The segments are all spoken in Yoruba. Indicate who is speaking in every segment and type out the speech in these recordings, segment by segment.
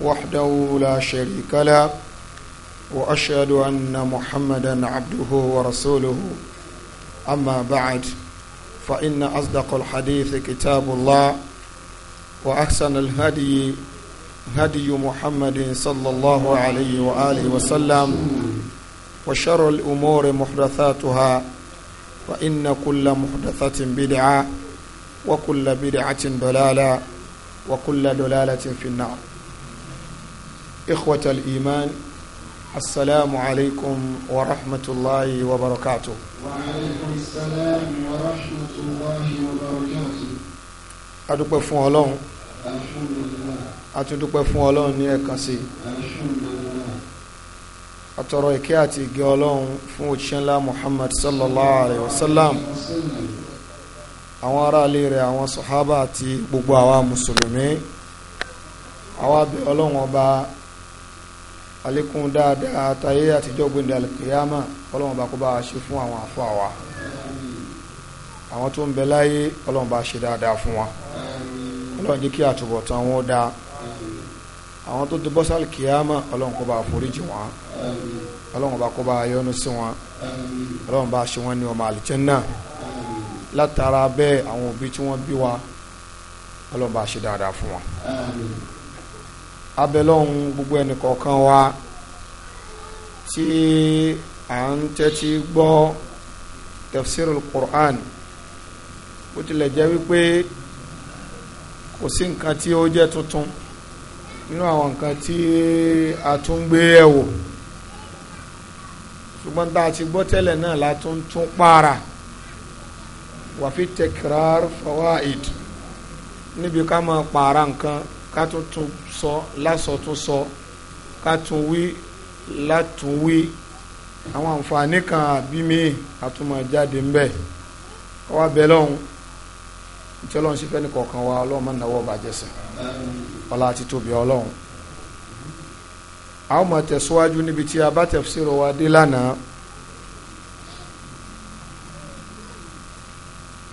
Speaker 1: وحده لا شريك له وأشهد أن محمدا عبده ورسوله أما بعد فإن أصدق الحديث كتاب الله وأحسن الهدي هدي محمد صلى الله عليه وآله وسلم وشر الأمور محدثاتها فإن كل محدثة بدعة وكل بدعة ضلالة وكل دلالة في النار إخوة الإيمان السلام عليكم ورحمة الله وبركاته
Speaker 2: وعليكم السلام ورحمة الله وبركاته
Speaker 1: adúpẹ́ fún ọlọ́run atúndúpẹ́ fún ọlọ́run ní ẹ̀kan sí àtọ̀rọ̀ ìkẹ́ àti ìgẹ́ ọlọ́run fún òjíṣẹ́ ńlá Muhammad sallallahu alayhi wa sallam àwọn aráalé rẹ̀ àwọn sọ̀hábà àti gbogbo àwa mùsùlùmí àwa bẹ̀ ọlọ́run ọba alekun dáadáa tayé àtijọ́ gbẹ̀ndẹ̀ alìkìyàmà ọlọ́run bá kó bá a ṣe fún àwọn àfọ àwa àwọn tó ń bẹ láyé ọlọ́run bá ṣe dáadáa fún wa ọlọ́run jẹ́ kí àtúbọ̀tán wọn dáa àwọn tó ti bọ́ sí ọlọ́run kó bá a foríjì wọn ọlọ́run bá kó bá a yọ́nú sí wọn ọlọ́run bá a ṣe wọn ní ọmọ àlìjẹ́nnà látara bẹ́ẹ̀ àwọn òbí tí wọ́n bí wa ọlọ́run bá a ṣe dáadáa fún wa abẹ́lọ́hún gbogbo ẹnìkọ̀ọ̀kan wa tí à ń tẹ́tí gbọ́ tafsirul Qur'an bó tilẹ̀ jẹ́ wípé kò sí nǹkan tí ó jẹ́ tuntun nínú àwọn nǹkan tí a tún gbé ẹ̀wò ṣùgbọ́n tá a ti gbọ́ tẹ́lẹ̀ náà la tún tún pààrà wàfi tekrar fawaid níbi ká máa pààrà nǹkan ká tún tún sọ lásọ tún sọ ká tún wí látún wí àwọn àǹfààní kan àbí míì àtúmọ̀ jáde ń bẹ̀ kọ́ wa bẹ̀ lọ́hùn tí ọlọ́run sì fẹ́ ní kọ̀ọ̀kan wa ọlọ́run máa ń náwó bàjẹ́ sí ọlá àti tóbi ọlọ́run a ó tẹ̀síwájú níbi tí a wa dé lánàá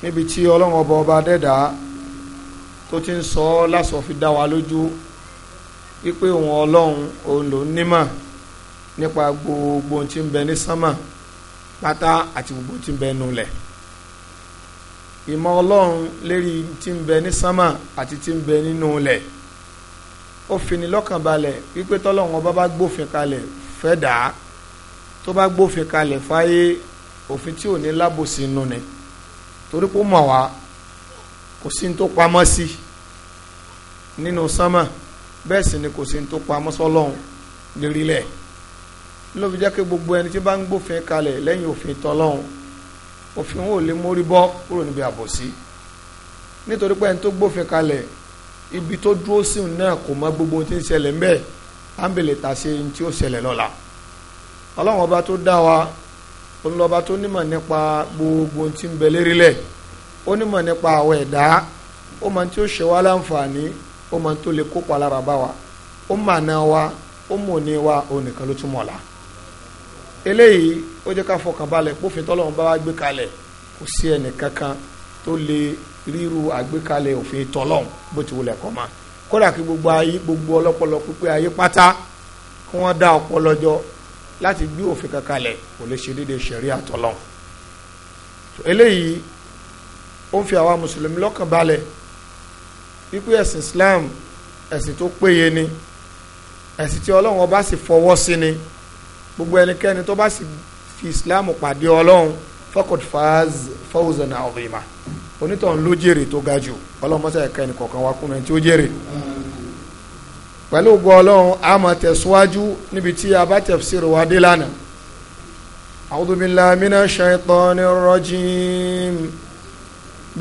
Speaker 1: níbi tí ọlọ́run ọba ọba dẹ́dàá tó ti ń sọ ọ́ lásọ̀ fi dá wa lójú wípé òun ọlọ́run òun ló nímọ̀ nípa gbogbo tí ń bẹ ní sánmà pátá àti gbogbo tí ń bẹ nulẹ̀ ìmọ̀ ọlọ́run lérí tí ń bẹ ní sánmà àti tí ń bẹ nínú ilẹ̀ ó fini lọ́kàn balẹ̀ wípé tọ́lọ́run ọba bá gbófin kalẹ̀ fẹ́ dà tó bá gbófin kalẹ̀ fáyé òfin tí ò ní lábòsí nù ni torí pé ó mọ̀ wá kò sí tó pamọ́ sí nínú sánmà bẹ́ẹ̀ sì ni kò sí tó pamọ́ sọ́lọ́hún lérílẹ̀ ló fi jẹ́ pé gbogbo ẹni tí bá ń gbófin kalẹ̀ lẹ́yìn òfin tọ́lọ́hún òfin ò lè mórí bọ́ kúrò níbi àbòsí nítorí pé ẹni tó gbófin kalẹ̀ ibi tó dúró sí náà kò mọ gbogbo tí ń ṣẹlẹ̀ ń bẹ́ẹ̀ à tà sí ohun tí ó ṣẹlẹ̀ lọ́la ọlọ́run ọba tó dá wa olùlọ́ba tó nímọ̀ nípa gbogbo ohun tí ń bẹ lérílẹ̀ onímọ̀ nípa àwọn ẹ̀dá ó mọ tí ó ṣe wá láǹfààní ó mọ tó lè kópa lára bá wa ó mà náà wa ó mọ̀ ní wa òun ló tún la eléyìí ó jẹ́ ká fọkàn balẹ̀ pófin tọ́lọ́run bá wa gbé kalẹ̀ kò sí ẹnì kankan tó lè ríru àgbékalẹ̀ òfin tọ́lọ́run bó ti wulẹ̀ kọ́ máa kódà kí gbogbo ayé gbogbo ọlọ́pọlọ pípé ayé pátá kí wọ́n dá ọpọlọ jọ láti gbé òfin kankalẹ̀ kò lè ṣe déédéé ṣẹ̀rí àtọ́lọ́hún eléyìí ó ń fi àwa mùsùlùmí lọ́kàn balẹ̀ wípé ẹ̀sìn Islam ẹ̀sìn tó péye ni ẹ̀sìn tí ọlọ́run ọba sì fọwọ́ sí ni gbogbo ẹnikẹ́ni tó bá sì fi Islam pàdé ọlọ́run faqad faz fawzan azima onítọ̀hún ló jèrè tó ga jù ọlọ́run mọ́sá ẹ̀ka ẹnì kọ̀ọ̀kan wa kúnra tí ó jèrè pẹ̀lú ògbó ọlọ́run a máa tẹ̀síwájú níbi tí a bá tafsir wa dé lánàá a'udhu billahi minash shaitanir rajim.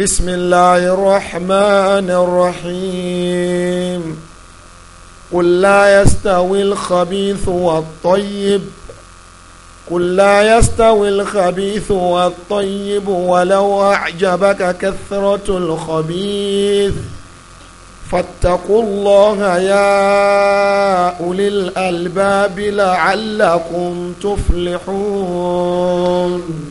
Speaker 1: بسم الله الرحمن الرحيم قل لا يستوي الخبيث والطيب قل لا يستوي الخبيث والطيب ولو أعجبك كثرة الخبيث فاتقوا الله يا أولي الألباب لعلكم تفلحون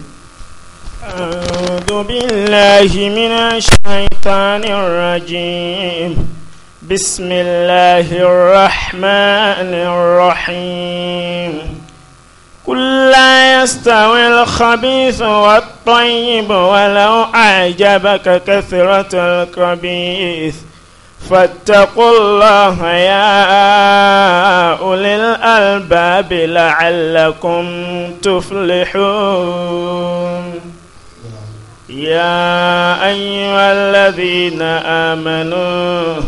Speaker 2: أعوذ بالله من الشيطان الرجيم بسم الله الرحمن الرحيم قل لا يستوي الخبيث والطيب ولو أعجبك كثرة الخبيث فاتقوا الله يا أولي الألباب لعلكم تفلحون يا أيها الذين آمنوا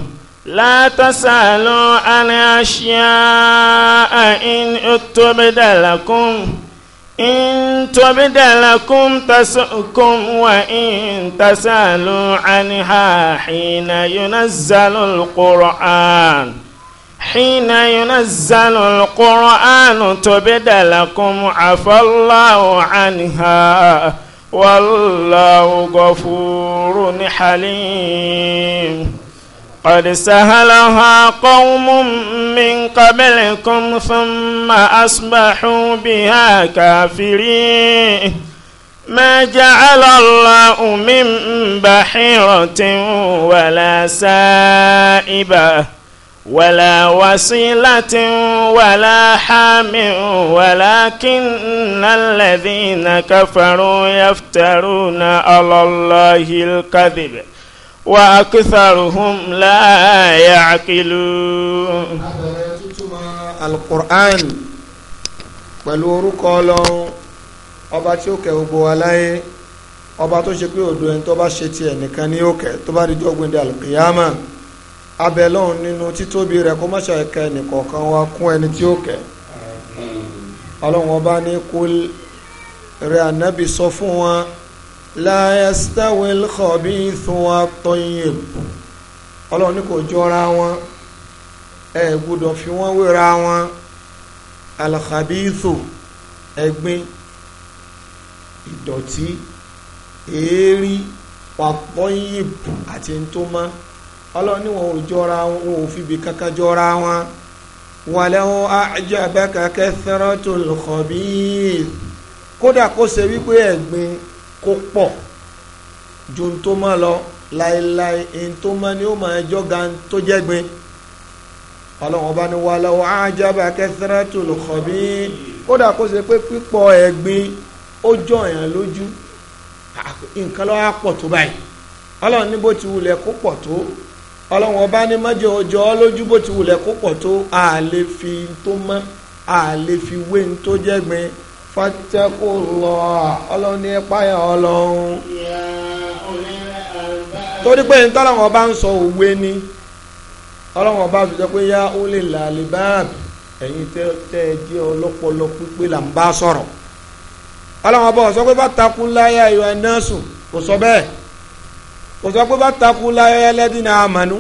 Speaker 2: لا تسألوا عن أشياء إن تبد لكم إن تبد لكم تسؤكم وإن تسألوا عنها حين ينزل القرآن حين ينزل القرآن تبد لكم عفى الله عنها والله غفور حليم قد سهلها قوم من قبلكم ثم أصبحوا بها كافرين ما جعل الله من بحيرة ولا سائبة ولا وسيلة ولا حام ولكن الذين كفروا يفترون على الله الكذب وأكثرهم لا يعقلون
Speaker 1: القرآن pẹ̀lú orúkọ ọlọ́run ọba tí ó kẹ́ gbogbo wa láyé ọba tó ṣe pé òdo ẹni tó bá ṣe tiẹ̀ nìkan ní ó kẹ́ tó bá di jọ́gbìn di alùkìyàmá abẹ́lọ́hún nínú títóbi rẹ̀ kó mọ́ṣẹ́ ẹ̀kẹ́ nìkọ̀ọ̀kan wa kún ẹni tí ó kẹ́ ọlọ́run ọba ní kó rẹ̀ ànábì sọ fún wọn la yastawil khabithu wat tayyib ọlọ́run ní kò jọra wọn ẹ gbọ́dọ̀ fi wọ́n wéra wọn al khabithu ẹ̀gbin ìdọ̀tí èérí wat tayyib àti ntoma ọlọ́run ní wọn ò jọra wọn ò fìbí kankan jọra wọn walaw a'jabaka kathratul khabith kódà kó ṣe wípé ẹ̀gbin kó pọ̀ ju tó mọ́ lọ láéláé ẹni tó mọ́ ni ó máa jọ́ga tó jẹ́gbin ọlọ́run ọba ní walaw a'jabaka kathratul khabith kódà kó ṣe pé pípọ̀ ẹ̀gbin ó jọ èèyàn lójú nǹkan lọ́wọ́ pọ̀ tó báyìí ọlọ́run ní bó ti wulẹ̀ kó pọ̀ tó ọlọ́run ọba ní mọ́jọ ọjọ́ lójú bó ti wulẹ̀ kó pọ̀ tó a lè fi tó mọ́ a lè fi wé ní tó jẹ́gbin fàtẹ́kù lọ ọlọ́run ní ẹ̀páyà ọlọ́run. torí pé ní tọ́lọ́run ọba ń sọ òwe ni ọlọ́run ọba fi sọ pé yá ó lè là lè bá àbí ẹ̀yin tẹ́ ẹ jẹ́ ọlọ́pọlọ pípé là ń bá sọ̀rọ̀ ọlọ́run ọba sọ pé bá takú láyà ìwà náà sùn kò sọ bẹ́ẹ̀. kò sọ pé la láyọ̀ ẹlẹ́dín náà àmànú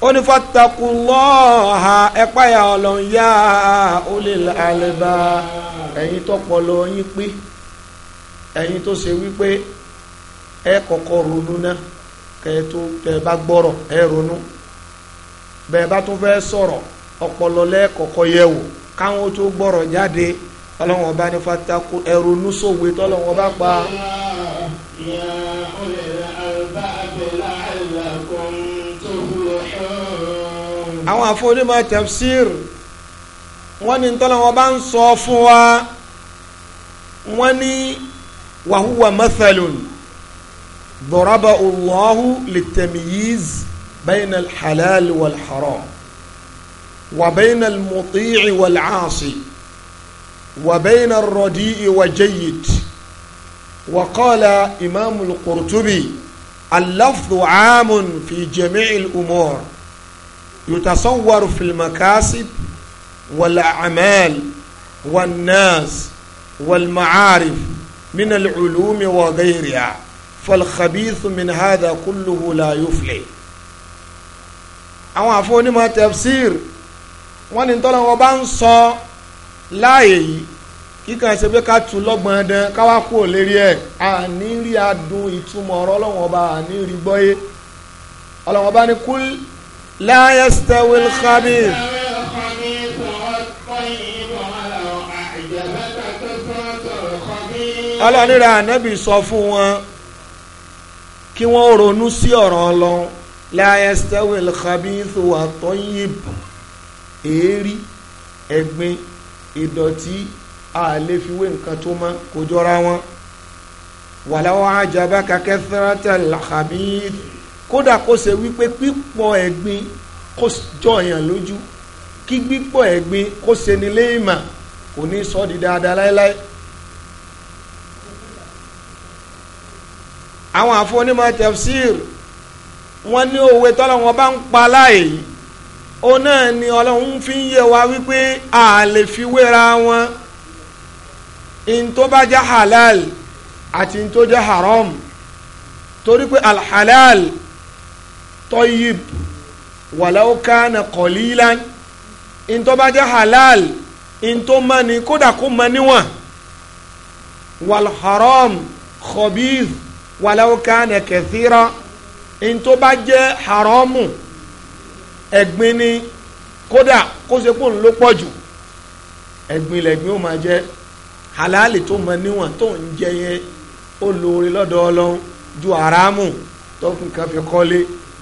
Speaker 1: ó ní fàtàkù lọ́ọ̀ha ẹ̀páyà ọlọ́ọ̀yà olè àlẹ́bà ẹ̀yin tọpọlọ yín pé ẹ̀yin tó ṣe wípé ẹ kọ́kọ́ ronú náà kẹ́ tó bá gbọ́rọ̀ ẹ ronú bẹ́ẹ̀ bá tún fẹ́ sọ̀rọ̀ wò káwọn tó gbọ́rọ̀ jáde ọlọ́wọ́n bá ní àwọn àfọwọ́nímọ̀ tafsir wọ́n ní tọ́lá wọn bá ń sọ fún wa wọ́n ní wàhúwà mathalun dọ̀rọ̀bà Allahu litamiyiz bayna alhalal walharam wa bayna almuti'i wal'asi wa bayna alradi'i wa jayyid wa qala imaamu alqurtubi allafdu caamun fi jamiici al'umur. يتصور في المكاسب والأعمال والناس والمعارف من العلوم وغيرها فالخبيث من هذا كله لا يفلح àwọn àfọwọ́ni máa tafsir wọ́n ní tọ́lá wọn bá ń sọ láàyè yìí kíkà ṣe pé ká tu lọ́gbọ̀n dán káwá kú ò lérí ẹ̀ àní ìtumọ̀ ọ̀rọ̀ ọlọ́wọ́n ọba àní gbọ́yé ọlọ́wọ́n ọba ní kúlì. لا يستوي الخبيث ọlọ́nira ànábì sọ fún wọn kí wọ́n ronú sí ọ̀rọ̀ Ọlọ́run la yastawi al-khabithu wat-tayyib èérí ẹ̀gbin ìdọ̀tí àlefiwé nǹkan tó mọ́ kò jọra wọn walaw ajabaka kathratul khabith kódà kó ṣe wípé pípọ̀ ẹ̀gbin kó jọ èèyàn lójú kí gbípọ̀ ẹ̀gbin kó ṣe ní léèmà kò ní sọ di dáadáa láéláé. àwọn àfọwọ́nímọ̀ tafsir wọ́n ní òwe tọ́lọ́wọ́n bá ń pa láàyè ó náà ni ọlọ́run fi ń yé wa wípé a fi wéra wọn in halal àti in haram torí pé alhalal tọ́yìb wàláwó kánà kọ̀lílan ntọ́ bá jẹ́ halal ntọ́ mani kódà kó mani wọn wàlharam khabith wàláwó kánà kẹsíra ntọ́ bá jẹ́ haramu ẹ̀gbin ni kódà kó ṣe kó ń ló pọ̀ jù ẹ̀gbin lẹ̀gbin ó máa jẹ́ halal tó mani tó ń jẹ yẹn ó lóore ju haramu tó fi kàn fi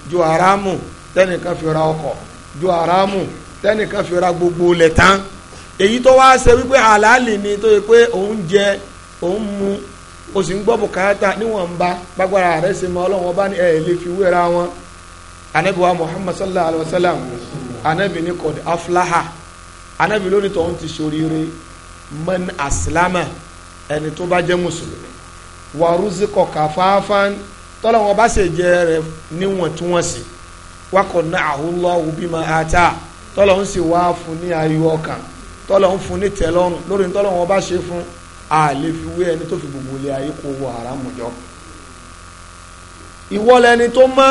Speaker 1: ju haramu tẹ́nìkan fi ra ọkọ̀ ju haramu tẹ́nìkan fi ra gbogbo ilẹ̀ tán èyí tó wá ṣe wípé àlàálì ni tó yẹ pé òun jẹ òun mu o sì ń gbọ́ bùkátà níwọ̀nba gbàgbára rẹ̀ ṣe mọ ọlọ́run ọba ní ẹ̀ lè fi wéra wọn anabi muhammad sallallahu alaihi wa sallam anabi ni kò di aflaha anabi lóni tó ń ti ṣoríire man asilama ẹni tó bá jẹ́ mùsùlùmí wàrúzikọ̀ kàfáfán tọ́lọ́wọ́n bá ṣe jẹ́ rẹ̀ níwọ̀ntúnwọ̀nsì wakọ̀ náà àhúlọ́ òbí máa ata tọ́lọ́wọ́n sì wá fún ní ayọ̀ ọkàn tọ́lọ́wọ́n fún ní tẹ́lọ́rùn lórí tọ́lọ́wọ́n bá ṣe fún àlè fi wé ẹni tó fi gbogbo ilé ayé kó wọ àràmù jọ. ìwọ lẹni tó mọ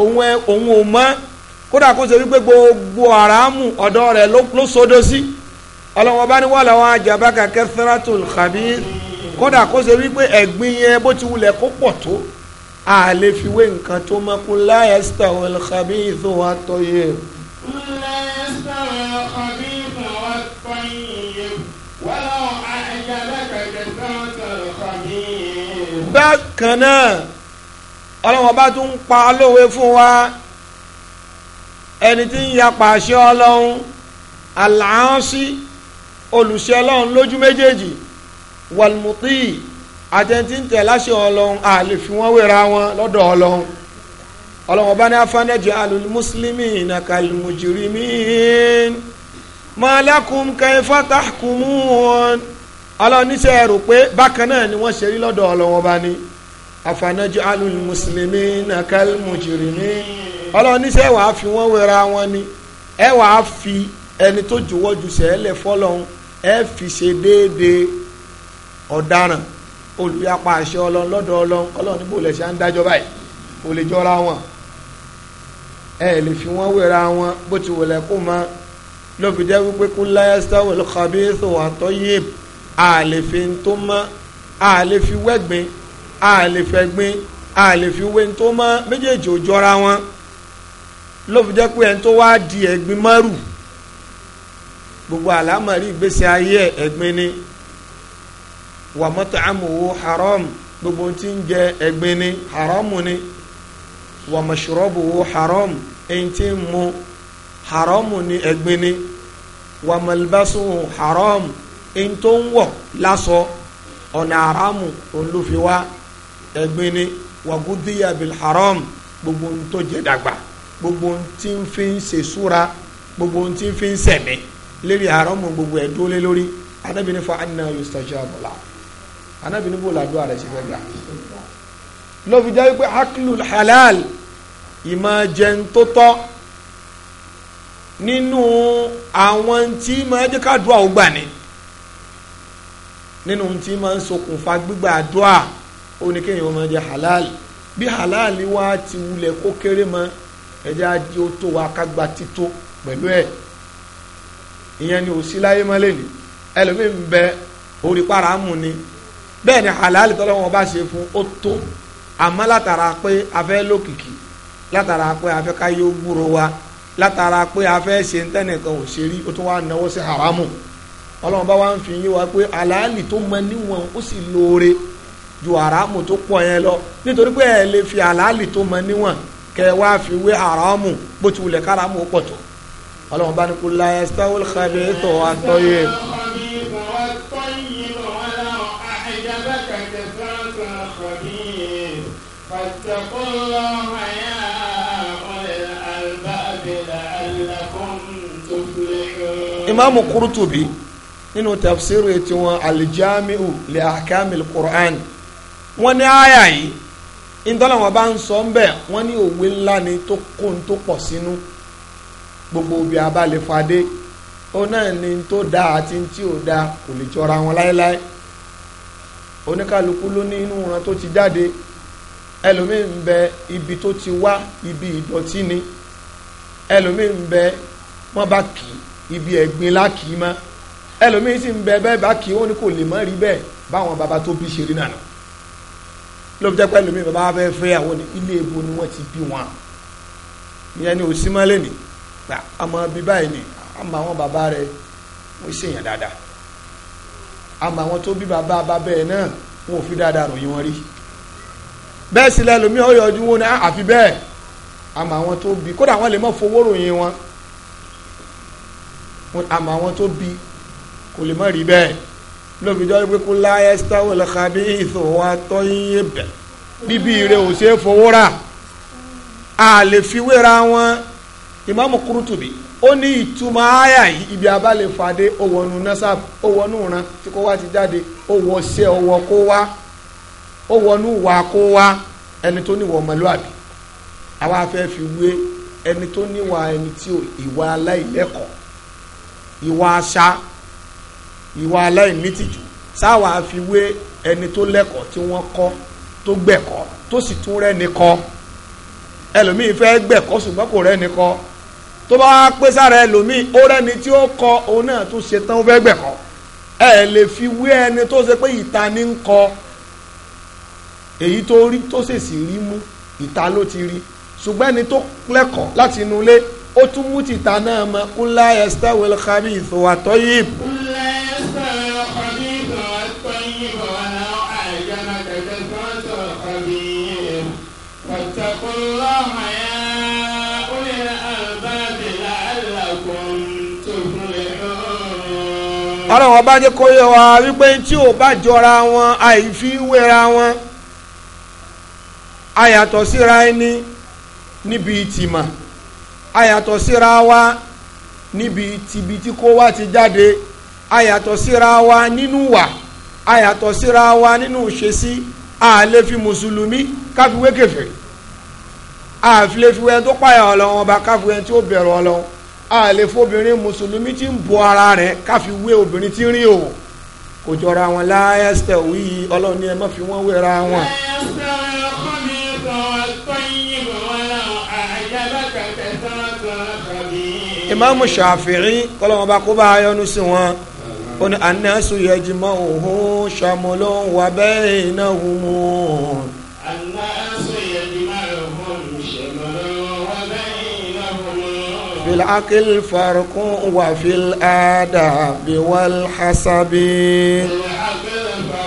Speaker 1: òun ẹ òun ò mọ kódà kó ṣe wípé gbogbo àràmù ọ̀dọ́ rẹ̀ ló sódó sí ọlọ́wọ́n bá ní wà láwọn àjàbá kàkẹ́ sẹ́rátùl kódà kó ṣe wípé ẹ̀gbin yẹn bó ti wulẹ̀ kó pọ̀ tó a lè fi wé nǹkan tó mọ́ kó la yastawi al-khabithu wat-tayyib.
Speaker 2: la yastawi al-khabithu wat-tayyib walau a'jabaka kathratu
Speaker 1: al-khabith. bákan náà ọlọ́wọ́n bá tún pa lówe fún wa ẹni tí ń yapa àṣẹ ọlọ́run al olùṣẹ́ ọlọ́run lójú méjèèjì wal àtẹ̀ntì ń tẹ̀ láṣẹ ọlọ́run a lè fi wọ́n wéra wọn lọ́dọ̀ ọlọ́run ọlọ́run ọba ní afánẹ́jì alul muslimina kal mujrimin ma lakum kayfa tahkumun ọlọ́run níṣẹ́ rò pé bákan náà ni wọ́n ṣe rí lọ́dọ̀ ọlọ́run ọba ni afánẹ́jì alul muslimina kal mujrimin ọlọ́run níṣẹ́ wàá fi wọ́n wéra wọn ni ẹ wàá fi ẹni tó jùwọ́ jù sẹ́ẹ̀lẹ̀ fọlọ́run ẹ fi ṣe déédéé ọ̀daràn olùyapa àṣẹ ọlọ́run lọ́dọ̀ ọlọ́run ọlọ́run níbo lẹ̀ ṣe à ń dájọ́ báyìí kò lè jọra wọn ẹ lè fi wọn wéra wọn bó ti wọlé kó mọ ló fi jẹ́ wípé kul la yastawil khabithu wa tayyib a lè fi ń tó mọ́ a lè fi wẹ́gbin a lè fẹ́gbin a lè fi wé ń tó mọ́ méjèèjì ò jọra wọn ló fi jẹ́ pé ẹni tó wá di ẹ̀gbin mọ́rù gbogbo àlámọ̀rí ìgbésí ayé ẹ̀gbin ni wà mat'amuhu haram gbogbo tí ń jẹ ẹ̀gbin ni haramu ni wà mashrabuhu haram ẹni tí ń mu haramu ni ẹ̀gbin ni wà malbasuhu haram ẹni tó ń wọ̀ láṣọ ọ̀nà haramu olùfiwá ẹ̀gbin ni wà gúdíyà bil haram gbogbo ń tó jẹ dàgbà gbogbo tí ń fi ṣe súra gbogbo tí ń fi ń sẹ̀mí lérí gbogbo ẹ̀ dúró lé lórí anábìnrin fa anna yustajabu la anábì níbo làdúrà rẹ̀ ṣe fẹ́ gbà ló fi jẹ́ wípé aklul halal ìmọ̀ jẹun tó tọ́ nínú àwọn tí máa jẹ́ kádùá ó gbà ni nínú tí máa ń ṣokùnfà gbígbà àdúrà ó ní kéèyàn máa jẹ halal bí halal wa ti wulẹ̀ kó kéré mọ́ ẹ̀jẹ̀ ajé ó tó wa kágbá tító pẹ̀lú ẹ̀ ìyẹn ni ò sí láyé mọ́lẹ̀ ni ẹlòmíín bẹ orí para mú ni bẹ́ẹ̀ ni halal tọ́lọ́ wọn bá ṣe fún ó tó àmọ́ látara pé a fẹ́ lókìkí látara pé a fẹ́ ká wa látara pé a ṣe ń tẹ́nìkan ò ṣe rí ó tún wá náwó sí haramu ọlọ́run bá wá ń fi yé wa pé halal tó mọ níwọ̀n ó sì lóore ju haramu tó pọ̀ yẹn lọ nítorí pé ẹ lè fi halal tó mọ níwọ̀n kẹ wá fi wé haramu bó ti wulẹ̀ káramu ó pọ̀ tó ọlọ́run bá ní kul la yastawil khabithu wat tayyib. imaamu Qurtubi nínú tafsiru etí wọn alijamiu li akamil qur'an wọ́n ní àyà yìí ìtọ́lá wọn bá ń sọ ń bẹ̀ wọ́n ní òwe ńlá ni tó kó ń tó pọ̀ sínú gbogbo obì abalẹ̀fadé òun náà ni tó dáa àti tí ò dáa kò lè jọra wọn láéláé oníkàlùkù ló ní inú wọn tó ti jáde ẹlòmíín bẹ ibi tó ti wá ibi ìdọ̀tí ni ẹlòmíín bẹ wọ́n bá kì í ibi ẹ̀gbin lákì í mọ́ ẹlòmíín sì ń bẹ bẹ́ẹ̀ bá kì í ó ní kò lè mọ́ rí bẹ́ẹ̀ báwọn baba tó bí ṣe rí nànà ló fi jẹ́ pé ẹlòmíín baba fẹ́ fẹ́ àwọn ilé ebo ni wọ́n ti bí wọn ìyẹn ni òsì máa lè ní àmọ́ bí báyìí ni àmọ́ àwọn baba rẹ wọ́n ṣèyàn dáadáa àmọ́ àwọn tó bí baba bàbá ẹ̀ náà wọn ò fi dáadáa ròyìn wọn rí bẹ́ẹ̀ sì lẹ́lòmíín ó yọjú wọn ní àfi bẹ́ẹ̀ àmọ́ àwọn tó bí kódà wọn lè má fowó ròyìn wọn àmọ́ àwọn tó bi kò lè má rí bẹ́ẹ̀ lóbi jọ́ pé kó láyé sítáwò lẹ́ka bí ìṣòwò àtọ́yé bẹ̀ bíbí rẹ̀ ò ṣe é fowó rà á lè fi wéra wọn ìmáàmù Kúrútùbí ó ní ìtumọ̀ àyà yìí ibi abálẹ̀ fàdé ó wọnú nasab ó wọnú ìran tí kò wá ti jáde ó wọ ṣẹ́ kó wá ó wọnú wà kó wá ẹni tó níwọ̀ ọmọlúwàbí àwa fẹ́ fi wé ẹni tó níwà ẹni tí ìwà aláìlẹ́kọ̀ọ́ ìwà àṣà ìwà aláìnítìjú sáwà fi wé ẹni tó lẹ́kọ̀ọ́ tí wọ́n kọ́ tó gbẹ̀kọ́ tó sì tún rẹ́ni kọ́ ẹlòmíì fẹ́ gbẹ̀kọ́ ṣùgbọ́n kò rẹ́ni kọ́ tó bá pé sára ẹlòmíì ó rẹ́ni tí ó kọ́ òun náà tó ṣe tán ó fẹ́ gbẹ̀kọ́ ẹ lè fi wé ẹni tó ṣe pé ìta ní ń kọ́ èyí tó rí tó ṣèṣì rí mú ìta ló ti rí ṣùgbọ́n ẹni tó lẹ́kọ̀ọ́ láti inú ilé ó tún mú ti ta náà mọ kúnlá ẹsẹ wẹlẹ kábí ìfowó àtọyìn.
Speaker 2: kúnlá ẹsẹ wẹlẹ kábí ìfowó àtọyìn bọ̀wá náà àìjọ náà kẹ̀kẹ́ sọ́ńtò kábí pàtàkùnlá màyà olè àlùbáàbí làálàkùn tó fúnlẹ̀ hàn.
Speaker 1: ọlọ́wọ́ bá jẹ́ kó yẹ wa wípé tí ò bá jọra wọn àìfi wéra wọn àyàtọ̀ síra ẹni níbi ìtìmọ̀ ayàtọ̀ síra wa níbi tìbi tí kó wá ti jáde ayàtọ̀ síra wa nínú wà ayàtọ̀ síra wa nínú ìṣesí àlè fi mùsùlùmí káfíwé kẹfẹ́ àfilè fi wẹ́n tó pààyà ọlọ́run ọba káfíwé tí ó bẹ̀rù ọlọ́run àlè fóbìnrin mùsùlùmí tí ń bọ ara rẹ̀ káfíwé obìnrin tí rí òun kò jọra wọn láyé ẹsẹ̀ wí ọlọ́run ni ẹ má fi wọ́n wéra wọn. ìmáàmù Ṣàfi'í kọ́lọ́mọ bá kó bá yọnu sí wọn ó ní anásù yẹjìmọ́ òhún ṣàmúlò wà bẹ́ẹ̀ iná humu. anásù
Speaker 2: yẹjìmọ́ òhún ṣàmúlò wà bẹ́ẹ̀ iná
Speaker 1: humu. filakil farikun wà fil adabi wal hasabi. filakil farikun.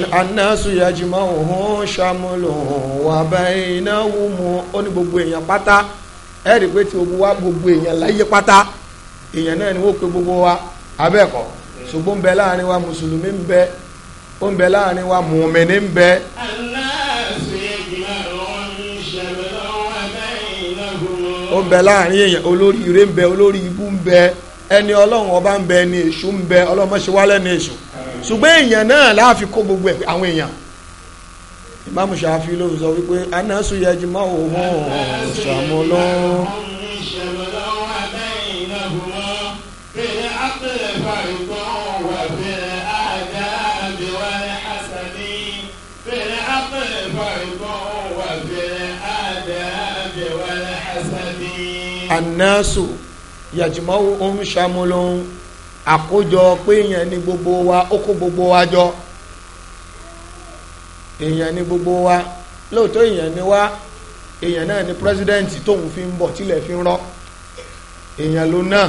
Speaker 1: anáṣù yajima òhun ṣàmúlò wàbá iná wùmù ó ní gbogbo èèyàn pátá ẹ rí i pé tí gbogbo wa gbogbo èèyàn láyé pátá èèyàn náà ni wọ́n pe gbogbo wa abẹ́ẹ̀kọ́ ṣùgbọ́n ń láàrin wa mùsùlùmí ń bẹ ó ń bẹ láàrin wa mùmìnì ń bẹ. ó ń bẹ láàrin èèyàn olórí ire ń olórí ń ẹni ọlọ́run ọba ń bẹ ẹni èṣù ń bẹ ọlọ́mọṣẹ́wálẹ́ ni èṣù. ṣùgbọ́n èèyàn náà láàfin kó gbogbo ẹ̀ àwọn èèyàn ìmáàmù ṣàfi ló sọ wípé anásù yẹjú máa wò wọ́n ṣàmúlò. anásù yẹjú máa wò wọ́n ṣàmúlò àkójọ pé èèyàn ni gbogbo wa ó kó gbogbo wa jọ èèyàn ni gbogbo wa lóòótọ́ èèyàn ni wá èèyàn náà ni pírẹsidẹ́ǹtì tóun fi ń bọ̀ tílẹ̀ fi ń rọ́ èèyàn ló náà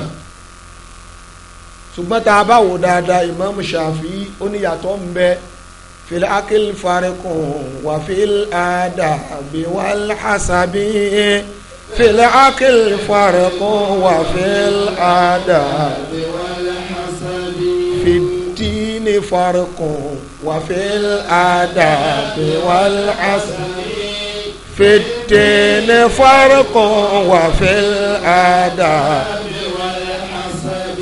Speaker 1: ṣùgbọ́n tá a bá wò dáadáa Imam Shafi'i oníyàtọ̀ ń bẹ fil akil farikun wà fil adabi wal hasabi fil akil farikun wà fil adabi. فرق وفي الآداب والعصر في الدين فرق وفي الآداب والعصر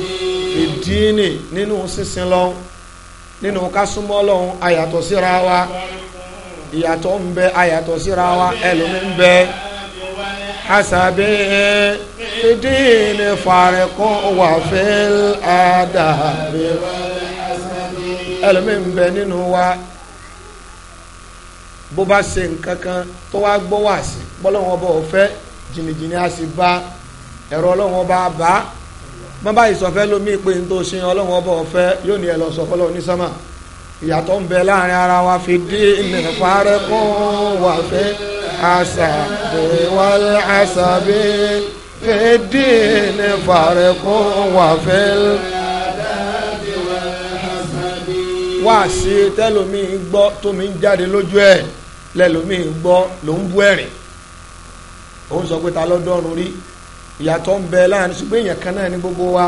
Speaker 1: في الدين nínú sísìn lọ́hùn nínú kásúmọ́ lọ́hùn àyàtọ̀ síra wa ìyàtọ̀ ń bẹ àyàtọ̀ síra wa ẹlòmí ń bẹ hasabe fi الدين فرق وفي الآداب والعصر ẹlòmíì ń bẹ nínú wa bó bá ṣe nǹkan kan tó wá gbọ́ wá sí bọ́lọ́wọ́n bá ọ̀fẹ́ jìnnìjìnnì á sì bá ẹ̀rọ ọlọ́wọ́n bá bá bọ́n báyìí sọ̀fẹ́ lómi pé n tó ṣe ọlọ́wọ́n bá ọ̀fẹ́ yóò ní ẹ lọ sọ fọlọ́ onísọ́mà ìyàtọ̀ ń bẹ láàrin ara wa fi dín ìfàrẹ́ kún wà fẹ́ àṣà wà àṣà bí fi dín ìfàrẹ́ kún wà fẹ́. wá sí tẹlómiì gbọ́ tómi ń jáde lójú ẹ̀ lẹlómiì gbọ́ ló ń bú ẹ̀rìn òun sọ pé ta lọ́dọ́rùn rí ìyàtọ̀ ń bẹ láàrin ṣùgbọ́n èèyàn kan náà ní gbogbo wa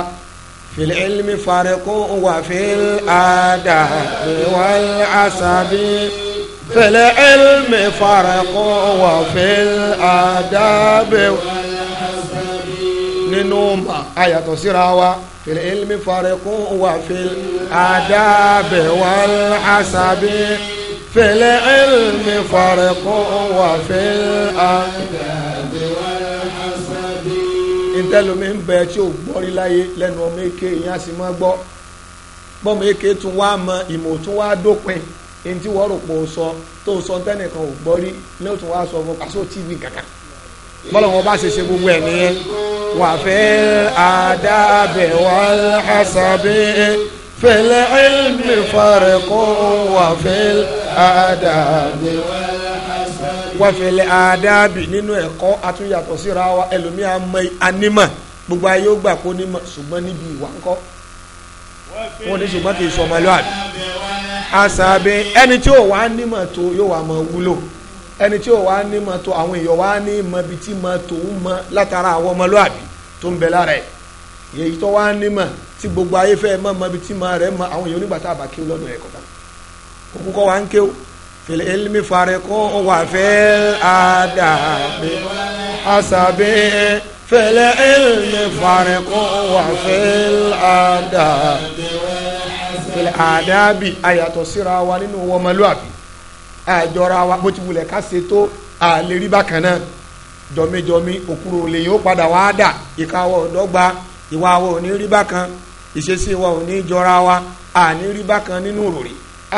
Speaker 1: fil ilmi farqun wa fil adabi wal asabi fil ilmi farqun wa fil adabi nínú mà àyàtọ̀ síra wa fil ilmi farikun wa fil adabi wal hasabi fil ilmi farikun wa fil adabi wal hasabi. ìtẹ́lómi ń bẹ tí ò gbọ́rí láyé lẹ́nu ọmọ èké ìyẹn sì máa gbọ́ bọ́mọ èké tún wá mọ ìmọ̀ tún wá dópin èyí wọ́n rò pò sọ tó sọ tẹ́nìkan ò gbọ́rí ní òtún wá sọ fún pàṣẹ òtí kankan bọ́lá wọn bá ṣe ṣe gbogbo ẹ̀ nìyẹn wà fẹ́ àdábẹ̀ wal hasabi fil ilmi farqu wà fil àdábẹ̀ wà fil àdábì nínú ẹ̀kọ́ àtúnyàtọ̀ síra wa ẹlòmíà mọ anímọ̀ gbogbo ayé ó gbà kó nímọ̀ ṣùgbọ́n níbi ìwà ńkọ́ wọn ní ṣùgbọ́n kì í sọ ọmọlúwàbí àṣà ẹni tí ò wá nímọ̀ tó yóò wà mọ wúlò ẹni tí ó wá ní mọ́tò àwọn èèyàn wá ní mọ́bi tí mọ́tò ń mọ́ látara àwọn ọmọlúàbí tó ń bẹ lára ẹ̀ èyí tó wá ní mọ́ tí gbogbo ayé fẹ́ mọ́ mọ́bi tí mọ́ rẹ̀ mọ́ àwọn èèyàn onígbà tá a bá kéwú lọ́dún ẹ̀kọ́ wá ń kéwú fèlè elmi fari kó wà fẹ́ àdàbí àṣàbí fèlè elmi fari kó wà fẹ́ àdàbí fèlè àdàbí ayàtọ̀ síra wa nínú ọmọlúàbí àjọra wa bó ti wulẹ̀ ká ṣe tó àlè rí bákan náà jọmíjọmí òkúrò lèyìn ó padà wá dà ìkáwọ́ ọ̀dọ́gba ìwà wa ò ní rí bákan ìṣesí wa ò ní jọra wa àní rí bákan nínú ròrí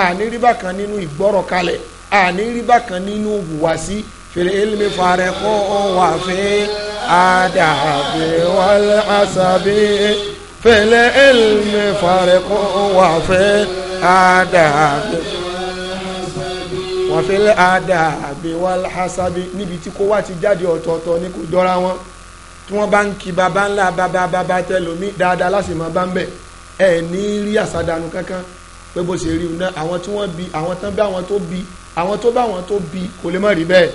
Speaker 1: àní rí bákan nínú ìgbọ́rọ̀ kalẹ̀ àní rí bákan nínú hùwàsí fèrè elimi farẹ kọ́ ọ wà fẹ́ àdàbí wàlẹ́ àṣàbí fèrè elimi farẹ kọ́ ọ wà fẹ́ àdàbí wọ́n fi lẹ́ àdá àbí wàhálà hasabi níbi tí kó wá ti jáde ọ̀tọ̀ọ̀tọ̀ ní kò jọra wọn tí wọ́n bá ń kí baba ńlá baba baba tẹlomi dáadáa láti máa bá ń bẹ̀ ẹ̀ ní rí àsádànù kankan pé bó ṣe rí iná àwọn tí wọ́n bi àwọn tán bí àwọn tó bi àwọn tó bá àwọn tó bi kò lè má rí bẹ́ẹ̀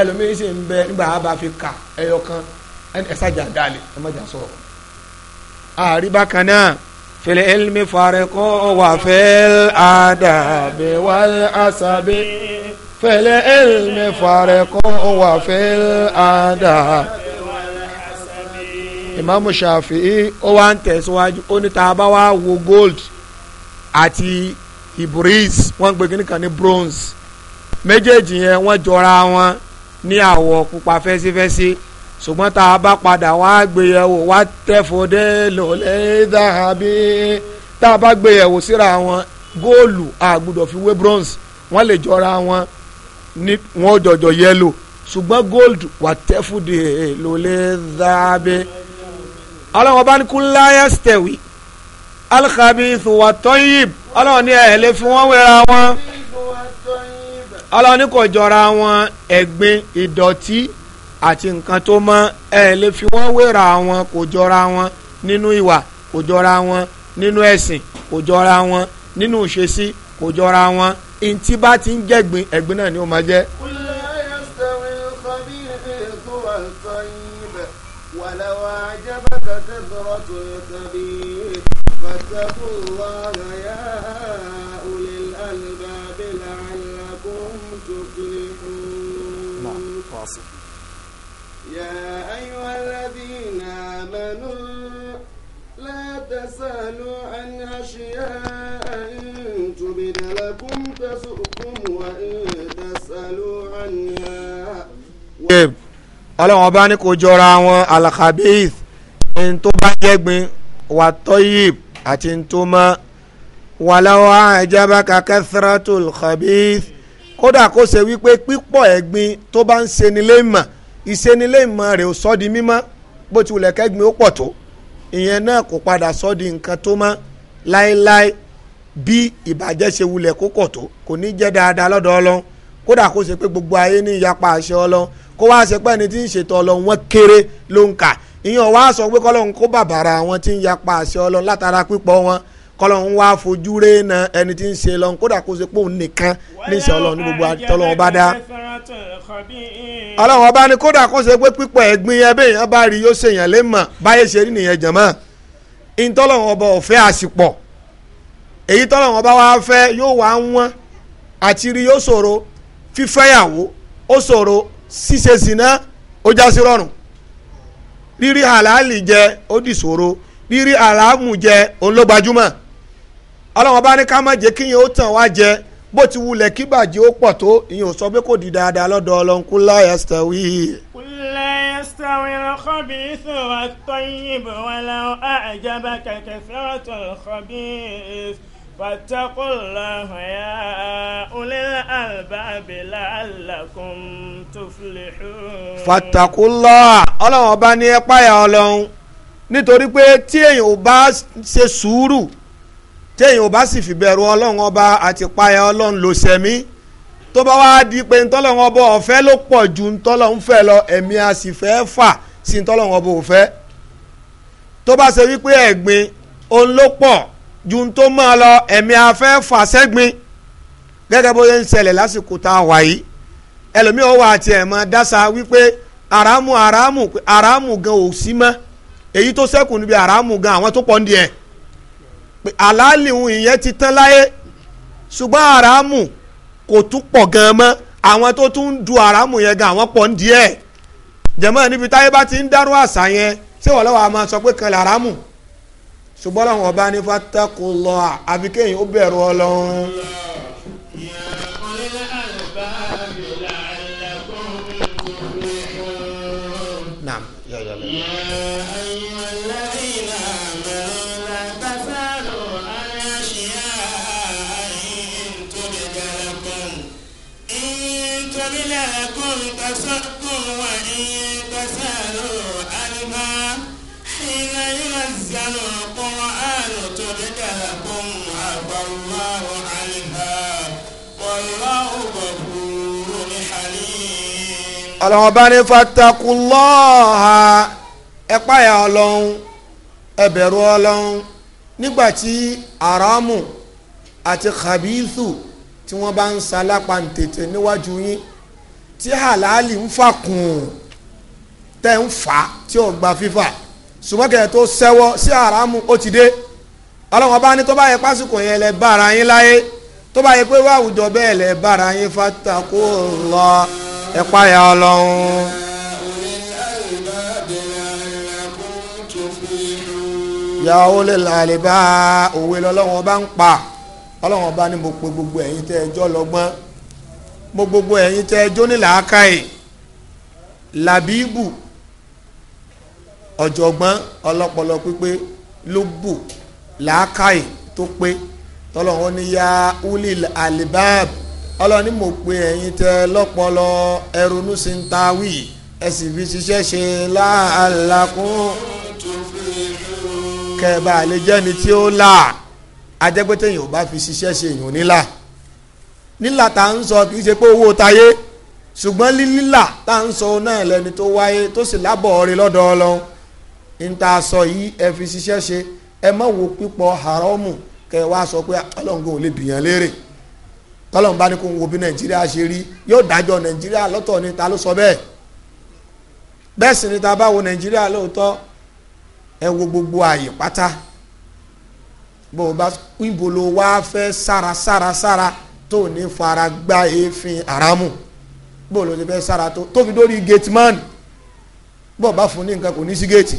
Speaker 1: ẹlòmíín sì ń bẹ nígbà á bá fi kà ẹyọ kan ẹsàjà dalẹ ẹ má jà sọ̀rọ̀. àríbá kan náà fèlè elmi farekọ wà fẹ́ẹ́ àdàbẹ̀ wàlẹ́ àṣàbẹ̀. في العلم فرق وفي الأداء ìmáàmù ṣàfihì ó wá ń tẹ̀síwájú ó ní tá a bá wá wo gold àti ibris wọ́n gbé kíní ní bronze méjèèjì yẹn wọ́n jọra wọn ní àwọ̀ pupa fẹ́sífẹ́sí ṣùgbọ́n tá a bá padà wá gbéyẹ̀wò wá tẹ̀fọ́dé lọ́lẹ́ dàbí tá a bá gbéyẹ̀wò síra wọn góòlù àgbùdọ̀ fi wé bronze wọ́n lè jọra wọn ní wọn jọjọ yẹlò ṣùgbọ́n gold wà tẹ́fùdì lólè dábẹ́ ọlọ́wọ́n bá ní kú láyà stẹ̀wì alkhabith wa tọ́yìb ọlọ́wọ́n ní ẹ̀ lè fi wọ́n wéra wọn ọlọ́wọ́n ní kò jọra wọn ẹ̀gbin ìdọ̀tí àti nǹkan tó mọ́ ẹ̀ lè fi wọ́n wéra wọn kò jọra wọn nínú ìwà kò jọra wọn nínú ẹ̀sìn kò jọra wọn nínú ìṣesí kò jọra wọn ntí bá ti ń jẹ́gbin ẹ̀gbin náà ni ó máa jẹ́.
Speaker 2: يا أيها الذين آمنوا تسألوا عن أشياء إن تبد لكم تسؤكم
Speaker 1: وإن تسألوا عنها ọlọ́run ọba ní kò jọra wọn alakabith ní tó bá jẹ́gbin wà tọ́yìb àti ní tó mọ́ wàláwọ́ àjábákà kathratul khabith kódà kó ṣe wípé pípọ̀ ẹ̀gbin tó bá ń ṣenilé mọ̀ ìṣenilé mọ̀ rẹ̀ ò sọ́ di mímọ́ bó ti kẹ́gbin ó pọ̀ tó ìyẹn náà kò padà sọ di nǹkan tó mọ́ láéláé bí ìbàjẹ́ ṣe wulẹ̀ kó kọ̀ tó kò ní jẹ́ dáadáa lọ́dọ̀ ọlọ́run kódà kó ṣe pé gbogbo ayé ní ìyapa àṣẹ ọlọ́run kó wá ṣe pé ẹni tí ń ṣètò ọlọ́run wọn kéré ló ń kà ìyẹn wàá sọ pé kọ́lọ́run kó bàbàrà àwọn tí ń yapa àṣẹ ọlọ́run látara pípọ̀ wọn kọlọ́n wá fojú rẹ̀ na ẹni tí ń ṣe lọ́n kódà kó ṣe pòun nìkan ní ìṣe ọlọ́run ní gbogbo àtọ́lọ́wọ́n bá dá. ọba ni kódà kó ṣe pé pípọ̀ bá rí yóò ṣèyàn lé mọ̀ báyé ṣe rí nìyẹn ọba ọ̀fẹ́ èyí tọ́lọ́run ọba fẹ́ yóò wá wọ́n àti rí yóò ṣòro fífẹ́yàwó ó ṣòro ṣíṣe ó jẹ ó rírí àlàámù jẹ ọlọ́run bá ní ká má jẹ́ kíyàn ó tàn wá jẹ bó ti wulẹ̀ kí bàjẹ́ ó pọ̀ tó ìyẹn ò sọ pé kò di dáadáa lọ́dọ̀ ọlọ́run kul la yastawi.
Speaker 2: kul la yastawi al-khabithu wat-tayyib walaw a'jabaka kathratu al-khabith fattaqullaha ya ulil albabi la'allakum tuflihun. fattaqullaha
Speaker 1: ọlọ́run ọba ní ẹ páyà ọlọ́run nítorí pé tí èèyàn ò bá ṣe sùúrù téèyàn ò bá sì fi bẹ̀rù ọlọ́run ọba àti páyà ọlọ́run lò sẹ́mi tó bá wá di pé ntọ́lọ́run ọba ọ̀fẹ́ ló pọ̀ ju ntọ́lọ́run fẹ́ lọ ẹ̀mí a sì fẹ́ fà sí ntọ́lọ́run ọba ọ̀fẹ́ tó bá ṣe wípé ẹ̀gbin òun ló pọ̀ ju ntó máa lọ ẹ̀mí a fẹ́ fà sẹ́gbin gẹ́gẹ́ bó ṣe ń ṣẹlẹ̀ lásìkò tá a wà yìí ẹlòmíì ó àti ẹ̀ dáṣà wípé àràmù àràmù àràmù gan ò mọ́ èyí tó ṣẹ́kù níbi àràmù gan àwọn tó pọ̀ ń di ẹ̀ àlàálì òun ìyẹn ti tán láyé ṣùgbọ́n àràmù kò tún pọ̀ gan-an mọ́ àwọn tó tún ń du àràmù yẹn gan àwọn pọ̀ ń díẹ̀ jẹ̀mọ́ níbi táyé bá ti ń dárú àṣà yẹn ṣé wọ́n lọ́wọ́ a máa sọ pé kan làràmù ṣùgbọ́n làwọn ọba ní fatakulọ́ àbíkẹ́yìn ó bẹ̀rù ọlọ́run
Speaker 2: كان القرآن تبدى لكم عفى الله عنها
Speaker 1: والله غفور حليم ọlọ́run bá ní fàtàkù lọ́ọ̀ha ẹ páyà ọlọ́run ẹ bẹ̀rù ọlọ́run nígbàtí àràmù àti khabithu tí wọ́n bá ń salápa tètè níwájú yín tí halali ń fà kùn tẹ́ ń fà tí ò gba fífà sùmọ́kẹ́ tó sẹ́wọ́ sí àràmù ó ti dé ọlọ́wọ́n bá ní tó bá yẹ pásìkò yẹn lẹ bára yín láyé tó bá yẹ pé wá àwùjọ bẹ́ẹ̀ lẹ bára yín fátakó lọ ẹ páyà ọlọ́run. yàwó lè lálẹ́ òwe lọ́lọ́wọ́n bá ń pa ọlọ́wọ́n bá ní mo pe gbogbo ẹ̀yin tẹ́ ẹjọ́ lọ́gbọ́n mo gbogbo ẹ̀yin tẹ́ ẹjọ́ nílàákàyè làbíbù ọ̀jọ̀gbọ́n ọlọ́pọlọ pípé ló bù làákàyè tó pé tọ́lọ́wọ́n ní ya ulil alibab ọlọ́ni mo pe ẹ̀yin tẹ lọ́pọlọ ẹrunú sí ń ta wí ẹ sì fi ṣiṣẹ́ ṣe láàlákún kẹba àlè jẹ́ni tí ó là ajẹ́pẹ́tẹ́ yìí ò bá fi ṣiṣẹ́ ṣe èèyàn nílà nílà tá ń sọ kì í ṣe pé owó tayé ṣùgbọ́n lílà tá ń sọ náà lẹni tó wáyé tó sì lábọ̀ ọ̀rẹ́ lọ́dọ̀ níta sọ yìí ẹ fi ṣiṣẹ́ ṣe ẹ má wo pípọ̀ haramu kẹ wá sọ pé ọlọ́ngàn ò lè bìyàn léèrè tọ́lọ́n bá ní kó ń wo bí nàìjíríà ṣe rí yóò dájọ́ nàìjíríà lọ́tọ̀ ni ta ló sọ bẹ́ẹ̀ bẹ́ẹ̀ sì ni ta bá wo nàìjíríà lóòótọ́ ẹ wo gbogbo àyè pátá bó o bá ibo ló wá fẹ́ sára sára sára tó ní fara gbá èéfín haramu bó o ló ti fẹ́ sára tó tó fi dórí gate man bó o bá fún ní nǹkan kò ní sí géètì.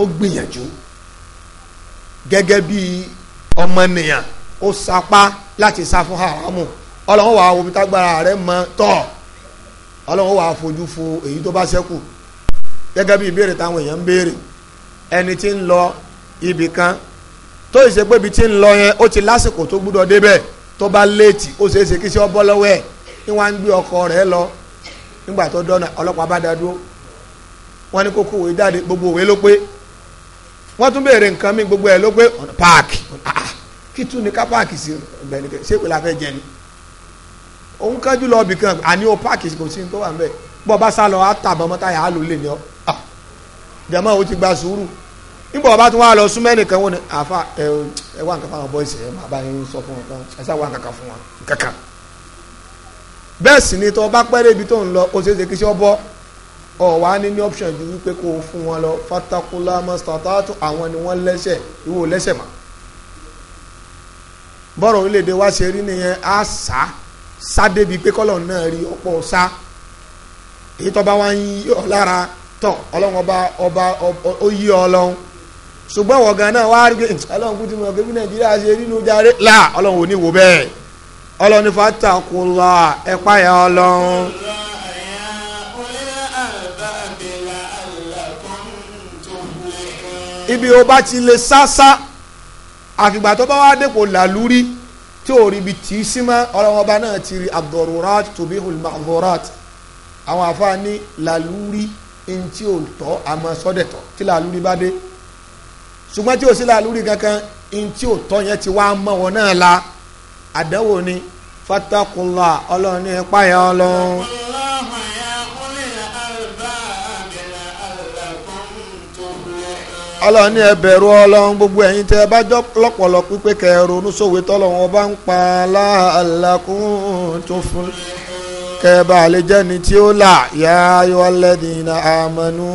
Speaker 1: ó gbìyànjú gẹ́gẹ́ bí ọmọnìyàn ó sapá láti sa fún haramu ọlọ́run wàá wo tágbára rẹ̀ mọ́ tọ́ ọlọ́run wàá fojú fo èyí tó bá sẹ́kù gẹ́gẹ́ bí ìbéèrè táwọn èèyàn ń ti lásìkò tó gbúdọ̀ débẹ̀ tó bá léètì ó kí ọkọ rẹ̀ lọ nígbà tó dọ́nà ọlọ́pàá bá wọ́n ní kókó òwe jáde gbogbo wọ́n tún béèrè nǹkan mi gbogbo ẹ̀ ló pé páàkì ah, kí tún ní ká paaki sí ṣé la jẹ ni òun kájú lọ ibì kan àní o páàkì kò sí tó wà ń bọ́ bá sá lọ á tà bọ́ ah, á ọ o ti gba sùúrù nígbà lọ súnmọ́ ẹnìkan wọn ni àfa ẹ ẹ wá nǹkan bọ́ìsì ẹ máa bá yín sọ fún wọn ẹ sá wá nǹkan fún wọn kankan bẹ́ẹ̀ sì ọ̀wá ní ní option ju wípé kó o fún wọn lọ fatakula mọ́sítátátù àwọn ni wọ́n lẹ́sẹ̀ ìwò lẹ́sẹ̀ mọ́ bọ́rọ̀ orílẹ̀-èdè wa ṣe rí nìyẹn á sá sá débi pé kọ́lọ̀ náà rí ọ̀pọ̀ sá èyí tó ọba ọba ó yí ọ lọ́hún ṣùgbọ́n ọ̀wọ̀ gan náà wá rí pé ọlọ́run kú ti mọ̀ pé bí nàìjíríà ṣe rí nu là ọlọ́run ibi ó bá ti lè sásá àfìgbà tó bá wá dépò làlúrí tí ò ríbi tì í sí mọ́ ọlọ́wọ́n ọba náà ti rí abdururat tubihul mahdurat àwọn àfáàní làlúrí ní ò tọ́ àmọ́ sọ́dẹ̀tọ̀ tí làlúrí bá dé ṣùgbọ́n tí ò sí làlúrí kankan ní ò tọ́ yẹn ti wá mọ́ wọn náà la àdánwò ni fatakunla ọlọ́run ní ẹ̀pá yẹn ọlọ́run ní ẹ bẹ̀rù ọlọ́run gbogbo ẹ̀yin tẹ́ ẹ bá jọ lọ́pọ̀lọ́ pípé kẹrù oníṣòwò tọ́lọ́run ọba ń pa aláàlákùn tó fún kẹ lè jẹ́ni tí ó là yá ayọ̀ alladhina amanu.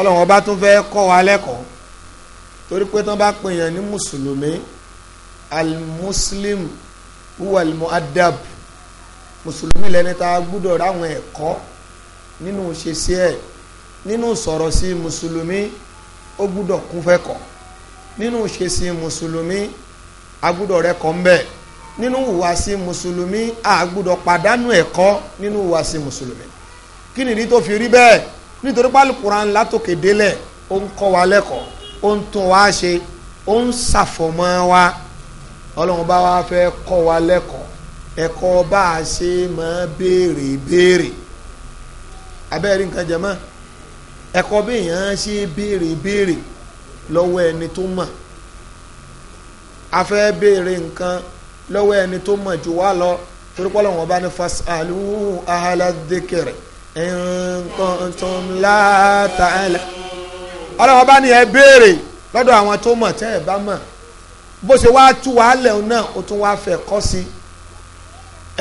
Speaker 1: ọlọ́run ọba tún fẹ́ kọ́ wa lẹ́kọ̀ọ́ torí pé tán bá pè yàn ní mùsùlùmí almuslim huwa almuadab mùsùlùmí lẹni tá a gbúdọ̀ ráwọn ẹ̀kọ́ nínú ṣeṣe ẹ̀ nínú sọ̀rọ̀ sí mùsùlùmí ó gbúdọ̀ kún fẹ́ kọ́ nínú ṣeṣe mùsùlùmí a gbúdọ̀ rẹ́kọ̀ọ́ ńbẹ̀ nínú ìhùwàsí mùsùlùmí a gbúdọ̀ pàdánù ẹ̀kọ́ nínú ìhùwàsí mùsùlùmí kí nìdí tó fi rí bẹ́ẹ̀ nítorí pálí kuran látòkè délẹ̀ ó ń kọ́ wa lẹ́kọ̀ọ́ ó ń tún wa ṣe ó ń ṣàfọ̀mọ́ wa ọlọ́run bá wa fẹ́ kọ́ wa lẹ́kọ̀ọ́ ẹ̀kọ́ bá a ṣe máa béèrè béèrè abẹ́rẹ́ nǹkan jẹ mọ́ ẹ̀kọ́ béèyàn ṣe béèrè béèrè lọ́wọ́ ẹni tó mọ̀ a fẹ́ béèrè nǹkan lọ́wọ́ ẹni tó mọ̀ jù wá lọ torí pé ọlọ́run ní fasalu ahaladekere. nǹkan la ọlọ́wọ́ bá ní ẹ béèrè lọ́dọ̀ àwọn tó mọ̀ tẹ́ ẹ bá mọ̀ bó ṣe wá tú wàá náà ó tún wá fẹ́ kọ́ sí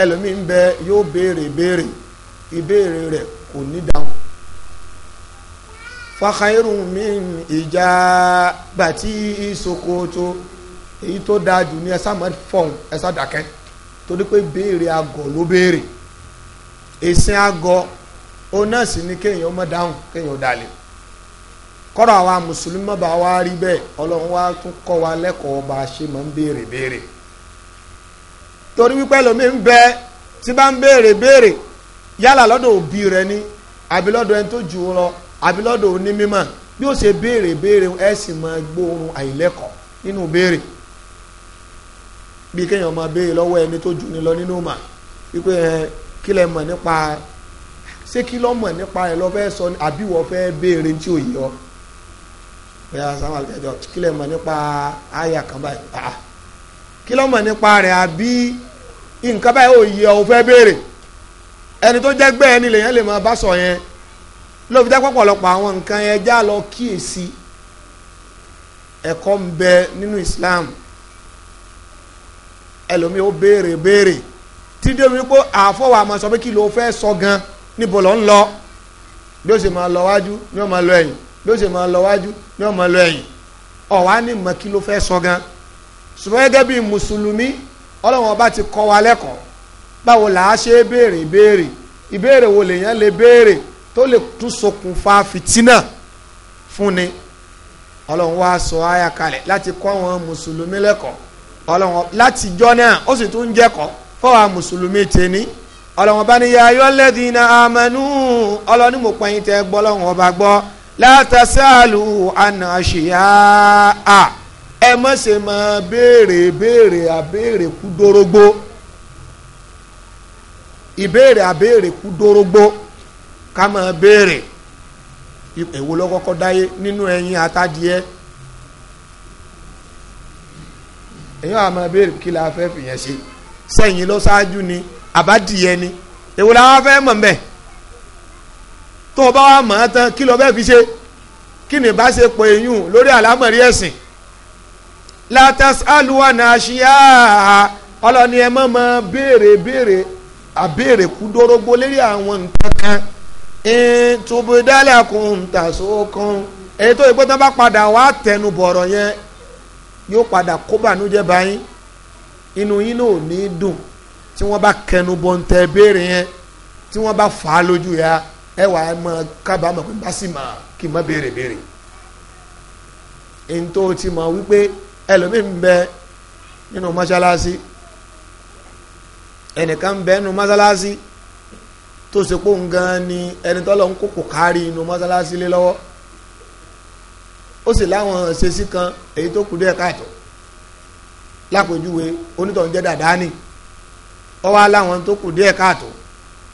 Speaker 1: ẹlòmíì ń bẹ yóò béèrè béèrè ìbéèrè rẹ kò ní dáhùn ìjà bàtí èyí tó dáa jù ní o náà sì ni kéèyàn má dáhùn kéèyàn dalẹ̀ kọ́rọ̀ àwa mùsùlùmí má bàa wá rí bẹ́ẹ̀ ọlọ́run wá tún kọ wa lẹ́kọ̀ọ́ bá a ṣe máa ń béèrè béèrè torí wípé lomi ń bẹ tí bá ń béèrè béèrè yálà lọdọ òbí rẹ ẹni tó jù ú lọ àbí bí ó ṣe béèrè nínú béèrè bí kéèyàn máa béèrè lọwọ ẹni tó jù ní lọ nínú mà wípé ẹ ṣé kí lọ́mọ nípa ẹ̀ lọ fẹ́ sọ àbí wọ́n fẹ́ béèrè tí ò yí ọ bẹ́ẹ̀ sáwọn àgbẹ̀jọ kí lẹ́mọ nípa àyà kan báyìí ah kí lọ́mọ nípa rẹ̀ àbí nǹkan báyìí ò yí ọ ò fẹ́ béèrè ẹni tó jẹ́ gbẹ́ ẹni lèyàn lè máa bá sọ yẹn ló fi jẹ́ pọ̀pọ̀lọpọ̀ àwọn nǹkan yẹn já lọ kíyèsí ẹ̀kọ́ ń bẹ nínú Islam ẹlòmíì ó béèrè béèrè tí dèmi pé àfọwọ́ àmọ́ sọ pé kí ló fẹ́ sọ gan-an níbo lọ ń lọ bí ó ṣe máa lọ wájú ni ó máa lọ ẹ̀yìn bí ó ṣe máa lọ wájú ni ó máa lọ ẹ̀yìn ọ̀wá ní mọ̀ kí ló fẹ́ sọ gan ṣùgbọ́n gẹ́gẹ́ bí mùsùlùmí ọlọ́run ọba ti kọ́ wa lẹ́kọ̀ọ́ báwo là á ṣe béèrè ìbéèrè ìbéèrè wo lèèyàn lè béèrè tó lè tún ṣokùnfà fìtínà fún ni ọlọ́run wá sọ àyà kalẹ̀ láti kọ́ àwọn mùsùlùmí lẹ́kọ̀ọ́ ọlọ́run látijọ́ náà ó sì tún jẹ́kọ̀ọ́ fọwọ́ mùsùlùmí tẹ́ni ọlọ́wọ́n bá ní ya ayọ́ àmánú ọlọ́ni mo pẹ́yìn tẹ́ gbọ́ lọ́wọ́n ọba gbọ́ látàsálù àna àṣìyá à ẹ má ṣe béèrè béèrè àbéèrè kú dórógbó ìbéèrè àbéèrè kú dórógbó ká béèrè èwo kọ́kọ́ dáyé nínú ẹyin atadìẹ èyàn béèrè àbádìyẹ ni èwo la wá fẹ́ mọ̀ mbẹ́ tó o bá wá mọ̀ ọ́ tán kí lọ bẹ́ẹ̀ fi ṣe kí ni bá ṣe pọ̀ eyín lórí àlámọ̀rí ẹ̀sìn latas aluwana ṣíà ọlọ́ni ẹ mọ̀ mọ̀ béèrè béèrè àbèrè kúdórógbó lérí àwọn nǹkan kan ntubudalakun tasokun èyí tó ìgbẹ́ tó bá padà wá tẹnu bọ̀rọ̀ yẹn yóò padà kó bànújẹ́ báyìí inú yín náà ò ní dùn tí wọ́n bá kẹnu bọ́ ń tẹ béèrè yẹn tí wọ́n bá fà á lójú ya ẹ wà á mọ kábàámọ̀ pé bá sì mà kí n má béèrè béèrè. èyí tó ti mọ̀ wípé ẹlòmíì ń bẹ nínú mọ́ṣáláṣí ẹnìkan ń bẹ nínú mọ́ṣáláṣí tó ṣe pé nǹkan ni ẹni tọ́lọ̀ ń kókò kárí inú mọ́ṣáláṣí lé lọ́wọ́ ó sì láwọn ṣe sí kan èyí tó kù díẹ̀ káàtó lápèjúwe onítọ̀ ń jẹ́ dàdá ni ọwọ́ aláwọn tó kù díẹ̀ káàtó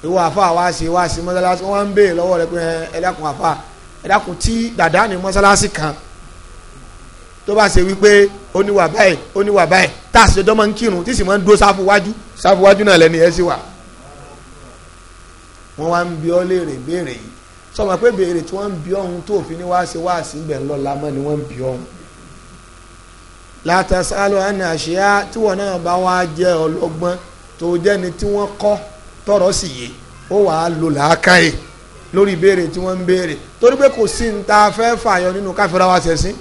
Speaker 1: ìwọ àfa wá sí wá sí mọ́sálásí wọ́n ń béè lọ́wọ́ rẹ pé ẹ dákun àfa ẹ dákun tí dàdá ní mọ́sálásí kan tó bá ṣe wípé ó ní wà báyìí ó ní wà báyìí tá a ṣe dọ́mọ ń kírun tí sì máa ń dúró sáfù wájú sáfù wájú náà lẹ́ni ẹ sì wà. wọ́n wá ń bi ọ́ léèrè béèrè yìí sọmọ pé béèrè tí wọ́n ń bi ọ́hún tó òfin ni wá ṣe wá sí ibẹ̀ ńlọ lamọ́ ni wọ́n ń bi ọ́hún. látàsálò àná àṣeyá tí wọ́n náà bá wá jẹ́ ọlọ́gbọ́n tó jẹ́ni tí wọ́n kọ́ tọ̀rọ̀ sì yé ó wàá lo làákàyè lórí ìbéèrè tí wọ́n ń béèrè torí pé kò sí ní ta fẹ́ fààyàn nínú káfíńra wa ṣẹ̀sìn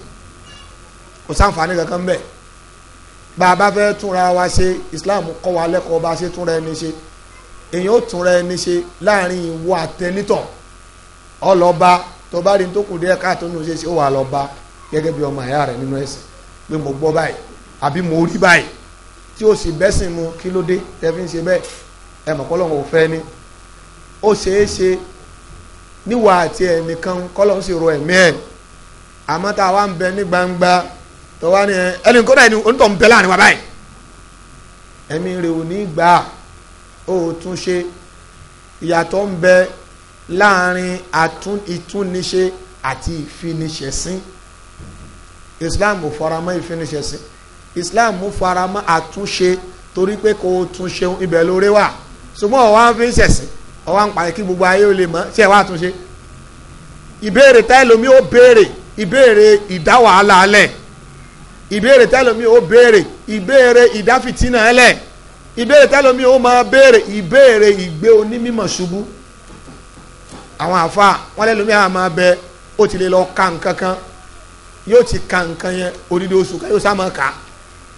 Speaker 1: kò sáǹfààní kankan bẹ́ẹ̀ bá a bá fẹ́ túnra wa ṣe Islam kọ́ wa lẹ́kọ̀ọ́ bá a ṣe túnra ẹni ṣe èèyàn ó túnra ẹni ṣe láàrin ìwọ àtẹnitọ̀ ọlọ́ba tó bá rí ní tó kù díẹ̀ káàtó nínú ṣe ṣe ó wà lọ́ba gẹ́gẹ́ bí ọmọ àyà rẹ̀ nínú ẹ̀sìn pé mo gbọ́ báyìí àbí mo rí báyìí tí ó sì bẹ́sìn mu kí ló dé tẹ́ fi ń ṣe bẹ́ẹ̀ ẹ mọ̀ kọ́lọ́hún ò fẹ́ ni ó ṣeé ṣe níwà àti ẹnìkan kọ́lọ́hún sì ro ẹ̀mí ẹ̀ àmọ́ tá a wá ń bẹ ní gbangba tó wá ní ẹni kó dà ní onítọ̀ ń bẹ láàrin wa báyìí ẹ̀mí rẹ̀ ò ní gbà ó tún ṣe ìyàtọ̀ ń bẹ láàrin ìtúniṣe àti ìfiniṣẹ̀sìn Islam ò faramọ́ ìfiniṣẹ̀sìn islam fara mọ́ àtúnṣe torí pé kò túnṣe ibẹ̀ lóore wà ṣùgbọ́n ọ̀wá ń fi ń ṣẹ̀sìn ọ̀wá kí gbogbo ayé ó lè mọ̀ ṣé ẹ̀ wá àtúnṣe ìbéèrè tẹ́lómi ó béèrè ìbéèrè ìdá wàhálà alẹ̀ ìbéèrè tẹ́lómi ó béèrè ìbéèrè ìdá fìtínà alẹ̀ ìbéèrè tẹ́lómi ó máa béèrè ìbéèrè ìgbé onímọ̀ ṣubú àwọn àfa wọn lẹ́lómi àwọn máa bẹ ó ti lè lọ ka nkankan kan yóò ti ka nǹkan yẹn odidi oṣù kan yóò sá máa kà á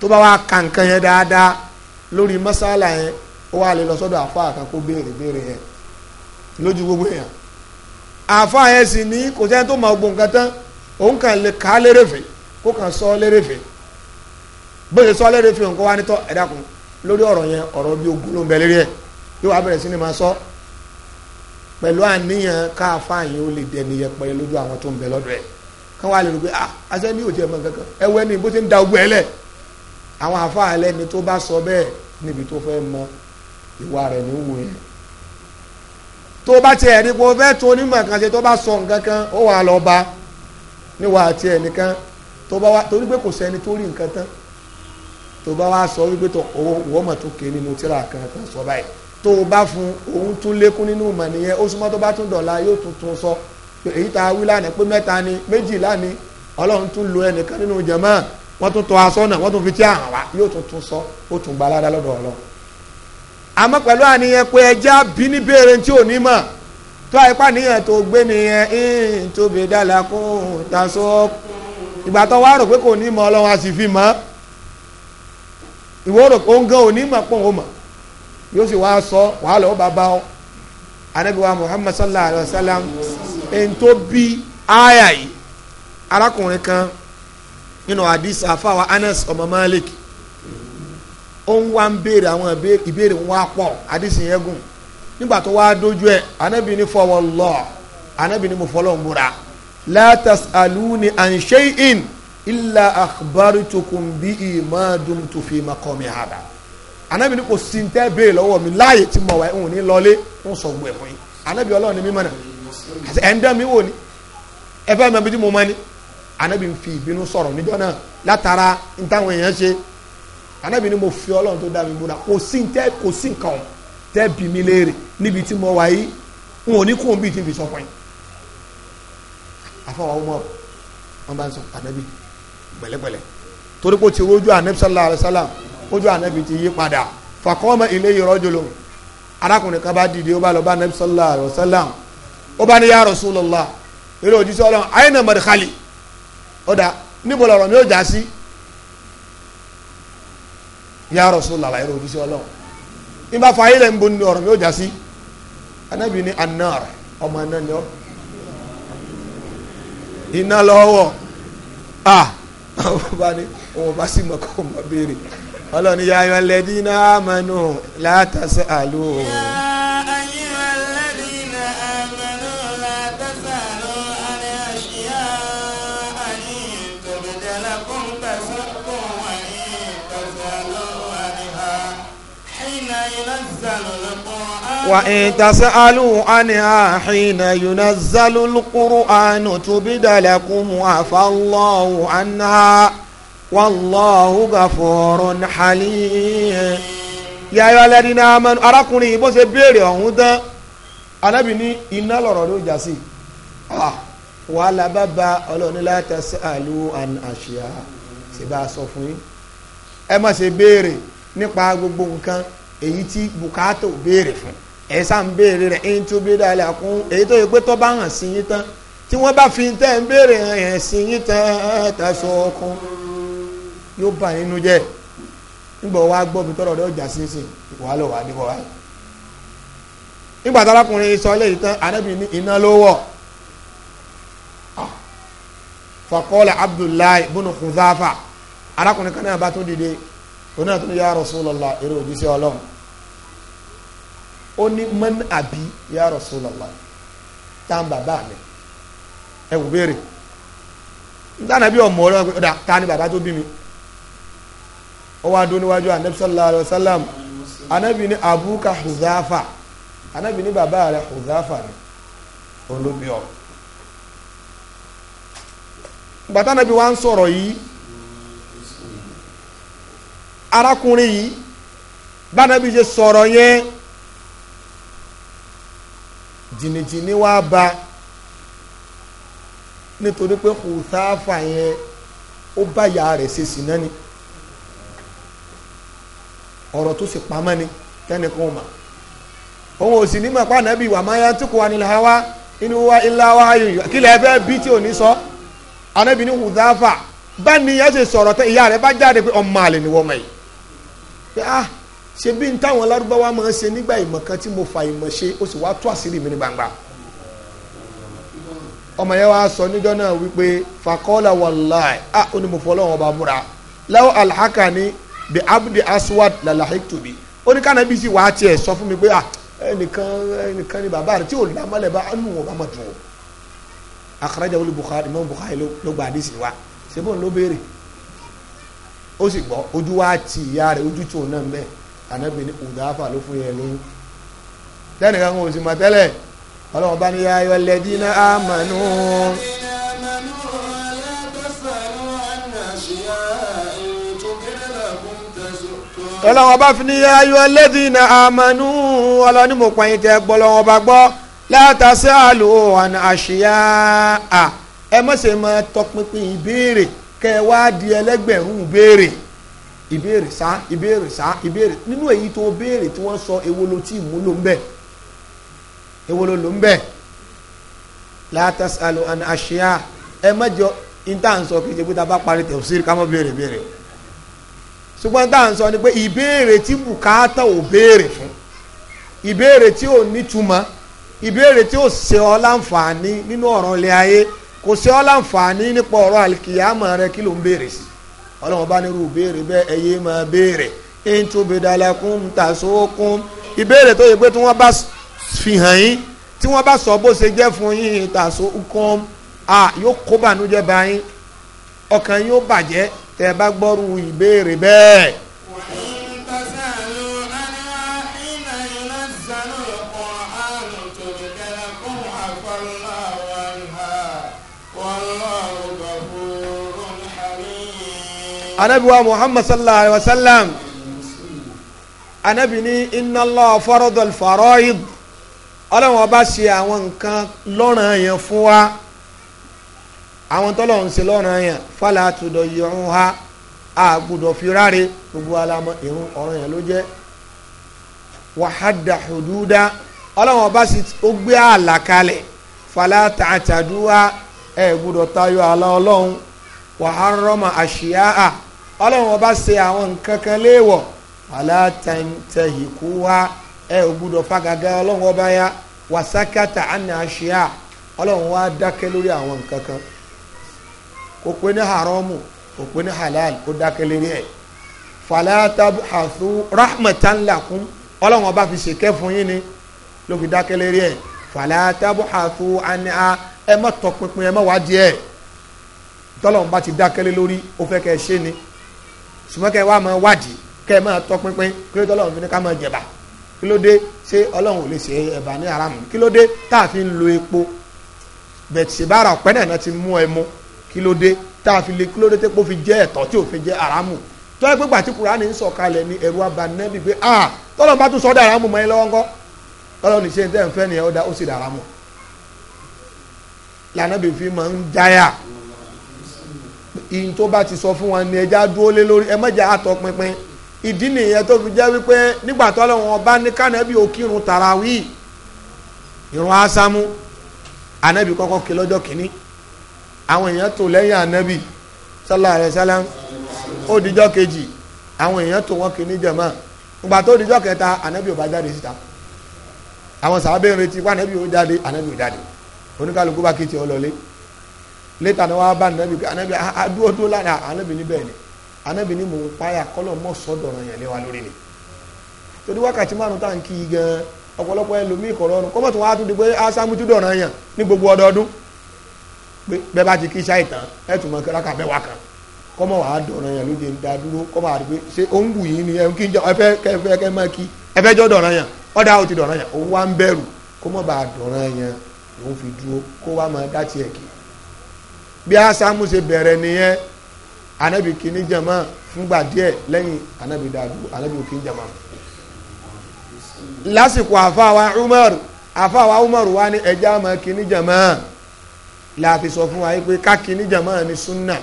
Speaker 1: tó bá wá ka nǹkan yẹn dáadáa lórí mọ́sálà yẹn ó wá lè lọ sọ́dọ̀ àfáà kan kó béèrè béèrè yẹn lójú gbogbo èèyàn àfáà yẹn sì ní kò sẹ́ni tó mọ gbogbo nǹkan tán òun kàn lè ká lérèfé kó kàn sọ lérèfé bó ṣe sọ lérèfé òun kó wá nítọ́ ẹ lórí ọ̀rọ̀ yẹn ọ̀rọ̀ bí ogun ló ń bẹ ẹ̀ yóò wá bẹ̀rẹ̀ sí ni máa ni ah, bó ṣe ń da ogun àwọn afọ ẹlẹ́ni tó bá sọ bẹ́ẹ̀ níbi tó fẹ́ mọ ìwà rẹ̀ ní wù yẹn tó bá tiẹ̀ rí pé onímọ̀ kan tó bá sọ nǹkan kan ó wà lọ bá níwà tiẹ̀ nìkan tó bá wá torí pé kò sẹ́ni sọ wípé tó owó mọ̀ tó ké nínú tíra sọ báyìí tó o bá fún òun tún lékún nínú ìmọ̀ nìyẹn ó súnmọ́ tó bá tún dọ̀la yóò tún tún sọ èyí a wí lánàá pé mẹ́ta ni méjì lánàá ọlọ́run tún wọ́n tún tọ́ aṣọ náà wọ́n tún fi tí àhàn wá yóò tún tún sọ ó tún gba aládàá lọ́dọ̀ àmọ́ pẹ̀lú àníyàn pé ẹja bí ní béèrè tí ò ní tó níyàn tó gbé nìyẹn ń tóbi dàlà kó taṣọ ìgbà tó wá rò pé kò ní mọ̀ ọlọ́run fi mọ̀ ìwọ rò pé òní mọ̀ pọ̀ òun mọ̀ yóò sì nínú hadith afawa Anas ọmọ Malik ó ń wá ń béèrè àwọn ìbéèrè ń wá pọ̀ hadith yẹn gùn nígbà tó wá dójú ẹ̀ anabi ni fọwọ́ lọ anabi ni mo fọlọ́ ń múra la tas'aluni an shay'in illa akhbartukum bihi ma dumtu fi maqami hada anabi ni kò sí ń tẹ́ béèrè lọ́wọ́ mi láàyè tí mo wà ẹ̀ ń ní lọ́lé ń sọ gbẹ̀ fún anabi ọlọ́run ni mímọ́ náà ẹ̀ ń dán mi wò ni ẹ fẹ́ mọ ibi mo mọ ni anabi ń fi ìbínú sọ̀rọ̀ níjọ́ náà látara ní táwọn èèyàn anabi ni mo fi ọlọ́run tó dá mi búra kò sí tẹ kò sí nǹkan tẹ bí mi léèrè níbi tí mo wà yìí n ò ní kó n bí ti fi sọ fún yín àfọwọ́ ọmọ wọn bá ń anabi pẹ̀lẹ́pẹ̀lẹ́ torí kò ti rojú anabi sallallahu alayhi wa sallam ojú anabi ti yí padà fàkọ́mọ ilé yìí rọ́jò lòun arákùnrin kan bá dìde ó bá lọ bá anabi sallallahu alayhi wa sallam ó bá ní ya Rasulullah ilé òjíṣẹ́ ọlọ́run àyìnà mọ̀dẹ́kálì ọ̀dà níbo lọ̀rọ̀ mi ò já sí ya Rasulullah ẹ̀rọ òjíṣẹ́ ọlọ́run ní bá fàáyé lẹ́ ń bo ní ọ̀rọ̀ mi ò já sí anábì ní anar ọmọ iná ni ọ iná lọ́wọ́ a àwọn bá ní wọn bá sì mọ̀ kó mọ̀ béèrè ọlọ́run ya ayyuhalladhina amanu la tas'alu. وإن تسألوا عنها حين ينزل القرآن تبد لكم عفى الله عنها والله غفور حليم يا أيها الذين آمنوا أراكني bó ṣe béèrè ọ̀hún tán Ànábì ní iná lọ̀rọ̀ ló já sí ah, wàhálà bàbá ọlọ́run la tasalu an àṣìá ṣe bá a sọ fún yín ẹ má ṣe béèrè nípa gbogbo nǹkan èyí tí bukato béèrè fún ẹ nbeere ń béèrè rẹ̀ ẹ̀yin tó béèrè alẹ́ àkún èyí tó yẹ pé tí wọ́n bá fi tẹ́ ń béèrè hàn sí yín tán taṣọ ọkàn yóò nínú jẹ́ nígbà tọrọ ọjà sínsìn wàá lọ wàá níbọ̀ wáyé nígbà tí arákùnrin sọ tán anábì ní iná ah. abdullahi bunu arákùnrin kan náà bá dìde òun náà ó ní mọ́n àbí ya Rasulullah tá n bàbá mi ẹ wò béèrè nígbàdàn bí ọmọ ọlọ́run ọ̀dà ta ni bàbá tó bí mi ó wá dún níwájú anabi sallallahu alayhi wa sallam anabi ní abuka Huzafa anabi ní bàbá rẹ Huzafa rẹ olóbi ọ gbàtà anabi wa ń sọ̀rọ̀ yìí arákùnrin yìí bá anabi ṣe sọ̀rọ̀ yẹn jìnnìjìnnì wá ba nítorí pé kò sáfà yẹn ó bá ìyá rẹ̀ ṣe sí náà ni ọ̀rọ̀ tó sì pamọ́ ni tẹ́nìkan mà òun ò sì ní mọ̀ pa nàbí wà máa yá tí kò wà nílẹ̀ wá inú wa ilá wa kí lè fẹ́ bí tí ò ní sọ anábì ní hùdáfà bá ní ìyá ṣe sọ̀rọ̀ tẹ ìyá rẹ̀ bá jáde pé ọmọ àlè ni wọ́n mọ̀ yìí pé ah ṣe bí n táwọn lárúbáwá máa ń ṣe nígbà ìmọ̀ kan tí mo fa ìmọ̀ ṣe ó sì wá tú àṣírí mi ní gbangba ọmọ yẹn wá sọ níjọ́ náà wípé fakọ́lá wàláì a ó ní mo fọ́ lọ́wọ́ ọba múra láwọn alhaka ni bi abdi aswad lalahiktubi ó ní kánà bíi sì wàá tiẹ̀ sọ fún mi pé ah, ẹnìkan ẹnìkan ni bàbá rẹ tí ò lámọ́lẹ̀ bá nù wọ́n bá mọ̀ tó akarajà wọlé bukhari imam bukhari ló gba àdìsí wa ṣé bóun ló béèrè ó sì gbọ́ ojú wa ti ìyá rẹ̀ ojú tí òun náà ń ànábì ní ùdáfà ló fún yẹn ní tẹ́nìkan kò sì mọ̀ tẹ́lẹ̀ ọlọ́run bá ní ayọ̀ lẹ́dí náà àmánú. ọlọ́wọ́n bá fi ní ayọ́ lẹ́dínà àmọ́nú ọlọ́ni mo pààyàn tẹ gbọ́ lọ́wọ́n bá gbọ́ látàsí àlò ọ̀nà àṣìyá à ẹ mọ̀sẹ̀ máa tọpinpin ìbéèrè kẹ wá di ẹlẹ́gbẹ̀rún ìbéèrè ìbéèrè sá ìbéèrè sá ìbéèrè nínú èyí tó béèrè tí wọ́n sọ èwo ló tí mú ló ń bẹ̀ èwo ló ló ń bẹ̀ la tasalu an àṣìyà ẹ mẹ́jọ níta ń sọ kìí ṣe pé tá a bá parí tẹ̀síìrì ká mọ́ béèrè béèrè ṣùgbọ́n tá à ń sọ ni pé ìbéèrè tí bùkátà ò béèrè fún ìbéèrè tí ò nítumọ̀ ìbéèrè tí ò ṣe ọ́ láǹfààní nínú ọ̀rọ̀ ilé ayé kò ṣe ọ́ láǹfààní nípa ọ̀rọ̀ àlìkìyàmọ̀ rẹ kí ló ń béèrè sí i ọlọ́run bá nírú béèrè bẹ́ẹ̀ ẹ̀yẹ máa béèrè ntúbidàlákùn tàṣókùn ìbéèrè tó yẹ pé tí wọ́n bá fi hàn yín tí wọ́n bá sọ bó ṣe jẹ́ fún yín tàṣókùn à yóò kó bànújẹ́ bá ọkàn yín bàjẹ́ tẹ́ ẹ bá gbọ́rù ìbéèrè bẹ́ẹ̀ anabi wa muhammad sallallahu alayhi wa sallam anabi ni inna allah faradol faroid ọlọ́run ọba ṣe àwọn nǹkan lọ́ràn yẹn fún wa àwọn tọ́lọ̀ ń ṣe lọ́ràn yẹn fàlà àtúndọ̀ yẹn ha àgùdọ̀ fi gbogbo alamọ irun ọ̀ràn yẹn ló jẹ́ wàhádà hududa ọlọ́run ọba sì ó gbé ààlà kalẹ̀ fàlà tààtàdúwà ẹ̀ gbọ́dọ̀ tayọ àlà ọlọ́run wàhárọ́mà àṣìyá à. ọlọ́run ọba ṣe àwọn nǹkan kan léèwọ̀ alátẹ̀yìnkú wa ẹ ò gbúdọ̀ fagagá ọlọ́run ọba ya wàsákàtà àná àṣìá ọlọ́run wa dákẹ́ lórí àwọn nǹkan kan kò pé ní haramu kò pé ní halal ó dákẹ́ lórí ẹ̀ falatabu hasu rahmatan ọlọ́run ọba fi ṣèkẹ́ fún yín ni ló fi dákẹ́ lórí ẹ̀ falatabu hasu àná ẹ má tọpinpin ẹ má wá tọ́lọ́run ti dákẹ́ lórí ó fẹ́ kẹ́ ẹ ṣe ni. ṣùgbọ́n kẹ́ ẹ wá máa wádìí kẹ́ ẹ máa tọpinpin kí ló dé ọlọ́run fi ní ká máa jẹ̀bà kí ló dé ṣé ọlọ́run ò lè ṣe ẹ̀bà ní aramu kí ló dé tá a fi ń lo epo bẹ̀tìsíbára ọ̀pẹ́ náà ti mú ẹ mú kí ló dé tá a fi lè kí ló dé tépo fi jẹ́ ẹ̀tọ́ tí ò fi jẹ́ aramu tọ́ ẹ pé gbàtí Kùránì ń sọ kalẹ̀ ní ẹ̀rú abanẹ́bí pé ah tọ́lọ́n bá tún sọ ọ́ dà aramu mọ́ ẹ lọ́wọ́ ńkọ́ tọ́lọ́n ní ṣe aramu lànà bí fi ìyìn tó bá ti sọ fún wọn ni ẹja dúró lé lórí ẹ mọ̀jà àtọpinpin ìdí nìyẹn tó fi jẹ́ wípé nígbà tó lọ́wọ́ ọba ní kánẹ́bí òkírun tàràwí ìrun ásámú ànábì kọ́kọ́ kí lọ́jọ́ kìíní àwọn èèyàn tó lẹ́yìn ànábì sallallahu alaihi wasallam ó dijọ́ kejì àwọn èèyàn tó wọ́n kìíní jẹ̀mọ́ ìgbà tó dijọ́ kẹta ànábì ò bá jáde síta àwọn sàábẹ̀ ń retí pé ànábì ò jáde ànábì ò jáde oníkàlùkù bá kìí ti ọ lọlé leta ni wọn bá anabi anabi adúró dúró anabi ni anabi ni mò ń wa lórí ni torí wákàtí márùn tá à kí i gan ọ̀pọ̀lọpọ̀ ẹlòmíì kọ̀rọ̀ ọ̀run kọ́mọ̀tò wọn tún di pé asámútú dọ̀rọ̀ yẹn ní gbogbo ọdọọdún pé bá ti kí iṣẹ́ ìtàn ẹ̀ tún mọ kíláka bẹ́ẹ̀ wá kan kọ́mọ̀ wàá yẹn lóde ń da dúró kọmọ àti pé ṣé ń wù yín ni kí jọ dọrọ yẹn ti yẹn ń bá yẹn lòún fi dúró kó bí asamu ṣe bẹ̀rẹ̀ nìyẹn anabi kìíní jama fúngbà díẹ̀ lẹ́yìn anabi dàdú anabi òkìíní jama lásìkò àfàwà umar àfàwà umar wa ni ẹja ọmọ kini jama láti sọ fún wa yìí pé ká kìíní jama ni sunna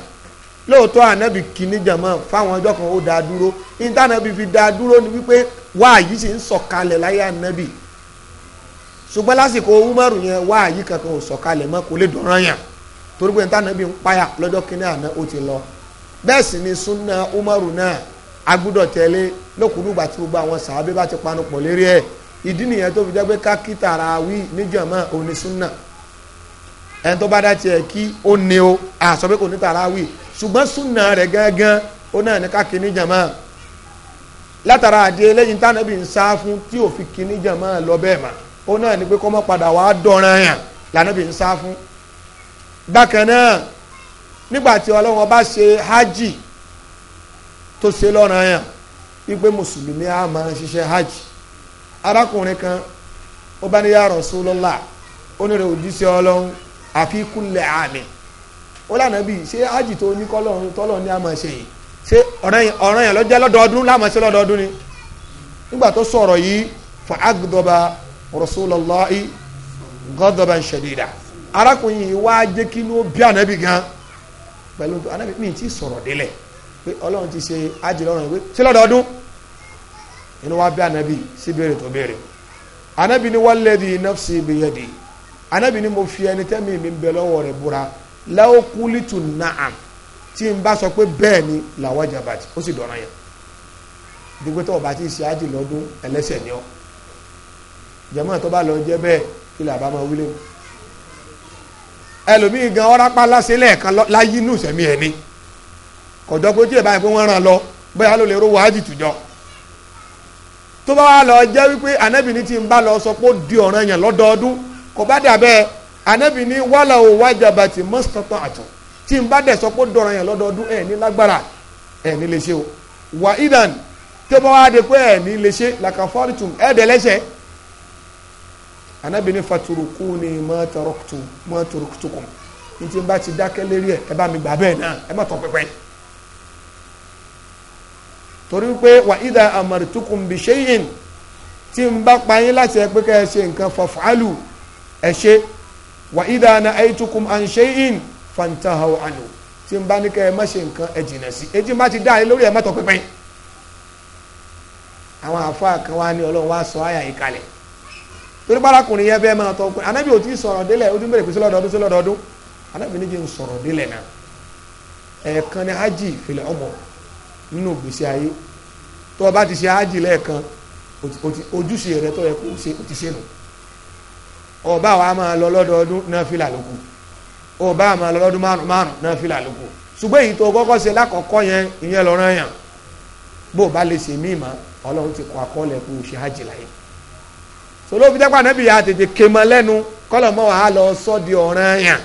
Speaker 1: lóòótọ́ anabi kìíní jama fáwọn ọjọ́ kan ó dá dúró intanẹ́bi fi dá dúró ni wípé wáàyí sì ń sọ̀kalẹ̀ láyé anabi ṣùgbọ́n lásìkò umaru yẹn wáàyí kankan ò sọ̀kalẹ̀ mọ́ kò lè dọ̀rọ̀ yàn torí pé ntànàbí ń payà lọ́jọ́ kínní àná ó ti lọ bẹ́ẹ̀ sì ni sunna umaru náà agbúdọ̀ tẹ̀lé lókùnúgbà tí gbogbo àwọn sàábé bá ti panu pọ̀ lérí ẹ̀ ìdí nìyẹn tó fi jẹ́ pé káàkiri tàràwí níjàmá òní sunna ẹni tó bá dá tiẹ̀ kí ó ní o àsọ pé kò ní tàràwí ṣùgbọ́n sunna rẹ̀ gángan ó náà ní káàkiri níjàmá látara àdé eléyìí tànàbí ń sá fún tí òfin kìíní jàmá lọ bẹ́ẹ̀ mà ó náà ní pé kó padà wàá dọ̀ràn yàn lànàbí ń sá fún bákan náà nígbàtí ọlọ́wọ́n bá ṣe hajj tó ṣe lọ́ràn yàn wípé mùsùlùmí á máa ṣiṣẹ́ hajj arákùnrin kan ó bá ya Rasulullah onírè òjíṣẹ́ ọlọ́run àfi kulli àmì ó lànà bíi ṣé hajj tó ní kọ́lọ́run tọ́lọ́run ní a máa ṣe yìí ṣé ọ̀ràn se lọ́jọ́ lọ́dọọdún ṣe lọ́dọọdún ni nígbà tó sọ̀rọ̀ yìí fa aghdaba Rasulullah ghadaban arákùnrin yìí wá jẹ́ kí ló bí ànábì gan pẹ̀lú ànábì mi ti sọ̀rọ̀ délẹ̀ pé ọlọ́run ti ṣe ájì lọ́rùn ìwé sí lọ́dọọdún inú wa bí ànábì sí béèrè tó béèrè ànábì ni walladhi nafsi biyadi ànábì ni mo fi ẹni tẹ́mi mi bẹ lọ́wọ́ rẹ̀ búra law qulitu na'am tí n bá sọ pé bẹ́ẹ̀ ni lawajabat ó sì dọ̀ràn yẹn dígbé tó o bá ti ṣe ájì lọ́dún ẹlẹ́sẹ̀ ni ọ jẹ́mọ́ tó bá lọ jẹ́ bẹ́ẹ̀ kí làbá máa wílé mu ẹlòmíì gan ọ̀rápá lásìlẹ̀ kan láyé inú sẹ̀mí ẹ̀ ni kọ̀dọ̀ pé tí ẹ̀ báyìí pé wọ́n ràn lọ bóyá ló lè rówó àjìtùjọ tó bá wà lọ jẹ́ wípé anábì ní ti ń bá lọ sọ pé ó di ọ̀ràn yẹn lọ́dọọdún kò bá dà bẹ́ẹ̀ anábì ní wàhálà ò wájàbà tí mọ́sítọ́tọ́ àtọ̀ tí ń bá dẹ̀ sọ pé ó dọ̀ràn yẹn lọ́dọọdún ẹ̀ ní lágbára ẹ̀ ní lè ṣe o wà idan tó bá wà dé pé ẹ̀ ní lè ṣe làkàfọ́rìtùm ẹ̀ dẹ̀ lẹ́sẹ̀ anabi ní faturukuni ma taraktu ma taraktukum ní tí n bá ti dákẹ́ lérí ẹ̀ ẹ bá mi gbà bẹ́ẹ̀ náà ẹ má tọ́ pẹpẹ. torí pé wa idha amartukum bi shay'in tí n bá pa yín láti ẹ pé ká ẹ ṣe nǹkan faf'alu ẹ ṣe wa idha nahaytukum an shay'in fantahu anhu tí n bá ní ká ẹ má ṣe nǹkan ẹ jìnà sí etí n bá ti dá yín lórí ẹ má tọ́ pẹpẹ. àwọn àfa kan wá ní ọlọ́run sọ àyà yìí kalẹ̀ torí parakùnrin yẹn fẹ́ máa tọ́ ọkùnrin anabi ò tí ì sọ̀rọ̀ délẹ̀ ó ti ń bèrè pé sí lọ́dọọdún sí lọ́dọọdún anabi níjẹ́ ń sọ̀rọ̀ délẹ̀ náà ẹ̀ẹ̀kan ni hajj ìfìlẹ̀ ọmọ nínú ìgbésí ayé tó o bá ti ṣe hajj lẹ́ẹ̀kan ojúṣe rẹ tó yẹ kó o ṣe o ti ṣe nù ọba wa máa lọ lọ́dọọdún náà fìlà lóko ọba wa máa lọ lọ́dún márùn márùn náà fìlà lóko ṣùgbọ́n èyí tó kọ́kọ́ ṣe lákọ̀ọ́kọ́ yẹn ìyẹn lọ́rọ̀ yàn tolo fi dẹ́pọ̀ ànábì ya tètè ké mọ́ lẹ́nu kọ́lọ̀ mọ́ wàá lọ sọ́ di ọ̀ràn yàn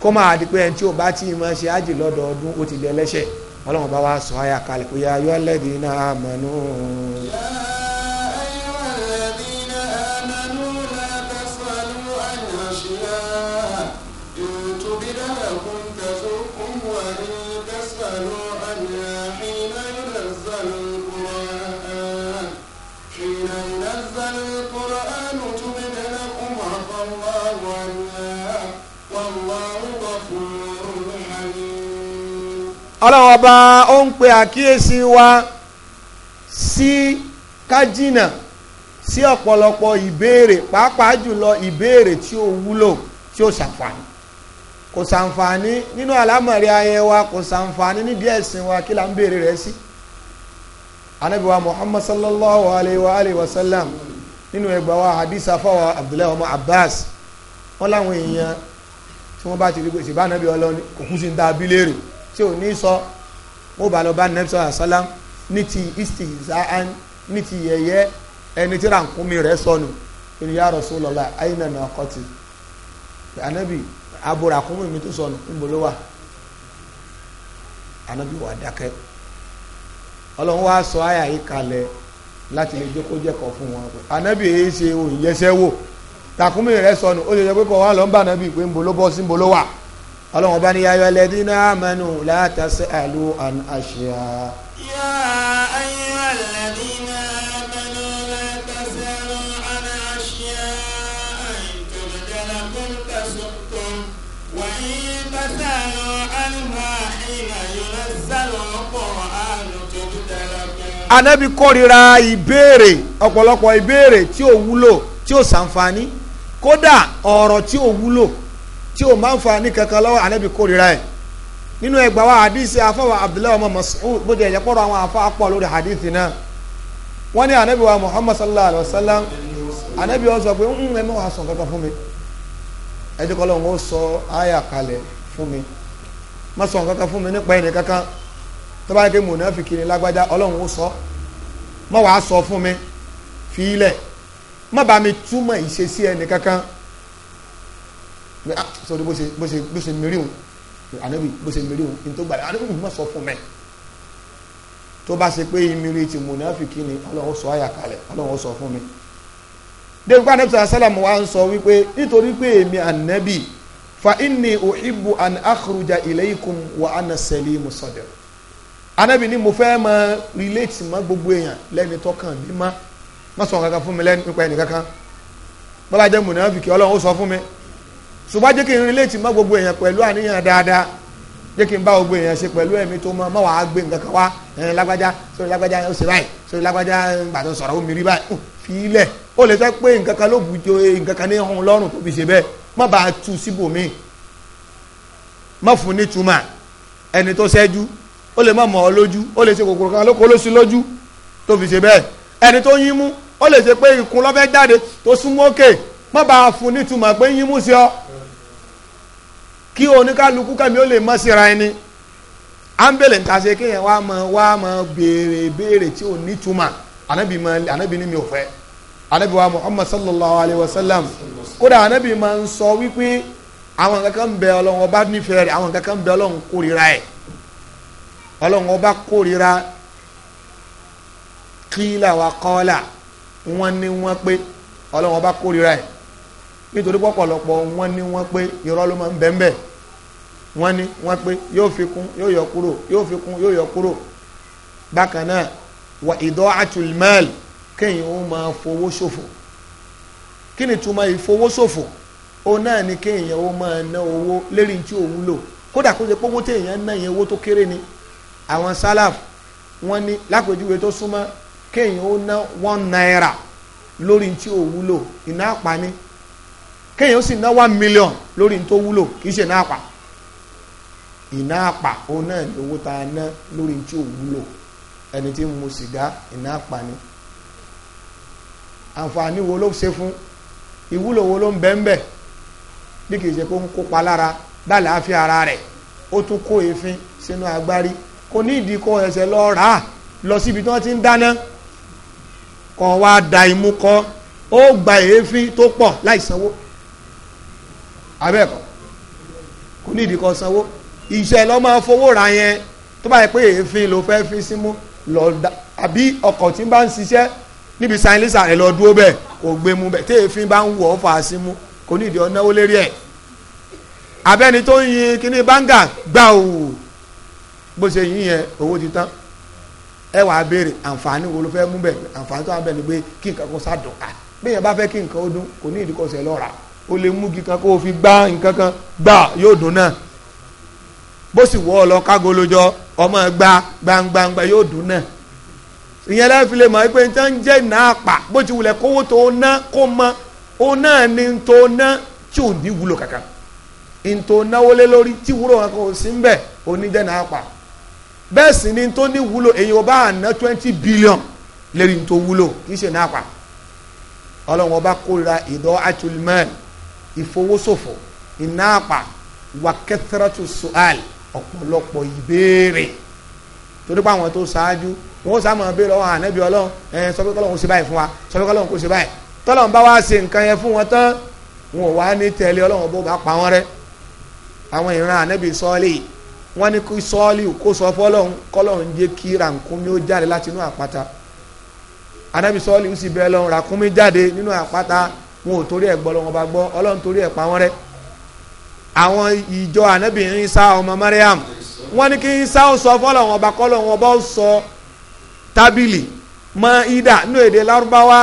Speaker 1: kó máa di pé ẹni tí o bá tí ì ṣe ájì lọ́dọọdún o ti di ẹlẹ́ṣẹ̀ ọlọ́run bá wa sọ ayà kalẹ̀ kó yà ayọ́ lẹ́dí náà mọ̀nú. ọlọ́run ọba ó ń pe àkíyèsí wa sí kájínà sí ọ̀pọ̀lọpọ̀ ìbéèrè pàápàá jùlọ ìbéèrè tí ó wúlò tí ó ṣàǹfààní kò ṣàǹfààní nínú àlámọ̀rí ayé wa kò ṣàǹfààní níbi ẹ̀sìn wa kí là ń béèrè rẹ̀ sí. Ànábì Muhammad sallallahu alayhi wa alayhi wa sallam nínú ẹgbàá wa hadith afọwọ́ Abdullahi ọmọ Abbas wọn láwọn èèyàn tí wọ́n bá ti rí pé ṣèbá Ànábì kò kú sí ní ta abílẹ̀ rẹ̀ tí o ní sọ mo bá lọ bá nẹ́bí sọ́yà n'iti ní ti istihza'an ní ti ẹni tí rànkúmi rẹ̀ sọnù ya Rasulullah ayna naqati ànábì abo rànkúmi mi tó sọnù ń wa ànábì wà dákẹ́ sọ àyà yìí kalẹ̀ láti lè jókòó fún wọn wò sọnù ó lè pé bá pé sí ọlọ́run bá ní ya ayyuhalladhina amanu la tas'alu an ashya.
Speaker 2: ya ayyuhalladhina amanu la tas'alu an ashya in tubda lakum tasukkum
Speaker 1: wa in tas'alu anha hina yunazzalu al-Qur'anu ìbéèrè ọ̀pọ̀lọpọ̀ ìbéèrè tí ò wúlò tí ò sàǹfààní kódà ọ̀rọ̀ tí ò wúlò tí o máa ń fa ní kankan lọ́wọ́ ànábì kórìíra ẹ̀ nínú ẹgbàá wa hadith afọwọ́ abdullahi ọmọ mas'ud bó jẹ́ ìyẹ́pọ̀rọ̀ àwọn afọ apọ̀ lórí hadith náà wọ́n ní ànábì wa muhammad sallallahu alayhi wa sallam ànábì wa sọ pé ń ẹ mọ́ wa sọ kankan fún mi ẹjọ́ kọ́ lóun ó sọ àyà kalẹ̀ fún mi má sọ kankan fún mi nípa ẹni kankan tó bá yẹ kí mùnàfíkì ni lágbájá ọlọ́run ó sọ má wàá pé ah sori bó ṣe bó ṣe bó ṣe mìíràn ànábì bó ṣe mìíràn ní tó gbàdá ànábì mọ̀ sọ fún mẹ́ tó bá ṣe pé ìmìíràn ti mùnáfìkì ni ọlọ́run sọ àyà kalẹ̀ ọlọ́run sọ fún mi débi pa ànábì sàlám wa ń sọ wípé nítorí pé èmi ànábì fa inni uhibbu an akhruja ilaykum wa ana salimu sadr ànábì ni mo fẹ́ máa relate mọ́ gbogbo èèyàn lẹ́ni tọ́kàn mi má má sọ kankan fún mi lẹ́nu nípa ẹnì kankan bọ́lá jẹ́ mùnáfìkì ọlọ́run ó sọ fún mi ṣùgbọ́n jẹ́ kí n relate mọ́ gbogbo èèyàn pẹ̀lú àníyàn dáadáa jẹ́ kí n bá gbogbo èèyàn ṣe pẹ̀lú ẹ̀mí tó mọ́ mọ́ wàá gbé nǹkan kan wá ẹ̀rìn lágbájá sórí lágbájá ó ṣe báyìí sórí lágbájá gbàtọ́ sọ̀rọ̀ ó mìírí báyìí fi ilẹ̀ ó lè sọ pé nǹkan kan ló bù jo nǹkan kan ní ọ̀hún lọ́rùn tó fi ṣe bẹ́ẹ̀ má bàa tu síbòmí má fún ní tuma ẹni tó ṣẹ́jú ó lè má mọ̀ ọ́ lójú ó lè ṣe kòkòrò kí oníkálukú kàmí ó lè mọ̀ síra ẹni ámbélé ń ta ṣe kéèyàn wá mọ wá mọ béèrè béèrè tí ò ní túmọ̀ anabi mọ ànábì ní mi ò wa muhammad sallallahu alayhi wa sallam kódà ànábì máa ń sọ wípé àwọn kankan ń bẹ ọlọ́run ọba nífẹ̀ẹ́ rẹ̀ àwọn kankan bẹ ọlọ́run kórìíra ẹ̀ ọba kórira kílà wa pé ọba kórira nítorí wọ́n ní wọ́n pé yóò fi kún yóò yọ kúrò yóò fi kún yóò yọ kúrò bákan náà wà ìdọ́ àtúlmẹ́l kéèyàn ó máa fowó ṣòfò kí ni túmọ̀ ìfowó ṣòfò ó náà ni kéèyàn ó máa ná owó lérí tí ò wúlò kódà kó ṣe pé téèyàn ná yẹn owó tó kéré ni àwọn sálàf wọ́n ní lápèjúwe tó súnmọ́ kéèyàn ó ná one naira lórí tí ò wúlò iná àpá ni kéèyàn ó sì ná one million lórí tó wúlò kì í ṣe náà pa iná àpà òun náà ní owó tá a ná lórí tí ò wúlò ẹni tí ń mu sìgá iná àpà ni àǹfààní wo ló ṣe fún ìwúlò wo ló ń bẹ́ ń bẹ̀ bí kìí ṣe kó ń kópa lára báàláfíà ara rẹ̀ ó tún kó èéfín sínú agbárí kò ní ìdí kó ẹsẹ̀ lọ rà á lọ síbi tí wọ́n ti ń dáná kọ́ wá da imú kọ́ ó gba èéfín tó pọ̀ láì sanwó abẹ́ẹ̀kọ́ kò ní ìdí kó sanwó iṣẹ́ lọ máa fowó ra yẹn tó bá yẹ pé èéfín ló fẹ́ fi símú lọ da àbí ọkọ̀ tí ń bá ń ṣiṣẹ́ níbi sáyẹ́nsà rẹ̀ lọ dúró bẹ́ẹ̀ kò gbé mu bẹ́ẹ̀ tí èéfín bá ń wọ̀ ọ́ fà á símú kò ní ìdí ọ̀náwó lérí ẹ̀ abẹ́ni tó ń yin kíní báńgà gbà ò bó ṣe yín yẹn owó ti tán ẹ wàá béèrè àǹfààní wo ló fẹ́ mú bẹ̀ àǹfààní tó wà bẹ̀ ni pé kí nǹkan kó sá dùn ká bí yẹn bá fẹ́ kí nǹkan ó dún kò ní ìdíkọ̀sẹ̀ lọ́ra o lè mú igi kan kó o fi gbá nǹkan kan gbà yóò dùn náà bó sì wọ́ ọ lọ ọmọ gba gbangbangba yóò dùn náà ìyẹn láti fi lè mọ̀ pé na ń jẹ́ ìná àpà bó ti wulẹ̀ kówó tó ná kó mọ ó náà ni tó ná tí ò ní wúlò kankan mbẹ ìná àpà sì ni tó ní wúlò èyí twenty billion lérí tó wúlò kì í ṣe ìná àpà ọba kórira ìfowósòfò ìná àpà wà ọ̀pọ̀lọpọ̀ ìbéèrè torí pé àwọn tó ṣáájú wọn ó sáàmù ọbẹ̀ lọ́wọ́ ànábì ọlọ́run ẹ sọ pé kọ́lọ́hún ṣe báyìí fún wa sọ pé kọ́lọ́hún kò ṣe báyìí tọ́lọ́hún bá wá ṣe nǹkan yẹn fún wọn tán wọn ò wá ní tẹ̀lé ọlọ́run bó bá pa wọn rẹ́ àwọn ìran ànábì sọ́ọ́lì wọn ní kí sọ́ọ́lì kó sọ fọ́lọ́hún kọ́lọ́hún jẹ́ kí rànkúnmí ó jáde láti inú àpáta ànábì sọ́ọ́lì ń sì bẹ́ẹ̀ lọ́run rànkúnmí jáde nínú àpáta wọn ò torí ẹ̀ gbọ́ lọ́wọ́ bá gbọ́ ọlọ́run torí ẹ̀ pa wọn rẹ́ àwọn ìjọ ànábì Isa ọmọ Mariam wọ́n ní kí Isa ó sọ fọlọ́wọn ọba kọ́lọ́wọn ọba ó sọ tábìlì mọ ida nínú èdè lárúbáwá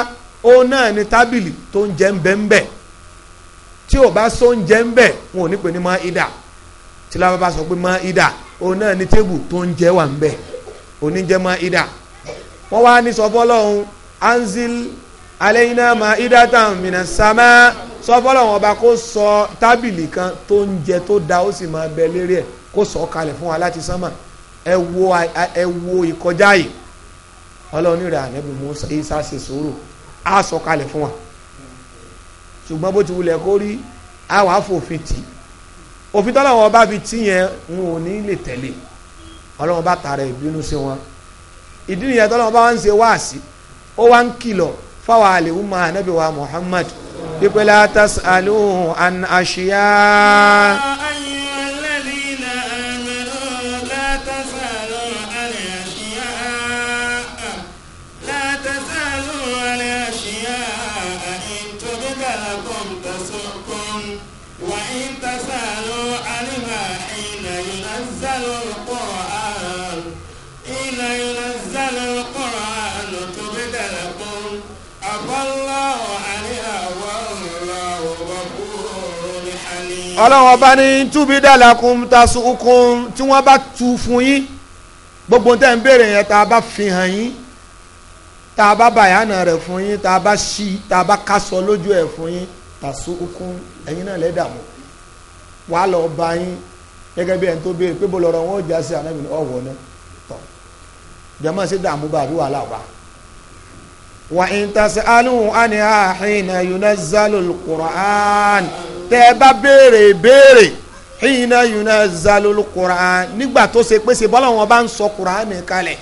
Speaker 1: ó náà ní tábìlì tó ń jẹ́ ńbẹ́ńbẹ́ tí ò bá sọ ń jẹ́ ńbẹ́ wọn ò ní pè ní mọ ida tí lábá bá sọ pé mọ ida ó náà ní tébù tó ń jẹ́ wà ńbẹ́ oníjẹ́ mọ ida wọ́n wá ní sọ fọlọ́wọn anzil aleyna ma ida tan mina sama sọ fọlọ́wọ́n ọba kó sọ tábìlì kan tó ń jẹ tó da ó sì máa bẹ lérí ẹ̀ kó sọ kalẹ̀ fún wa láti sánmà ẹ wo ẹ wo ìkọjá yìí ọlọ́run rẹ̀ ànẹ́bí Musa isa ṣe sòrò á sọ kalẹ̀ fún wa ṣùgbọ́n bó ti wulẹ̀ kó rí á wàá fòfin tì òfin tọ́lọ́wọ́n ọba fi tì yẹn n ò ní lè tẹ̀lé ọlọ́run bá tààrà ìbínú sí wọn ìdí nìyẹn tọ́lọ́wọ́n bá wá ń ṣe wáàsí ó wá ń kìlọ̀ فوال أمة نبي ومحمد يقول لا تسألوه عن أشياء ọlọ́run ọba ní túbí dàlà kún tasun okun tí wọ́n bá tu fún yín gbogbo tẹ́ ń béèrè yẹn tá a bá fi hàn yín tá a bá bàyànà rẹ̀ fún yín tá a bá ṣí tá a bá kásọ lójú ẹ̀ fún yín tasun okun ẹ̀yin náà lẹ́dàmú wàá lọ bá yín gẹ́gẹ́ bí ẹni tó béèrè pé bó wọn ò já sí ànábìnrin ọ̀wọ́ náà tọ̀ jẹ́mọ́ sí dààmú bá àbí wàhálà bá وإن تسألوا عنها حين ينزل القرآن tẹ́ tẹ bá béèrè béèrè hìnà yunazzalul Qur'an nígbà tó ṣe pé ṣe bọ́lá wọn bá ń sọ Qur'an kalẹ̀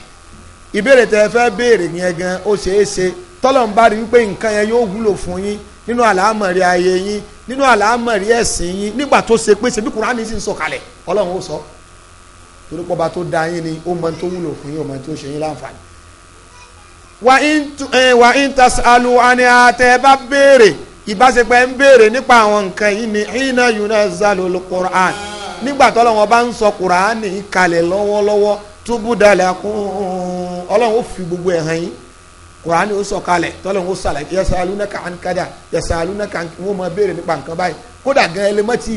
Speaker 1: ìbéèrè tẹ fẹ́ béèrè yẹn gan ó ṣe tọ́lọ̀ ń bá rí nǹkan yẹn yóò wúlò fún yín nínú àlámọ̀rí ayé yín nínú àlámọ̀rí ẹ̀sìn yín nígbà tó ṣe pé ṣe bí sì ń sọ da yín ni ó mọ tó wúlò fún yín ó mọ tó ṣe wà ń eh, alu àni àtẹ bá béèrè ìbáṣepẹ̀ ń béèrè nípa àwọn nǹkan yìí ni hina yunazzalul Qur'an nígbà tó lọ́wọ́ bá ń sọ Qur'ani kalẹ̀ lọ́wọ́lọ́wọ́ túbú ọlọ́run ó fi gbogbo ẹ̀ e hàn yín Qur'ani ó sọ kalẹ̀ tọ́lọ́run ó sàlàyé yasalunaka an kada yasalunaka wọ́n máa béèrè nípa nǹkan báyìí kódà gan ẹlẹ́mọ́tì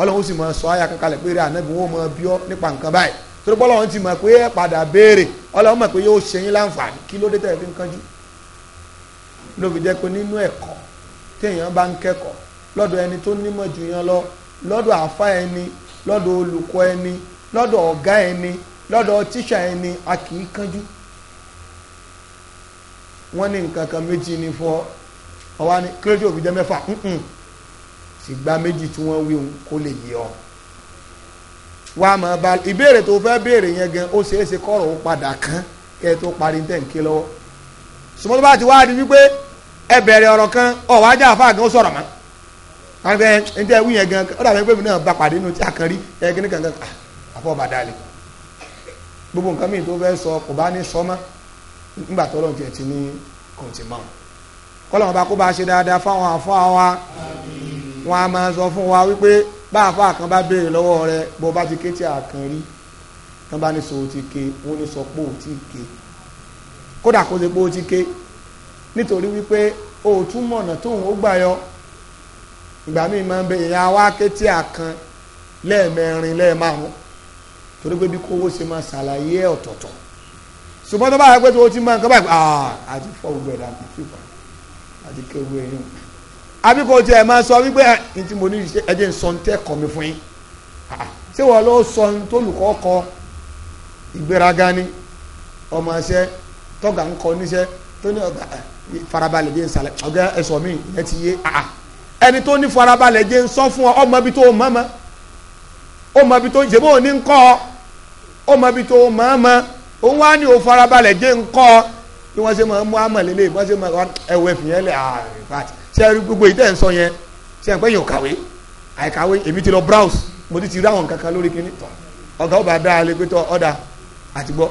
Speaker 1: ọlọ́run ó sì máa sọ kankalẹ̀ ànábì wọ́n máa bíọ́ nípa nǹkan báyìí torí pé Ọlọ́run ti mọ̀ pé ẹ padà béèrè Ọlọ́run mọ̀ pé yóò ṣe yín láǹfààní kí ló dé tẹ̀ fi ń kánjú ló fi jẹ́ pé nínú ẹ̀kọ́ téèyàn bá ń kẹ́kọ̀ọ́ lọ́dọ̀ ẹni tó nímọ̀ jù yàn lọ lọ́dọ̀ àfa ẹni lọ́dọ̀ olùkọ́ ẹni lọ́dọ̀ ọ̀gá ẹni lọ́dọ̀ tíṣà ẹni a kì í kánjú wọ́n ní nǹkan kan méjì ní fọ́ ọ̀wá ni kílódé òfin jẹ́ mẹ́fà sì gba méjì tí wọ́n wí òun kó lè yé ọ. wàá mọ̀ bá ìbéèrè tó fẹ́ béèrè yẹn gan ó ṣeé ṣe kọ́rọ̀ ó padà kán kẹ́ ẹ tó parí ti wá wípé ẹ bẹ̀rẹ̀ ọ̀rọ̀ kan ọ̀wá ajá àfa gan ó sọ̀rọ̀ mọ́ wí yẹn gan ó dàbí pé mi náà bá pàdé inú tí a kan rí ẹ kíní kankan ah, àfọ̀ bàdá gbogbo nǹkan mìíràn tó fẹ́ sọ kò bá ní nígbà tó lọ́n tiẹ̀ ti ní kòtì mọ́ a máa sọ fún wa bá àfa kan bá béèrè lọ́wọ́ rẹ bó bá ti ké tí àkàn rí tán bá ní sọ ti ké wọn ní sọ pé ò ti kódà kó ṣe pé ó ti nítorí wípé o ò tún mọ̀nà tóun ó gbà yọ ìgbà míì máa ń bẹ ìyá wa ké tí àkàn lẹ́ẹ̀mẹrin lẹ́ẹ̀márùn torí pé bí kówó ṣe máa ṣàlàyé ẹ̀ ọ̀tọ̀ọ̀tọ̀ ṣùgbọ́n tó bá yẹ pé tó ti máa ń kọ́ báyìí àti fọ́ gbẹ̀dà àti fífa àti kéwé yìí. àbí kò tiẹ̀ máa sọ wípé ẹ ah, ti mo ní ẹjẹ ń sọ ní tẹ́ kọ́ mi fún yín ah, ṣé wọ́n lọ sọ ní kọ ìgbéraga ni ọmọ ẹṣẹ́ kọ tó ní ọ̀gá ah, farabalẹ̀ jẹ́ ń sàlẹ̀ ọ̀gá mi ìyẹn ti yé ẹni tó ní farabalẹ̀ jẹ́ ń fún ọ ọmọ ibi tó mọ̀ mọ́ ọmọ ibi tó jẹ́ bó ní ọmọ ibi tó o farabalẹ̀ jẹ́ ń bí wọ́n ṣe máa mú sẹ́rí gbogbo ìtẹ́ ń sọ yẹn sẹ́yìn pé yóò kàwé àìkàwé èmi ti lọ browse mo ti ti rí àwọn kankan lórí kíní tán ọ̀gá ọba dá a lè pé tọ́ ọ̀dà àti gbọ́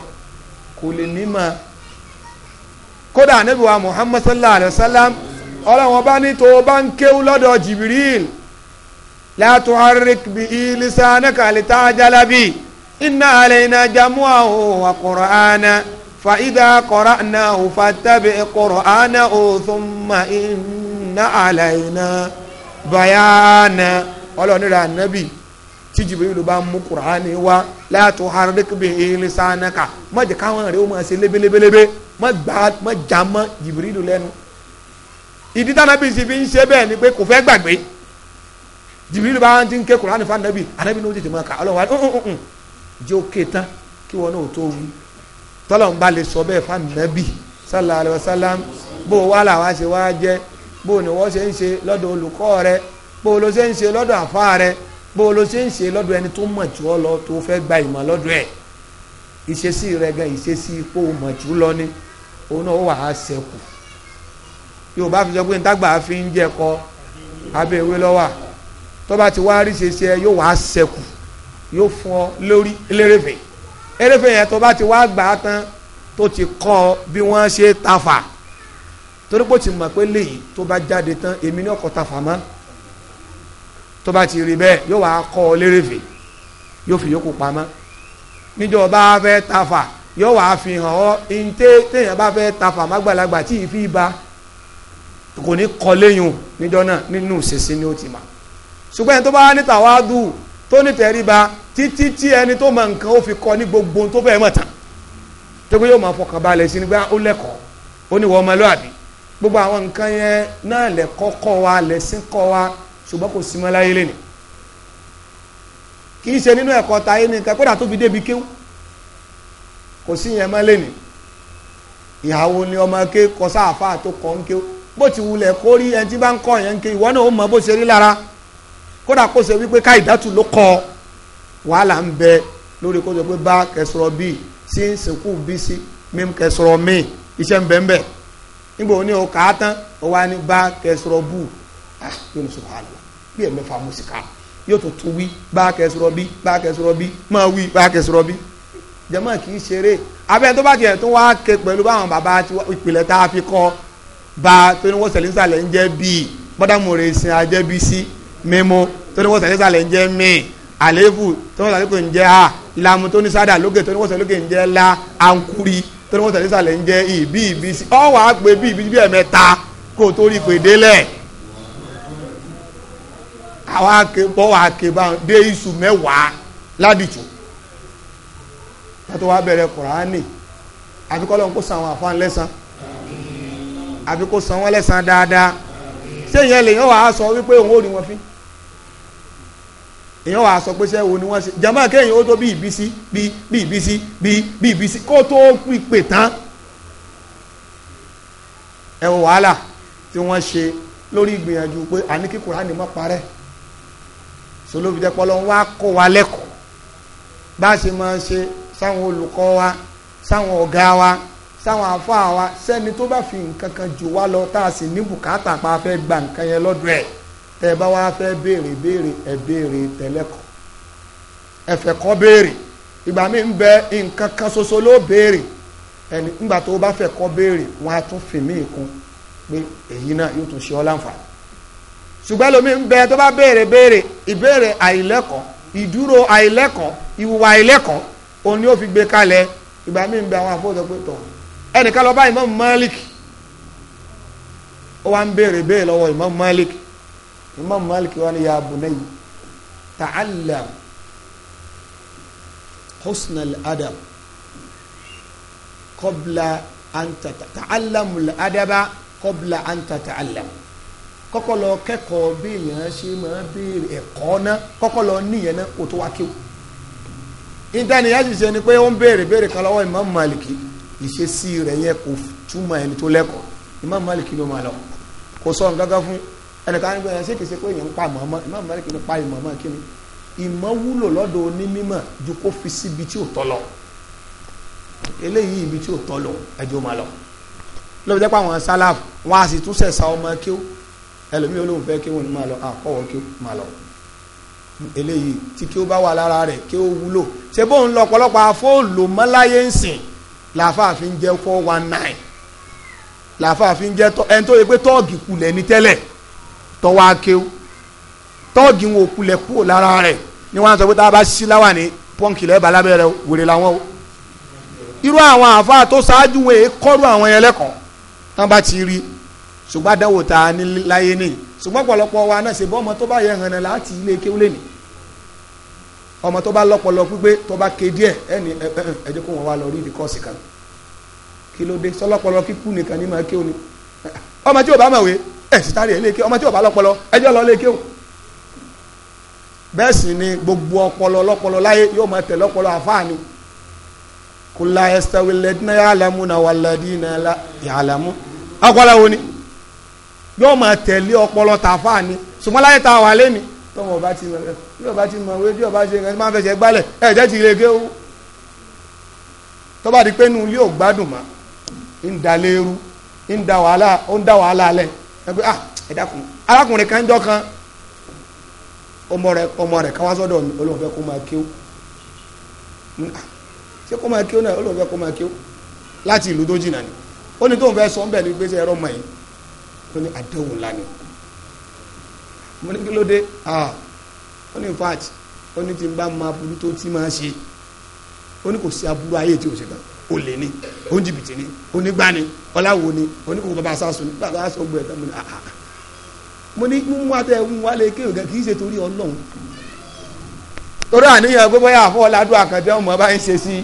Speaker 1: kò lè ní mà kódà ànábì wa Muhammad sallallahu alayhi wa sallam ọlọ́wọ́n bá ní tó bá ń kéwú lọ́dọ̀ Jibril la tuharrik bihi lisanaka litajala bihi inna alayna jam'ahu wa qur'ana fa idha qara'nahu fattabi' qur'anahu thumma in anna alayna bayana ọlọ́nira ànábì tí jìbìrìlù bá mú kùránì wá láti harik bí ilé sànàkà má jẹ káwọn rẹ ó máa ṣe lébélébélébé má gbà má já mọ́ jìbìrìlù lẹ́nu ìdí tànàbì sì fi ń ṣe bẹ́ẹ̀ ni pé kò fẹ́ gbàgbé jìbìrìlù bá ń ti ń ké kùránì fún ànábì ànábì ní ó tètè máa kà ọlọ́wà jẹ́ ó ké tán kí wọn náà tó wí tọ́lọ̀ lè sọ bẹ́ẹ̀ fún ànábì sallallahu alaihi wasallam bó wàhálà wá ṣe wá jẹ́ bó o ní wọ́n ṣe ń ṣe lọ́dọ̀ olùkọ́ rẹ bó o ló ṣe ń ṣe lọ́dọ̀ àfa rẹ bó o ló ṣe ń ṣe lọ́dọ̀ ẹni tó mọ̀ tí ó lọ tó fẹ́ gba ìmọ̀ lọ́dọ̀ ẹ̀ ìṣesí rẹ gan ìṣesí kó o mọ̀ jù lọ ni òun náà ó wà á ṣẹkù yóò bá fi sọ pé ntàgbà fi ń jẹ kọ abẹ́ ìwé lọ́wà tó bá ti wá rí ṣeṣe ẹ yóò wà á ṣẹkù yóò fún ọ lórí elérèfé elérèfé yẹn tó bá ti wá gbà á tán tó ti kọ́ bí wọ́n ṣe tafà torí pé ó ti mọ̀ pé léyìí tó bá jáde tán èmi ní ọkọ̀ ta fàmọ́ tó bá ti rí bẹ́ẹ̀ yóò wá kọ́ ọ lérèfè yóò fi yókù pamọ́ níjọ́ bá fẹ́ ta fà yóò wá fi hàn ọ́ ntẹ́ téèyàn bá fẹ́ ta fà mágbàlagbà tí ì ba kò ní kọ́ léyìn níjọ́ náà nínú ìṣesí ni ó ti mà ṣùgbọ́n ẹni tó bá ní tàwádù tó ní tẹríba títí tí ẹni tó mọ nǹkan ó fi kọ́ ní gbogbo tó fẹ́ mọ̀ tán tó pé yóò máa fọkàn balẹ̀ sí ni pé ó lẹ́kọ̀ọ́ ó ní wọ́n ọmọlúwàbí gbogbo àwọn nǹkan yẹn náà lẹ́kọ́ wa lẹ́sìn kọ́ wa ṣùgbọ́n kò sí mọ́ láyé lẹ́nu kì í ṣe nínú ẹ̀kọ́ ta yé nìkan kódà tó fi débi kéwù kò sí yẹn mọ́ lẹ́nu ìyàwó ni ọmọ ké kọ sáàfà tó kọ́ ń kéwù bó ti wulẹ̀ kó rí ẹni tí bá ń kọ́ yẹn ń ké ìwọ náà ó mọ bó ṣe rí lára kódà kó ṣe wípé ká ìdátù ló kọ wàhálà ń bẹ lórí kó ṣe pé bá kẹsọ̀rọ̀ bíi sí sìnkú bíi sí mímu kẹsọ̀rọ̀ míì iṣẹ́ ń bẹ́ẹ̀ bẹ́ẹ̀ nígbà òní o kà á tán o wá ní bá kẹsọrọ bù ah yóò ní subhanallah bí ẹ mẹ́fà mo sì ká yóò tó tún wí bá kẹsọrọ bí bá kẹsọrọ bí máa wí bá kẹsọrọ bí jama kì í ṣeré abẹ́ tó bá tiẹ̀ tó wá ké pẹ̀lú báwọn bàbá ìpìlẹ̀ tá a fi kọ́ ba tó ní wọ́n sẹ̀lẹ̀ nísàlẹ̀ ń jẹ́ bíi bọ́dàmù rẹ̀ sin ajẹ́ bíi sí mímú tó ní wọ́n sẹ̀lẹ̀ nísàlẹ̀ ń jẹ́ míì àléébù tó ní wọ́n ń jẹ́ a ìlàmù tó ní sádà lókè tó ní wọ́n lókè ń jẹ́ la ankuri torí wọn tẹ̀lé sàlẹ̀ ń jẹ́ ìbí ìbí sí ọ wàá pe bí ìbí bí ẹ̀mẹ́ta kó o tó rí pé délẹ̀ àwa ké bọ́ wàá ké bá dé iṣu mẹ́wàá ládìjọ́ tọ́tù wa bẹ̀rẹ̀ kùránì àfikọ́ lọ́n kó san àwọn àfáàn lẹ́sàn àfikọ́ san wọ́n lẹ́sàn dáadáa ṣé ìyẹn lèyàn wàá sọ wípé òun ò ní wọn fín èèyàn wàá sọ pé sẹ́wọ́ ni wọ́n ṣe jàmbá kéèyàn ó tó bí ìbísí bí bí ìbísí bí bí ìbísí kó tó pípé tán ẹ wọ wàhálà tí wọ́n ṣe lórí ìgbìyànjú pé àní kí Kùránì má parẹ́ solóbi jẹ́ pọ́lọ́ wá kọ́ wa lẹ́kọ̀ọ́ bá a ṣe máa ṣe sáwọn olùkọ́ wa sáwọn ọ̀gá wa sáwọn àfáà wa sẹ́ni tó bá fi nǹkan kan jù wá lọ tá a sì ní bùkátà pa fẹ́ gba nǹkan yẹn lọ́dọ̀ ẹ̀ tẹ́ ẹ bá wá fẹ́ béèrè béèrè ẹ béèrè tẹ́lẹ̀kọ́ ẹ fẹ́ béèrè ìgbà mi ń bẹ nǹkan kan ṣoṣo ló béèrè ẹni ńgbà tó bá fẹ́ kọ́ béèrè wọn á tún fìmí ìkun pé èyí náà yóò tún ṣe láǹfààní ṣùgbọ́n ń bẹ fi gbé kalẹ̀ ìgbà mi ń bẹ àwọn tọ̀ ẹnìkan lọ bá Imam ó wá ń béèrè Imam imam malik wa ni ya bunayi ta'allam husna al-adab qabla an ta'allam al-adaba qabla an ta'allam kọ́kọ́ lọ kẹ́kọ̀ọ́ bí èèyàn ṣe máa béèrè ẹ̀kọ́ náà kọ́kọ́ lọ níyẹn náà kó tó wá kéwù intanẹ̀yà sì ṣe ni pé ó ń béèrè béèrè kan lọ́wọ́ imam maliki ìṣesí rẹ̀ yẹ kó túmọ̀ ẹni tó lẹ́kọ̀ọ́ imam maliki ló máa lọ kó sọ nǹkan kan fún ẹnìkan ní gbọ́dọ̀ ṣé kìí ṣe pé èèyàn ń pa mọ̀ọ́mọ́ ìmọ̀ mọ̀ọ́mọ́ kìíní pa ìmọ̀ọ́mọ́ kìíní ìmọ̀ wúlò lọ́dọ̀ onímọ̀ ju kó fi sí ibi tí ò tọ́ lọ eléyìí ibi tí ò tọ́ lọ ẹjọ́ máa lọ lóbi jẹ́ pé àwọn sálàf wá sí tún sẹ̀sà ọmọ kéw ẹlòmíì olóhùn fẹ́ kéwòn ní máa lọ àkọ́wọ́ kéw máa lọ eléyìí tí kéw bá wà lára rẹ̀ kéw wúlò ṣé bóun lọ ọ̀pọ̀lọpọ̀ afóòlò mọ́láyé ń four one nine làáfààfin jẹ́ ẹni tó yẹ pé tọ́ọ̀gì tọ́wọ́ akéw tọ́ọ̀gì wọn ò kulẹ̀ kúrò lára rẹ̀ ni wọ́n á sọ pé tá a bá sí láwà ní pọ́ǹkì lẹ́ẹ̀bà lábẹ́ rẹ̀ wèrè làwọn o irú àwọn àáfàá tó ṣáájú wọn èé kọ́rù àwọn yẹn lẹ́kọ̀ọ́ tán bá ti rí ṣùgbọ́n àdáwò tá a ní láyé ní ṣùgbọ́n ọ̀pọ̀lọpọ̀ wa náà ṣe bọ́ ọmọ tó bá yẹ hàn náà láti ilé kéwúlé ni ọmọ tó bá lọ́pọlọ pípé tó bá ké díẹ̀ ẹni ẹjọ́ kó wọn wá lọ rí ibi kọ́ọ̀sì kan kí ló dé sọlọ́pọlọ kíkú nìkan ní máa kéwòn ọmọ tí ò bá mọ̀ wé ẹ̀ sì tari ẹ̀ léke ọmọ tí ò bá lọ́pọlọ ẹjọ́ lọ léke o bẹ́ẹ̀ sì ni gbogbo ọpọlọ lọ́pọlọ láyé yóò máa tẹ̀ lọ́pọlọ àfáàní kula ẹsẹ̀wé lẹ́dínà yàlámù náà wà lẹ́dínà yàlámù ọpọlọ wo ni yóò máa tẹ̀lé ọpọlọ tàfáàní ṣùgbọ́n láyé ta wà lẹ́ni tọ́mọ ọba ti mọ̀ bí ọba ti mọ̀ wé bí ọba ṣe máa ń fẹsẹ̀ gbálẹ̀ ẹ̀ jẹ́ ti léke o tọ́ba di pé nu ilé gbádùn mọ́ ń da léru ń da wàhálà ó ń da wàhálà lẹ́ẹ̀ ẹgbẹ́ ah ẹ dákun arákùnrin kan jọ kan ọmọ rẹ ọmọ rẹ káwá sọ́dọ̀ mi olóhùn fẹ́ kó máa kéw ṣé kó máa kéw náà olóhùn fẹ́ kó máa kéw láti ìlú tó jìnnà ni ó ní tóun fẹ́ sọ ń bẹ̀ ní gbèsè ẹ̀rọ mọ̀ yìí ó ní àdéhùn ńlá ni mo ní kí ló dé ah ó ní infact ó ní tí n bá máa burú tó tí máa ṣe ó ní kò sí aburú ayé tí ò ṣe gan olè ni oníjìbìtì ni onígbani ọláwo ni oníkókò bàbá aṣáṣo ni bàbá aṣọ gbọ ẹ̀ka mo ní àhà mo ní mú wa tẹ mú wa lè kéwòn kẹ kì í ṣe torí Ọlọ́run torí àníyàn pé bóyá àfọwọ́ládùn àkàndé ọmọ bá ń ṣe sí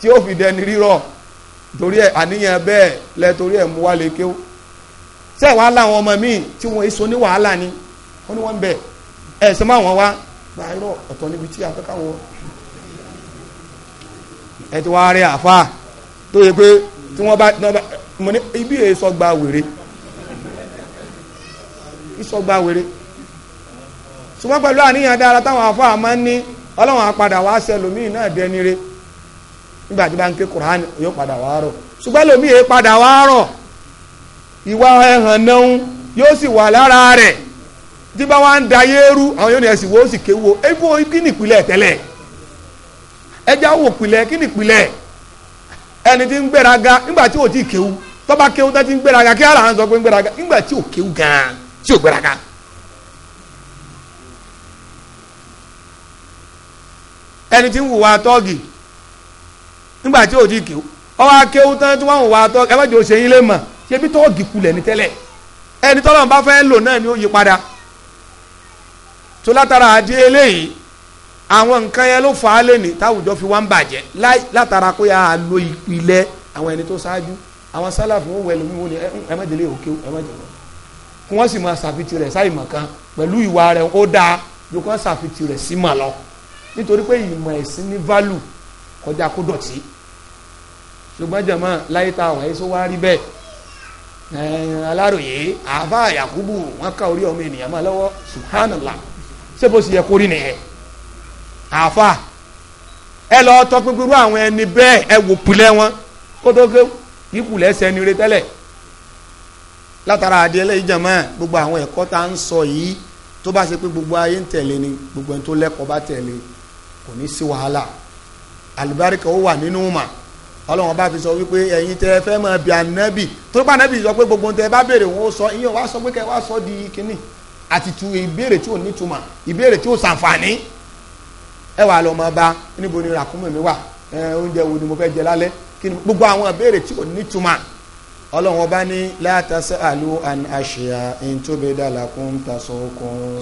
Speaker 1: tí ó fi dẹni rírọ̀ torí ẹ àníyàn bẹ́ẹ̀ lẹ torí ẹ mú wa lè kéwòn sẹ́ẹ̀ wá ọmọ míì tí wọ́n èso ní wàhálà ni wọ́n ní wọ́n bẹ̀ ẹ̀ sọ máa wọ́n wá báyọ̀ ọ̀tọ̀ níbi tí afẹ́ká wọ́n ẹ ti wá rí àfáà tó yẹ pé tí wọ́n bá mo ní ibi yẹn wèrè ìsọgbà wèrè ṣùgbọ́n pẹ̀lú àníyàn dára táwọn afọ àmọ́ ní ọlọ́run apadà wá ṣe ẹlòmíì náà dẹni nígbà tí bá ń ké kuraani yóò padà wá rọ ṣùgbọ́n ẹlòmíì yẹn padà wá rọ̀ ìwà ẹ̀hàn náà yóò sì wà lára rẹ̀ tí bá ń da ẹni tí ń gbéraga nígbà tí ò tí kéwu tó bá kéwu tó ti ń gbéraga kí ara ń sọ pé ń gbéraga nígbà tí ò kéwu gan tí ò gbéraga. ẹni tí ń hùwà tọ́ọ̀gì nígbà tí ò tí kéwu ọwọ́ akéwu tán tí wọ́n hùwà tọ́ọ̀gì ẹ má jẹ́ òṣèyí lè mọ̀ ṣé bí tọ́ọ̀gì kulẹ̀ ní tẹ́lẹ̀ ẹni tọ́lọ́run fẹ́ lò náà ni ó yí padà tó látara àdé eléyìí àwọn nǹkan yẹn ló fà á lẹ́nìí táwùjọ fi wá ń bàjẹ́ látara pé a lo ìpìlẹ̀ àwọn ẹni tó ṣáájú àwọn sálàfù wọn wọ ẹlòmíì wọn ni ẹ má délé òkè ẹ má jẹ̀wọ́ kí wọ́n sì máa ṣàfitì rẹ̀ sáì mọ̀ kan pẹ̀lú ìwà rẹ̀ ó dáa ju kán ṣàfitì rẹ̀ sí mà lọ nítorí pé ìmọ̀ ẹ̀sìn ní válù kọjá kó dọ̀tí ṣùgbọ́n jẹ̀mọ́ láyé tá àwọn ẹ̀ṣọ́ wá rí bẹ́ẹ̀ aláròyé àáfà Yakubu wọn ká orí ọmọ ènìyàn máa lọ́wọ́ subhanallah ṣé bó ṣe yẹ kó nìyẹn afa ẹ lọ tọpinpin irú àwọn ẹni bẹ́ẹ̀ ẹ wò pulẹ̀ wọn kótókè kíkulẹ̀ sẹni rẹ tẹ́lẹ̀ látara àdéhùn ìjàmọ́ gbogbo àwọn ẹ̀kọ́ tá ń sọ yìí tó bá ṣe pé gbogbo ayé ń ni gbogbo ẹni tó lẹ́kọ̀ọ́ bá tẹ̀lé kò ní sí wàhálà ó wà nínú mà bá fi sọ wípé bí tó bá sọ pé gbogbo sọ sọ pé sọ di kínní àti tu ìbéèrè tí ò ẹ wà lọ́ọ́ máa bá níbo ni ràkúnmí mi wà oúnjẹ wo ni mo fẹ́ jẹ lálẹ́ kí ni gbogbo àwọn ìbéèrè tí kò ní túmọ̀ ọlọ́run ọba ní látàṣẹ àlù àn àṣìyà ìntòbí dàlà kún tàṣọ okùn.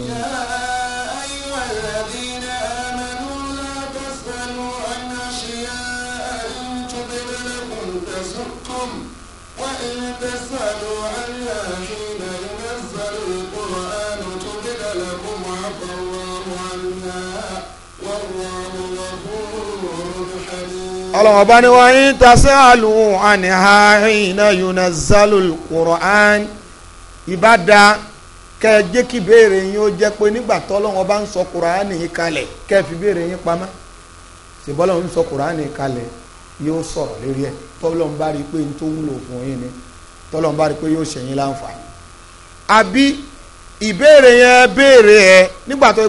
Speaker 2: وإن تسألوا عنها
Speaker 1: ọlọ́wọ́n bá ní wọ́n yín tasẹ́ àlù àníhà iná yunà zálù kùrán ìbáda kẹ kí béèrè yín ó jẹ́ pé nígbà tó ọlọ́wọ́n bá ń sọ kùrán yìí kalẹ̀ kẹ́ béèrè yín pamọ́ ṣèbọ́lọ́ ń sọ kùrán yìí kalẹ̀ yóò sọ̀rọ̀ lórí ẹ̀ ni tọ́lọ́n bá rí i pé yóò ṣẹ̀yìn láǹfààní. àbí ìbéèrè yẹn béèrè ẹ nígbà tó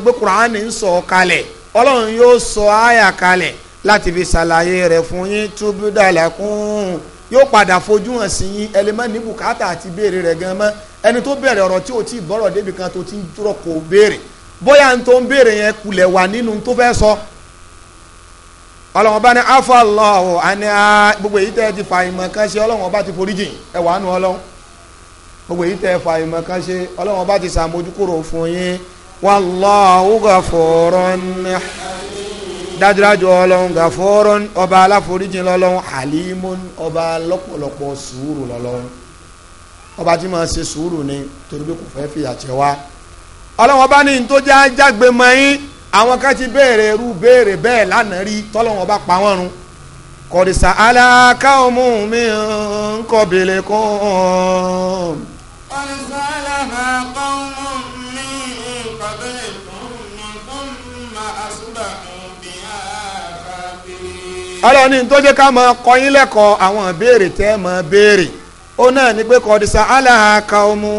Speaker 1: sọ kalẹ̀ ọlọ́run láti fi ṣàlàyé rẹ̀ fún yín túbúdàlà kún yóò padà fojú hàn sí yín ẹlẹ́mọ̀ àti béèrè rẹ̀ gan mọ́ ẹni tó bẹ̀rẹ̀ ọ̀rọ̀ tí o ti ì débi kan tó ti ń dúró kò béèrè bóyá n tó ń béèrè yẹn kulẹ̀ wà nínú tó fẹ́ sọ. ọlọ́wọ́n bá ní afọ àní gbogbo èyí tẹ́ ẹ kan ṣe ọlọ́wọ́n ti gbogbo èyí tẹ́ ẹ ti fún dájúdájú ọlọ́run gàfọ́rọ́ ọba aláforíjìn lọ́lọ́run àlímọ́n ọba lọ́pọ̀lọpọ̀ sùúrù lọ́lọ́run ọba tí máa ṣe sùúrù ni torí pé kò fẹ́ fìyà jẹ wá ọlọ́run ọba ní tó já jágbe mọ́yìn àwọn kan ti béèrè irú béèrè bẹ́ẹ̀ lánàá rí tọ́lọ́run ọba pa wọ́n run kọ̀dísà alákàómù mi ń kọ̀bìlẹ̀ kọ́ ọ́n. kọ̀dísà alákàómù ọlọ́ni tó jẹ́ ká máa kọ́ yín lẹ́kọ̀ọ́ àwọn ìbéèrè tẹ́ máa béèrè ó náà ní pé kọ́dísà aláhàkà ọmú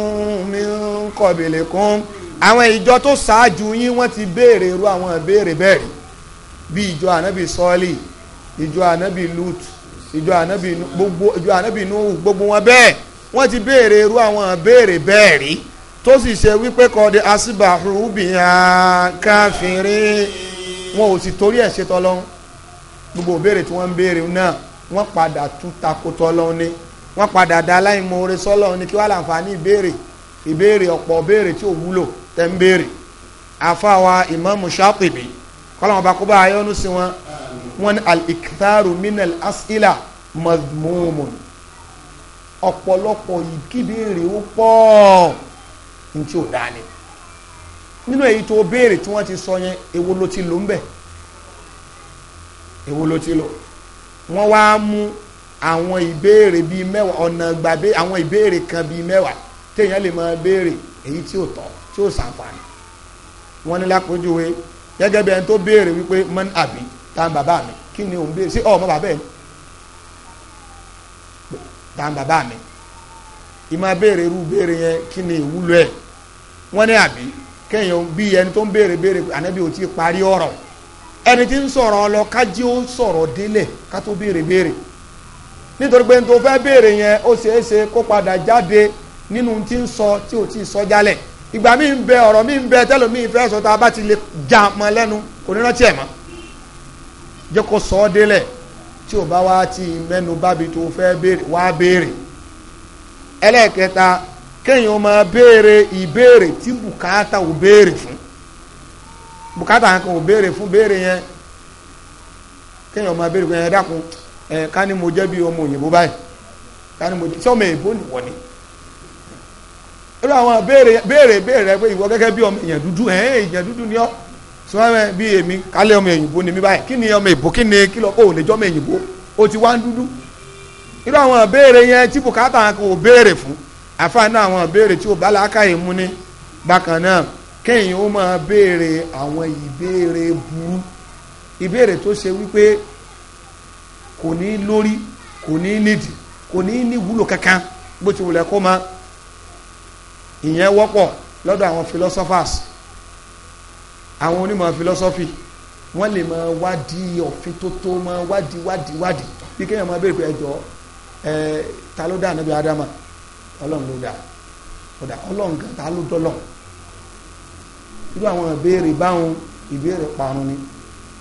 Speaker 1: mi ń kọ̀bìlì kún àwọn ìjọ tó ṣáájú yín wọ́n ti béèrè irú àwọn ìbéèrè bẹ́ẹ̀ rí bí ìjọ ànábì sọ́ọ̀lì ìjọ ànábì lut ìjọ ànábì gbogbo ìjọ ànábì nuhu gbogbo wọn bẹ́ẹ̀ wọ́n ti béèrè irú àwọn ìbéèrè bẹ́ẹ̀ tó sì ṣe wípé kọ́dí asíbàhùrù bìyàn káfíńrí wọn ò sì torí ẹ̀ ṣetọ́ lọ́hùn gbogbo òbéèrè tí wọ́n ń béèrè náà wọ́n padà tún takotọ́ ọlọ́run ni wọ́n padà da aláìmoore sọ́lọ́run ni kí wọ́n láǹfààní ìbéèrè ìbéèrè ọ̀pọ̀ ìbéèrè tí ò wúlò tẹ́ ń béèrè àfàwà ìmáàmù Ṣáàtìbí kọ́lọ́mù bá kó bá ayọ́nu sí wọn wọn ni al-iktharu min al-as'ila mazmumun ọ̀pọ̀lọpọ̀ ìkíbéèrè ó pọ̀ ní ò dáa nínú èyí tó béèrè tí wọ́n ti sọ yẹn èwo ló ti lò ń bẹ̀ èwo ló ti lò wọ́n wá mú àwọn ìbéèrè bíi mẹ́wàá ọ̀nà gbàgbé àwọn ìbéèrè kan bíi mẹ́wàá téèyàn lè máa béèrè èyí tí ò tọ́ tí ò sàǹfààní wọ́n ní lápòjúwe gẹ́gẹ́ bí ẹni tó béèrè wípé mọ́n àbí ta ni bàbá mi kí ni òun béèrè sí ọmọ bàbá ẹ̀ ta ni bàbá mi ìmọ̀ béèrè irú béèrè yẹn kí ni ìwúlò ẹ̀ wọ́n ní àbí kéèyàn bí ẹni tó ń béèrè béèrè ànábì ò tí ì parí ọ̀rọ̀ ẹni tí ń sọ̀rọ̀ lọ kájí ó sọ̀rọ̀ délẹ̀ ká tó béèrè béèrè nítorí pé n fẹ́ béèrè yẹn ó ṣeé ṣe kó padà jáde nínú tí ń sọ tí ò tí ì sọ jálẹ̀ ìgbà mi ń bẹ ọ̀rọ̀ mi ń bẹ tẹ́lómi ìfẹ́ sọ tá bá ti lè já mọ́ lẹ́nu kò ní rántí ẹ̀ mọ́ jẹ́ kó sọ ọ́ délẹ̀ tí ò bá wá ti mẹ́nu bábi tó fẹ́ wá béèrè ẹlẹ́ẹ̀kẹta kéèyàn máa béèrè ìbéèrè tí bùkátà bùkátà kan ò béèrè fún béèrè yẹn kéèyàn máa béèrè yẹn dákun ẹ ká ní mo jẹ́ bí ọmọ òyìnbó báyìí ká ní mo jẹ́ sọ́mọ èèbó nìwọ ni irú àwọn béèrè béèrè béèrè rẹ pé ìwọ gẹ́gẹ́ bí ọmọ èèyàn dúdú ẹ̀ èèyàn dúdú ni ọ́ sọ́mọ bí èmi kálẹ̀ ọmọ òyìnbó ni mi báyìí kí ni ọmọ èèbó kí ni kí lọ́kọ́ ò lè jọ́ ọmọ òyìnbó ó ti wá ń dúdú irú àwọn béèrè yẹn tí bùkátà kan ò béèrè fún àfáàní àwọn béèrè tí ò bá làákàyè mú ni bákan náà kéyìn ó máa béèrè àwọn ìbéèrè burú ìbéèrè tó ṣe wípé kò ní lórí kò ní nídìí kò ní ní kankan bó ti wùlẹ̀ ma ìyẹn wọ́pọ̀ lọ́dọ̀ àwọn philosophers àwọn onímọ̀ philosophy wọ́n lè máa wádìí ọ̀fin tó tó máa wádìí wádìí wádìí bí máa béèrè pé ẹjọ́ ẹ ta ló irú àwọn ìbéèrè báwọn ìbéèrè parun ni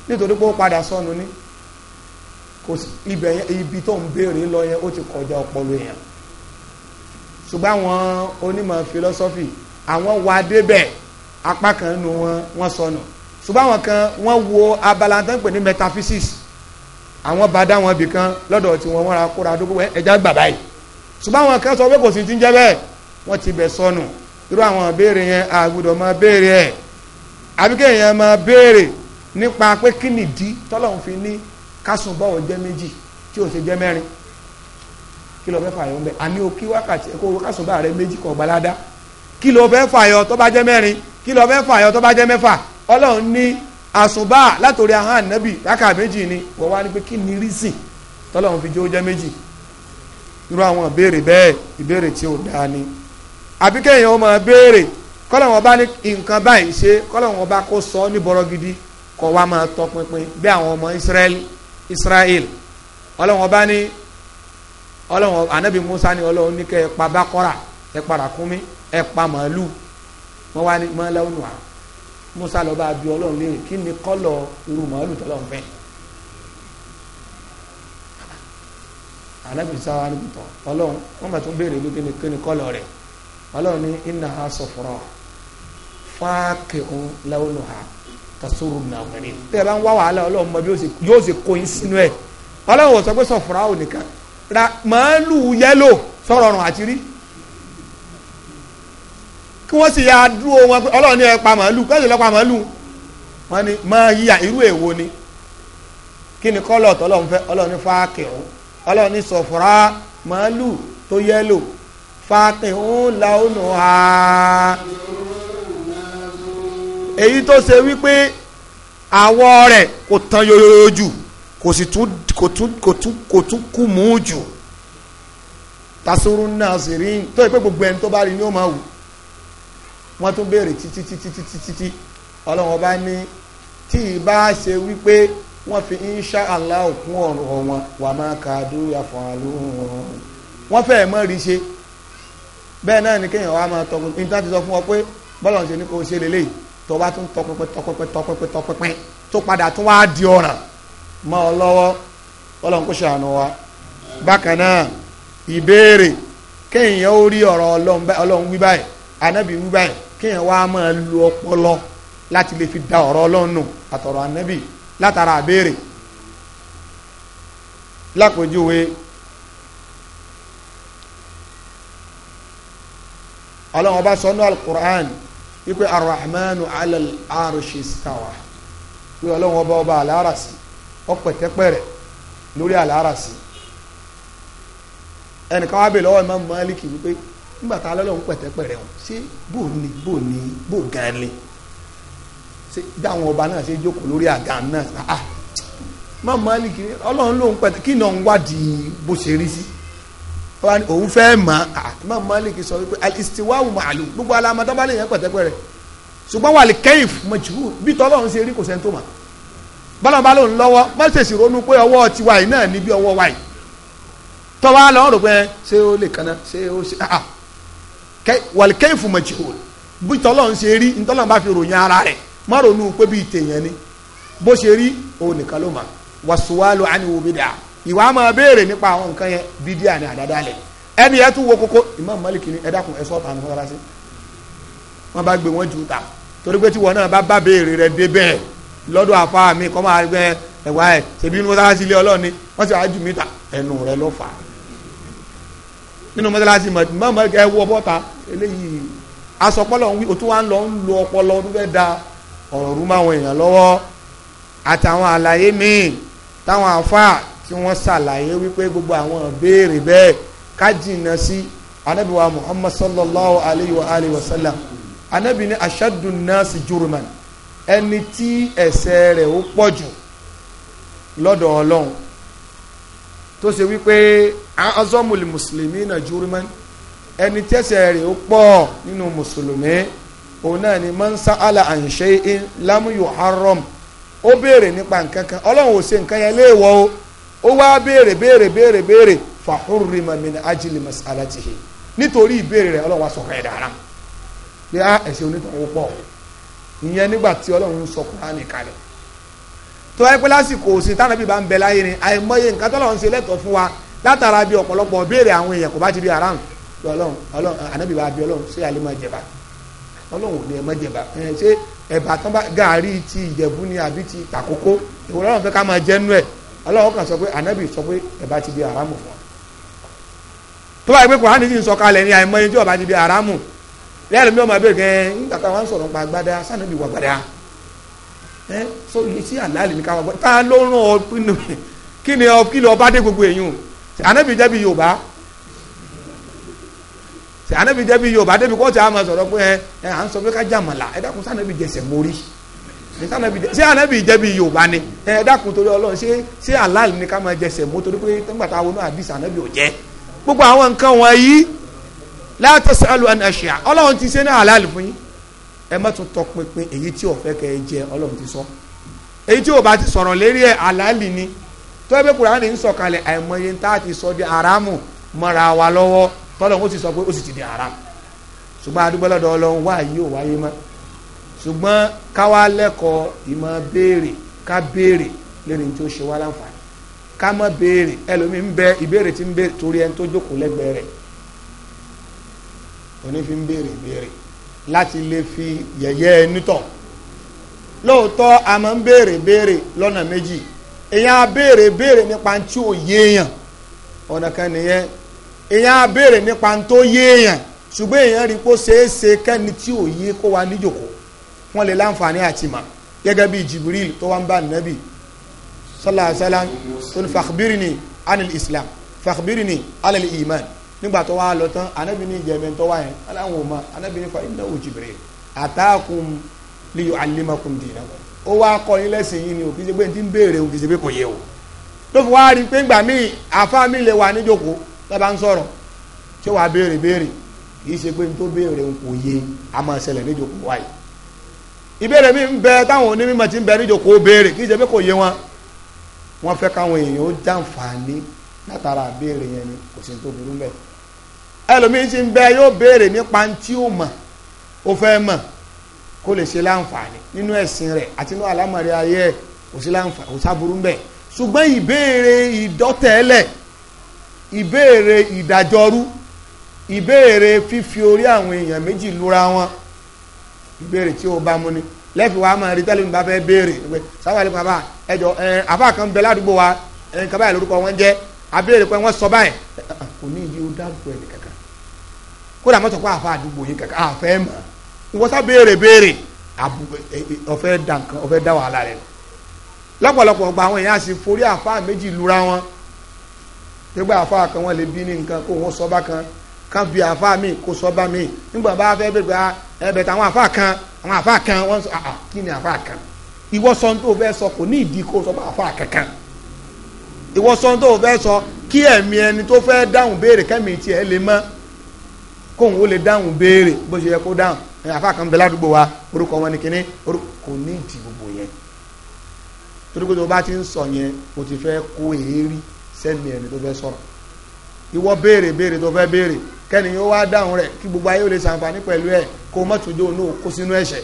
Speaker 1: nítorí pé ó padà sọnù ni kò sí ibẹ̀ yẹn ibi tó ń béèrè lọ yẹn ó ti kọjá ọpọlọ èèyàn ṣùgbọ́n àwọn onímọ̀ philosophy àwọn wà débẹ̀ apá kan nínú wọn wọ́n sọnù ṣùgbọ́n àwọn kan wọ́n wo abala tó ń pè ní metaphysics àwọn bá dá wọn bìkan lọ́dọ̀ tí wọ́n wọ́n ra kóra dókòwò ẹja gbà báyìí ṣùgbọ́n àwọn kan sọ pé kò sí ti ń jẹ́ bẹ́ẹ̀ wọ́n ti bẹ̀ sọnù irú àwọn béèrè yẹn àgùdọ̀ máa béèrè ẹ̀ àbíkẹ́ yẹn máa béèrè nípa pé kí nìdí tọ́lọ́hún fi ní kásùn bọ́ọ̀ jẹ́ méjì tí ò ṣe jẹ́ mẹ́rin kí ló fẹ́ fàyọ ń bẹ àní o kí wákàtí kó wákàtí bá rẹ méjì kọ gbalada kí ló fẹ́ fàyọ tó bá jẹ́ mẹ́rin kí ló fẹ́ fàyọ tó bá jẹ́ mẹ́fà ọlọ́run ní àsùnbà látòrí ahọ́n ànábì rákà méjì ni wọ́n wá ní pé kí ni rísìn tọ́lọ́run fi jó jẹ́ méjì irú àwọn ìbéèrè bẹ́ẹ̀ ìbéèrè tí ò dáa ni àbí kéèyàn ó máa béèrè kọ́lọ̀ wọn bá ní nǹkan báyìí ṣe kọ́lọ̀ wọn bá kó sọ ní bọ́rọ̀ gidi kọ́ wa máa tọpinpin bí àwọn ọmọ Israẹli Israẹli ọlọ́wọ́n bá ní ọlọ́wọ́n anabi Musa ní ọlọ́wọ́n ní kẹ́ ẹ pa bákọ́rà ẹ pa ràkúnmí ẹ pa màálù wọ́n wá ní mọ́lẹ́wọ́n nù wá Musa lọ́ọ́ bá bí ọlọ́run léèrè kí ni kọ́lọ̀ irú màálù tọ́lọ́run fẹ́ anabi sáwa ní tọ́ ọlọ́run wọ́n bá tún béèrè bí kí ni kọ́lọ̀ rẹ̀ ọlọ́run ní innaha safra faqi'un lawnuha tasuru an-naazirin tẹ́ ẹ bá ń wá wàhálà ọlọ́run mọ bí yóò ṣe kó yín sínú ẹ̀ ọlọ́run wò sọ pé safra ò nìkan ra màálù yẹ́lò sọ̀rọ̀ ọ̀run àti rí kí wọ́n sì yáa dúró wọn pé ọlọ́run ní ẹ pa màálù kẹ́sì lọ́ pa màálù wọn ni máa yíya irú èwo ni kí ni kọ́lọ̀ tọ́lọ́run fẹ́ ọlọ́run ní faqi'un ọlọ́run fàákì ń la ònà ha èyí tó ṣe wípé àwọ̀ rẹ̀ kò tán yóyóyó jù kò sì tún kò tún kò tún kò tún kù mú jù tasoro náà sì rí tó yẹ pé gbogbo ẹni tó bá rí ni ó máa wù wọ́n tún béèrè títí títí títí títí ọlọ́run ọba ní tí ìbá ṣe wípé wọ́n fi insha Allah òkun ọ̀rọ̀ wọn wà máa ka dúró àfọ̀hàn lóhùn wọn fẹ́ẹ̀ mọ́ rí ṣe bẹ́ẹ̀ náà ni kéèyàn wá máa tọpinpin níta ti sọ fún ọ pé bọ́lọ̀ ṣe ni kò ṣe lélẹ̀ tó bá tún tọpinpin tọpinpin tọpinpin tọpinpin tó padà tún wá di ọ̀ràn mọ́ ọ lọ́wọ́ bọ́lọ̀ kò ṣàánú wa bákan náà ìbéèrè kéèyàn ó rí ọ̀rọ̀ ọlọ́run wí báyìí anábì wí báyìí kéèyàn wá máa lu ọpọlọ láti lè fi da ọ̀rọ̀ ọlọ́run nù ọlọ́run ọba sọ́nù alukur'an wípé arahmanu alal arshistawa wípé ọlọ́run ọba ọba alárasì ọ̀pẹ̀tẹ́pẹ̀rẹ̀ lórí alárasì ẹnìkan wá bè lọ́wọ́ imam maliki wípé nígbà tá a lọ́lọ́run pẹ̀tẹ́pẹ̀rẹ̀ wọn ṣé bò ní bò ní bò gan ni ṣé bí àwọn ọba náà ṣe jókòó lórí àga náà ah imam maliki ọlọ́run lòun pẹ̀tẹ́ kí náà ń wádìí bó ṣe rí sí wọn òun fẹ́ mọ̀ Imam Malik sọ wípé al-istiwa'u ma'lum gbogbo alamọ tó bá lè yẹn pẹ̀tẹ́pẹ́ rẹ̀ ṣùgbọ́n wà lè kẹ́yìn majhul bí tọ́lọ́run ṣe rí kò sẹ́ni tó mọ̀ bọ́lá bá lòun lọ́wọ́ má ṣèṣì ronú pé ọwọ́ tiwa yìí náà ní bí ọwọ́ wa yìí tọ́wọ́ lọ́wọ́ rò pé ṣé ó lè kanna ṣé ó ṣe ah wà lè kẹ́yìn majhul bí tọ́lọ́run ṣe rí ntọ́lọ́run bá fi ròyìn ara rẹ̀ má ronú pé bí ìtẹ̀yẹn ni bó ṣe rí òun nìkan ló mọ̀ wàsíwá lo àníwò bí ìwà máa béèrè nípa àwọn nǹkan yẹn bídíà ni àdádálẹ̀ ẹni ẹ tún wo kókó Imam Malik ni ẹ dákun ẹ sọ ọ̀tà nǹkan rásí wọn bá gbé wọn jù ta torí pé tí wọn náà bá bá béèrè rẹ dé bẹ́ẹ̀ lọ́dọ̀ àfa mi kọ́ máa gbẹ ẹ̀wá ẹ̀ ṣèbí ní mọ́sálásí ilé ọlọ́ọ̀ni wọ́n sì wá jù mí ta ẹnu rẹ ló fà á nínú mọ́sálásí Imam Malik ẹ wọ bọ́ta eléyìí asọpọ́lọ̀ ń wí òtún wa ń lọ ń lo ọpọlọ ọdún fẹ́ da ọ̀rọ̀ rú máwọn èèyàn lọ́wọ́ àtàwọn àlàyé míì táwọn àfa tí wọ́n ṣàlàyé wípé gbogbo àwọn béèrè bẹ́ẹ̀ ká jìnnà sí anabi wa muhammad sallallahu alayhi wa alayhi wa sallam anabi ni ashadun nasi juruman ẹni tí ẹ̀ṣẹ̀ rẹ̀ ó pọ̀ jù lọ́dọ̀ ọlọ́run tó ṣe wípé azọ́mùlì mùsùlùmí náà juruman ẹni tẹ́ṣẹ̀ rẹ̀ ó pọ̀ nínú mùsùlùmí òun náà ni mansa ala an shay'in lam yuharram ó béèrè nípa nǹkan kan ọlọ́run ò ṣe nǹkan yẹn léèwọ̀ o ó wá béèrè béèrè béèrè béèrè fàhùrìmà min ajili masalatihi nítorí ìbéèrè rẹ̀ ọlọ́run wa sọ̀rọ̀ ẹ̀ dára bí a ah, ẹ̀sìn onítọ̀hún pọ̀ ìyẹn nígbà tí ọlọ́run sọ kúránì kalẹ̀ tó wáyé pé lásìkò òsì táwọn ẹbí bá ń bẹ láyé ni àìmọye nǹkan tọ́lọ́run ṣe lẹ́tọ̀ọ́ fún wa látara bí ọ̀pọ̀lọpọ̀ béèrè àwọn èèyàn kò bá ti di haram ọlọ́run ọlọ́run ànábì bá bí ọlọ́run ṣé alẹ́ máa jẹba ọlọ́run ò ní ẹ máa jẹba ṣé ẹ̀bà tán bá gàárì ti ìjẹ̀bú ni àbí ti tàkókó ìwọ fẹ́ ká máa jẹ́ nú ẹ̀ ọlọ́run kan sọ pé ànábì sọ pé ẹ bá ti di àrámù fún wa tó bá yẹ pé kòránì ti ń sọ kalẹ̀ ní àìmọ́ ẹni tí ọba ti di àrámù lẹ́yìn mi ọmọ abẹ́rẹ́ gẹ́gẹ́ nígbà táwọn sọ̀rọ̀ nípa agbádá sànàbì wà gbádá ẹ so iye sí àlàálì ní káwọn gbọ́dọ̀ tá ló ràn ọ pinnu kí ni ọ kí ni ọba dé gbogbo èèyàn ànábì jẹ́ bí yorùbá ànábì jẹ́ bí yorùbá débi kọ́ọ̀tù àmọ̀ sọ̀rọ̀ pé ẹ à ń sọ pé ká jàmàlà ẹ dákun sànàbì jẹsẹ̀ mórí ṣé anabi jẹbi yorùbá ni ẹ dákun torí Ọlọ́run ṣé ṣé halal ni ká máa jẹ sẹmó torí pé nígbà tá a wọnú àdìs anabi ò jẹ gbogbo àwọn nǹkan wọn yìí la tasalu an ashia Ọlọ́run ti ṣe ní halal fún yín ẹ má tún tọpinpin èyí tí ò fẹ́ kẹ́ ẹ jẹ Ọlọ́run ti sọ èyí tí ò bá ti sọ̀rọ̀ lérí ẹ halal ni tó ẹ bẹ Kùránì ń sọ̀kalẹ̀ àìmọye tá a ti sọ di haramu mọ́ra wa lọ́wọ́ tọ́lọ́ ṣùgbọ́n káwa lẹ́kọ̀ọ́ ìmọ̀ béèrè ká béèrè lórí ní tó ṣe wá láǹfààní ká má béèrè ẹlòmíín bẹ ìbéèrè tí ń béèrè torí ẹni tó jókòó lẹ́gbẹ̀ẹ́ rẹ̀ òní fi ń béèrè béèrè láti lè fi yẹ̀yẹ́ ẹni tọ̀ lóòótọ́ a máa ń béèrè béèrè lọ́nà méjì èèyàn á béèrè béèrè nípa tí ò yéèyàn ọ̀nà kan nìyẹn èèyàn béèrè nípa tó yéèyàn ṣùgbọ́n èèyàn rí kó ṣeé ṣe kẹ́ni tí ò yé kó wa níjòkó wọ́n lè láǹfààní àti mà gẹ́gẹ́ bí jibril tó wá ń bá nàbì sallallahu alayhi wa sallam tó ní fàkbírìnì anil islam fàkbírìnì alil iman nígbà tó wá lọ tán anabi ní ìjẹ̀mẹ̀ tó wá yẹn aláwọn ò mọ anabi ní fa innahu jibril àtàkùn liyu alimakun dina ó wá kọ́ yín lẹ́sìn yín ni ò kì í ṣe pé n ti ń béèrè o kì í ṣe kò yẹ o tó fi wá rí pé ńgbà míì àfa mi lè wà níjókòó lọ́ba ń sọ̀rọ̀ tí ó wàá béèrè béèrè kì í tó béèrè o kò yẹ a máa ṣẹlẹ̀ níjókòó wáyé ìbéèrè mi ń bẹ táwọn onímọ̀ ti ń bẹ níjòkó béèrè kì í ṣe pé kò yé wọn wọn fẹ́ káwọn èèyàn ó jàǹfààní látara béèrè yẹn ni kò sí tó burú mẹ́ ẹlòmíín ti ń bẹ yóò béèrè nípa tí ó mọ̀ ó fẹ́ mọ̀ kó lè ṣe láǹfààní nínú ẹ̀sìn rẹ̀ àti nínú àlámọ̀rí ayé ẹ̀ kò sí láǹfààní kò sáburú mẹ́ ṣùgbọ́n ìbéèrè ìdọ́tẹ̀ẹ́lẹ̀ ìbéèrè ìdàjọrú ìbéèrè fífi orí àwọn èèyàn méjì lura wọn ìbéèrè tí o bá mu ni lẹ́fì wa máa rí tẹ́lẹ̀ mi bá fẹ́ béèrè pé sáwàlì bàbá ẹjọ ẹ àbá kan bẹ ládùúgbò wa ẹ kaba yà lórúkọ wọn jẹ abéèrè pé wọn sọ báyìí eh, eh, eh, kò ní ìdí o dárúkọ ẹni kankan kódà mọ́tò kó àfa àdúgbò yín kankan àfẹ́ mọ̀ ìwọ́sá béèrè béèrè ọ̀fẹ́ da nǹkan ọ̀fẹ́ da wàhálà rẹ̀ lọ́pọ̀lọpọ̀ ọgbà àwọn èèyàn sì forí àfa méjì lura wọn gbẹgbẹ́ àfa kan wọn lè bí ní nǹkan kó wọn sọ bá kan kan bi àfa mi kó sọ bá mi nígbà bá fẹ́ bẹ̀rẹ̀ bá ah, ẹbẹ̀ tàwọn àfa kan àwọn àfa kan wọ́n sọ àà ah, ah, kí ni àfa kan ìwọ sọ tó fẹ́ sọ kò ní ìdí kó sọ bá àfa kankan ìwọ sọ tó fẹ́ sọ kí ẹ̀mí ẹni tó fẹ́ dáhùn béèrè kẹ́mi tiẹ̀ lè mọ́ kóun ó lè dáhùn béèrè bó ṣe yẹ kó dáhùn ẹ̀ àfa kan bẹ ládùúgbò wa orúkọ wọn ni kíní kò ní ìdí gbogbo yẹn torí pé tó bá ti ń sọ yẹn o ti fẹ́ kó èérí sẹ́mi ẹni tó fẹ́ sọ̀rọ̀ ìwọ béèrè béèrè tó fẹ́ béèrè kẹ́ni yóò wá dáhùn rẹ̀ kí gbogbo ayé ò lè ṣàǹfààní pẹ̀lú ẹ̀ kó mọ̀tòjó náà kó sínú ẹ̀ṣẹ̀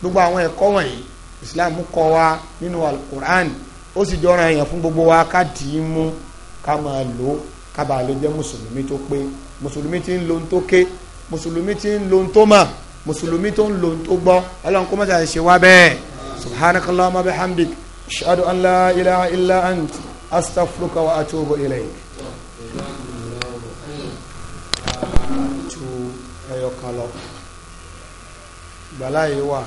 Speaker 1: gbogbo àwọn ẹ̀kọ́ wọ̀nyí Islam kọ́ wa nínú alukur'an ó sì jọra èèyàn fún gbogbo wa ká dì í mú ká máa lò ó ká bàa lè jẹ́ mùsùlùmí tó pé mùsùlùmí tí ń lo tó ké mùsùlùmí tí ń lo tó mọ̀ mùsùlùmí tó ń lo tó gbọ́ ọlọ́run kó mọ̀tà ṣe wá bẹ́ẹ̀ subhanakallahumma wa atubu ẹyọ kan lọ gbàláyé wà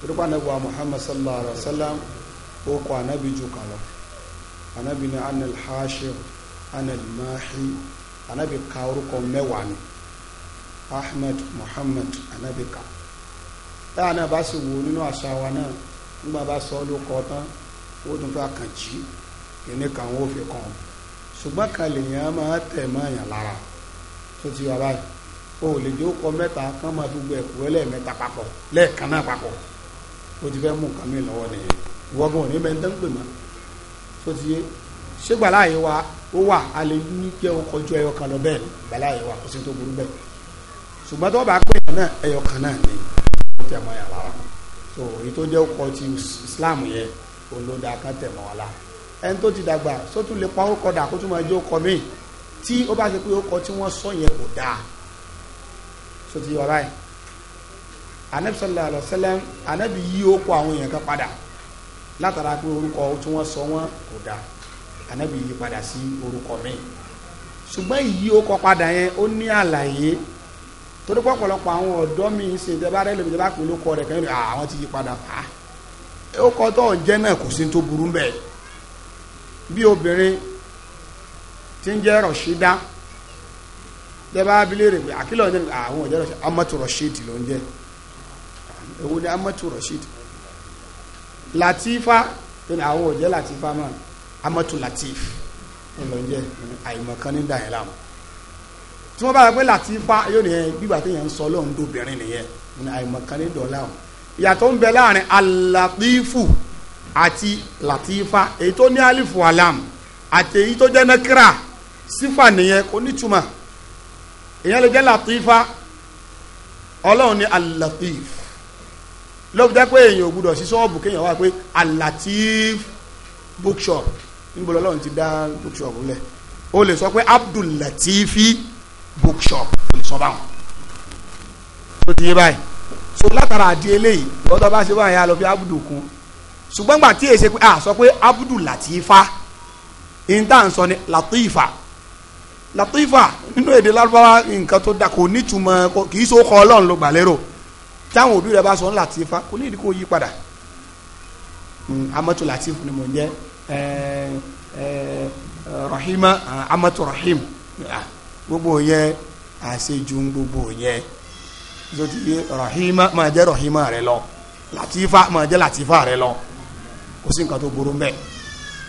Speaker 1: torípa anábìwá muhammad sallallahu alaihi wa sallam ó kọ anábì jù kan lọ anábì ní anil hashir anil mahi anábì ka orúkọ mẹ́wàá ni ahmed muhammad anábì ka táwọn náà bá sì wò nínú àṣà wa náà nígbà bá sọ ọ́ ló kọ tán ó tún fẹ́ àkànjí kìíní kan ó fi kàn ṣùgbọ́n kan lèèyàn máa tẹ̀ mọ́ èèyàn lára tó ti wà báyìí o lè jó kọ mẹ́ta kán máa fi gbọ́ ẹ̀kú ẹlẹ́ẹ̀mẹ́ta papọ̀ lẹ́ẹ̀kan náà papọ̀ o ti fẹ́ mú nǹkan mi lọ́wọ́ nìyẹn ìwọ́gbọ̀n ní bẹ́ẹ̀ ń tán pè mọ́ tó ti yé ṣé gbàláyé wa ó wà a lè ní jẹ́ ọkọ̀jú ẹyọ kan lọ bẹ́ẹ̀ gbàláyé wa kò sí tó burú bẹ́ẹ̀ ṣùgbọ́n tó bá pè yàn náà ẹyọ náà ni ó tẹ̀ mọ́ yàrá wa so èyí tó jẹ́ ọkọ̀ ti Islam yẹn olóda kan tẹ̀ mọ́ wa la ẹni tó ti dàgbà sótú lè pa ó kọ dà kó tún máa jẹ́ ọkọ̀ míì tí ó bá ṣe pé ó kọ tí wọ́n sọ yẹn kò dáa so ti yọ ọba yìí anabi sallallahu alayhi wa sallam anabi yí ó kó àwọn èèyàn kan padà látara pé orúkọ tí wọ́n sọ wọ́n kò dá anabi yí padà sí orúkọ mi ṣùgbọ́n ìyí ó kọ padà yẹn ó ní àlàyé torí pọ̀pọ̀lọpọ̀ àwọn ọ̀dọ́ mi ń ṣe ìjọba rẹ lóbi ìjọba pè ló kọ rẹ kẹ́yìn rẹ ah, àwọn ti yí padà á ó kọ tó ọ̀jẹ́ náà kò sí tó burú bẹ́ẹ̀ bí obìnrin ti ń jẹ́ rọ̀ṣídá dẹ́bà abilé rẹ̀ pé àkìlọ̀ ní àwọn ọ̀jẹ́ rọ̀ṣẹ́ amatu rasheed ló ń jẹ́ èwo ni amatu rasheed latifa ní àwọn ọ̀jẹ́ latifa máa amatu latif ló ń jẹ́ àìmọ̀kan ní dàyẹ̀ láàmú tí wọ́n bá rẹ̀ pé latifa yóò ní gbígbà tí yẹn ń sọ lóhun dóbìnrin nìyẹn ní àìmọ̀kan ní dọ̀ láàmú ìyàtọ̀ ń bẹ láàrin alatifu àti latifa èyí tó ní alifu alam àti èyí tó jẹ́ nakira sífà nìyẹn kò nítumọ̀ èèyàn lè jẹ́ latifa ọlọ́run ní alatif ló fi jẹ́ pé èèyàn ò gbúdọ̀ sí ṣọ́ọ̀bù kéèyàn wá pé alatif bookshop níbo lọ́lọ́run ti dá bookshop lẹ̀ o lè sọ pé abdul latifi bookshop o lè sọ báwọn tó ti yé báyìí so látara àdí eléyìí lọ́dọ̀ bá ṣe báyìí a lọ fi abdul kún ṣùgbọ́n gbà tí èsè pé a sọ pé abdul latifa ìntà ń sọ ni latifa latifa nínú èdè Lárúbáwá nǹkan tó da kò ní túmọ̀ kì í so kọ Ọlọ́run ló gbà lérò táwọn òbí rẹ bá sọ ń latifa kò ní ìdí kò yí padà hmm, amatu latifu ni mo ń jẹ rahima amatu rahim gbogbo yẹ àṣejù gbogbo yẹ zoti rahima máa jẹ rahima rẹ lọ latifa máa jẹ latifa rẹ lọ kò sí nǹkan tó burú mbẹ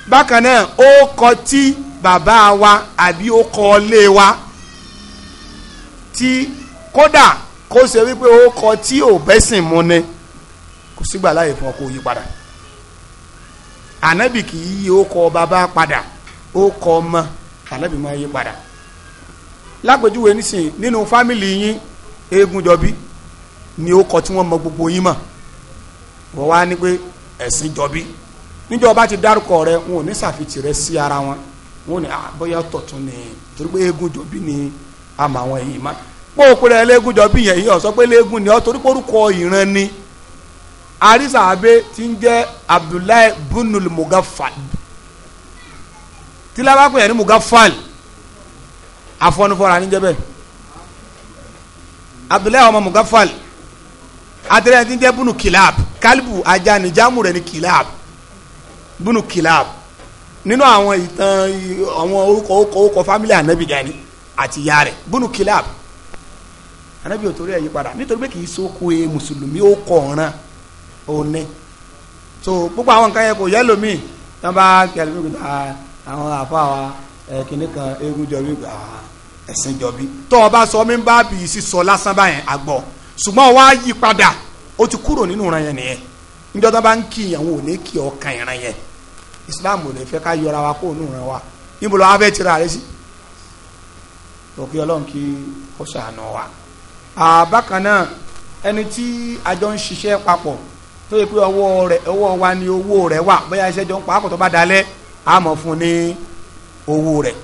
Speaker 1: bákan náà ó kọ tí bàbá wa àbí ó kọ lé wa tí kódà kó ṣe wípé ó kọ tí ò bẹ́sìn mu ni kò sígbà láyè fún ọ kó yí padà ànábì kì í yí ó kọ bàbá padà ó kọ ọmọ ànábì máa yí padà lápèjúwe nísìnyí nínú fámìlì yín eégúnjọbí ni ó kọ tí wọ́n mọ gbogbo yín mọ̀ wọ́n wá ní pé ẹ̀sìn jọbí níjọba ti dárúkọ rẹ wọn ò ní sàfitì rẹ sí ara wọn wọn ni ah, bóyá tọ̀tún ni torí pé eégún jọbí ni àmọ́ àwọn èyí má pé òkú rẹ̀ léegun jọbí yẹn yìí ọ̀sọ́ pé léegun ni ọ́ torí pé orúkọ ìran ni arísàbẹ ti ń jẹ́ Abdullahi bunul Mughaffal tí lábàá pè é ní Mughaffal afọnufọra ní jẹbẹ Abdullahi ọmọ Mughaffal adìrẹ ti ń jẹ́ bunu Kilab Kalibu ajani jamu jámù ni Kilab bunu Kilab nínú àwọn ìtàn àwọn orúkọ orúkọ orúkọ fámílì anabi gani àti ìyá rẹ̀ bùnú kílàb ànábì ò torí ẹ̀ yípadà nítorí pé kì sóko e mùsùlùmí ó so gbogbo àwọn nǹkan yẹn kò yẹ lómi tán bá kẹlẹ fún mi àwọn àfa wa kìnnì kan eégún jọbí ẹ̀sìn jọbí tó o bá sọ mi bá bì í sísọ lásán báyẹn àgbọ̀ ṣùgbọ́n wàá yí padà ti kúrò nínú ìran yẹn nìyẹn bá ń kí ìyàwó kí islam ò lè fẹ́ ká yọra wa kó òun ràn wá níbo lọ́wọ́ abẹ́ tira rẹ sí òkè ọlọ́run kí ó ṣàánú wa. àbákan náà ẹni tí àjọ ń ṣiṣẹ́ papọ̀ tó yẹ pé ọwọ́ rẹ̀ ọwọ́ wa ni owó rẹ̀ wà bóyá iṣẹ́ jọ ń pa àkọ́tọ́ bá dalẹ̀ á mọ̀ fún ní owó rẹ̀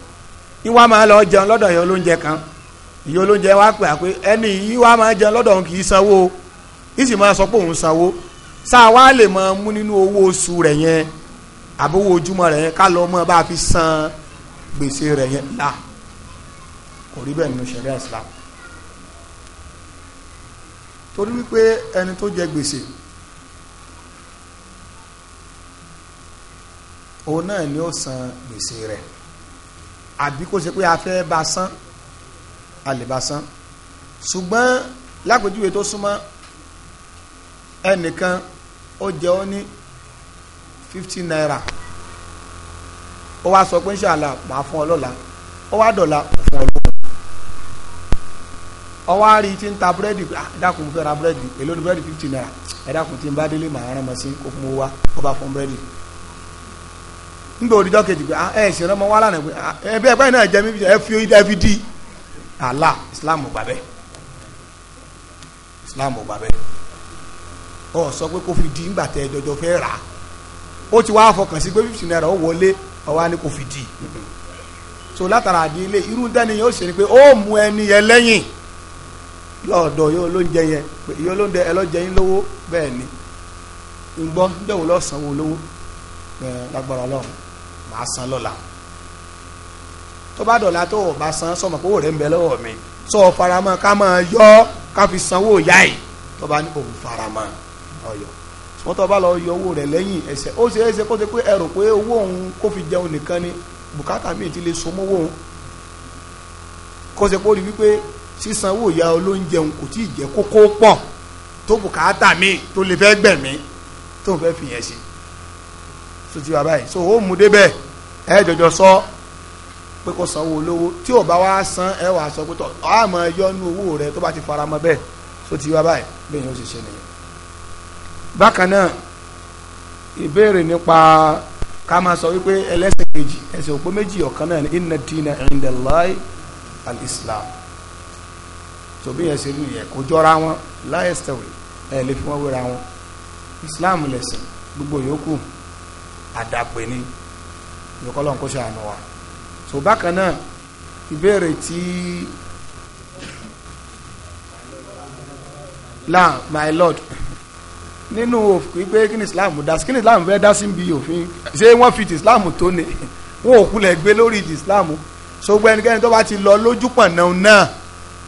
Speaker 1: ìwà máa lọ jẹun lọ́dọ̀ ìyá olóúnjẹ kan ìyá olóúnjẹ wa pè àpé ẹni ìwà máa jẹun lọ́dọ̀ òun kì í sanwó ìsì máa sọ pé òun sanwó sáà wá lè máa mú nínú owó oṣù rẹ̀ yẹn àbówó ojúmọ́ rẹ̀ yẹn ká lọ mọ́ bá a fi san gbèsè rẹ̀ yẹn là kò rí bẹ́ẹ̀ nínú sẹ̀rí islam torí wípé ẹni tó jẹ gbèsè òun náà ni ó san gbèsè rẹ̀ àbí kó ṣe pé a fẹ́ bá san a lè bá san ṣùgbọ́n lápèjúwe tó súnmọ́ ẹnìkan ó jẹ ọ́ ní Fifteen naira ó wá sọ pé ṣàlà màá fún ọ lọ́la ó wá dọ̀la fún ọ lọ́la ó wá rí tí ń ta búrẹ́dì dákun fẹ́ ra búrẹ́dì èló ni búrẹ́dì fifty naira ẹ dákun tí ń bá délé màá rán ọmọ sí kó fún wa ó bá fún búrẹ́dì nígbà òdìjọ́ kejì pé ẹ ẹ ṣèrànmọ́ wà lánàá pé ẹ bí ẹgbẹ́ náà jẹ́ mi ẹ fi ẹ fi di Allah Islam ò gbà bẹ́ẹ̀ Islam ò gbà bẹ́ẹ̀ ọ sọ pé kó fi di ńgbà tẹ ẹjọjọ fẹ́ rà á ó ti wá fọkàn sí pé fifty naira ó wọlé ọwọ́ ni kò fi dì so látara àdí ilé irú dání yóò ṣe ni pé ó mú ẹni yẹn lẹ́yìn lọ́ọ̀dọ̀ yóò ló ń jẹ yẹn pé yóò ló ń dẹ ẹlọ́jẹ yín lówó bẹ́ẹ̀ ni ń gbọ́ dẹ́wò lọ́sàn-án wo lówó bẹ́ẹ̀ lágbára ọlọ́run màá san lọ́la tó bá dọ̀la tó o bá san sọmọ pé owó rẹ̀ ń bẹ lọ́wọ́ mi sọ ọ faramọ́ ká máa yọ ká fi sanwó yá ẹ̀ tó bá ní òun faramọ́ ọ̀yọ́ wọ́n tó bá lọ yọ owó rẹ̀ lẹ́yìn ẹsẹ̀ ó ṣe é ṣe kó ṣe pé ẹrù pé owó òun kó fi jẹun nìkan ni bùkátà míì ti lè so mọ́wọ́ òun kó ṣe kó rí wípé sísanwó ìyá olóúnjẹun kò tí ì jẹ́ kókó pọ̀ tó bùkátà míì tó lè fẹ́ gbẹ̀mí tó fẹ́ fi yẹn ṣe so ti wà báyìí so ó mú débẹ̀ ẹ jọjọ sọ pé kó sanwó olówó tí ò bá wá san ẹ wàá sọ pé tọ́ àmọ́ yọ́nú owó rẹ tó bá ti fara mọ́ bẹ́ẹ̀ so ti wà báyìí bẹ́ẹ̀ ni ó ṣe ṣe nìyẹn bákan náà ìbéèrè nípa ká máa sọ wípé ẹlẹ́sẹ̀ kejì ẹsẹ̀ òpó méjì ọ̀kan náà ní inna dina indallahi al-islam tòbí yẹn ṣe nìyẹn kò jọra wọn la yastawi ẹ̀ lè fi wọ́n wéra wọn islam lẹ̀sìn gbogbo yòókù àdàpè ni ìyókọ́lọ́ ń kó ṣàánú wa so bákan náà ìbéèrè tí láà my lord nínú òfin pé kí ni islam dá sí kí ni islam fẹ́ dá sí bí òfin ṣé wọ́n fi ti islam tó ni wọn ò kulẹ̀ gbé lórí ti islam sọgbọ́n ẹnikẹ́ni tó bá ti lọ lójú pọ̀nà náà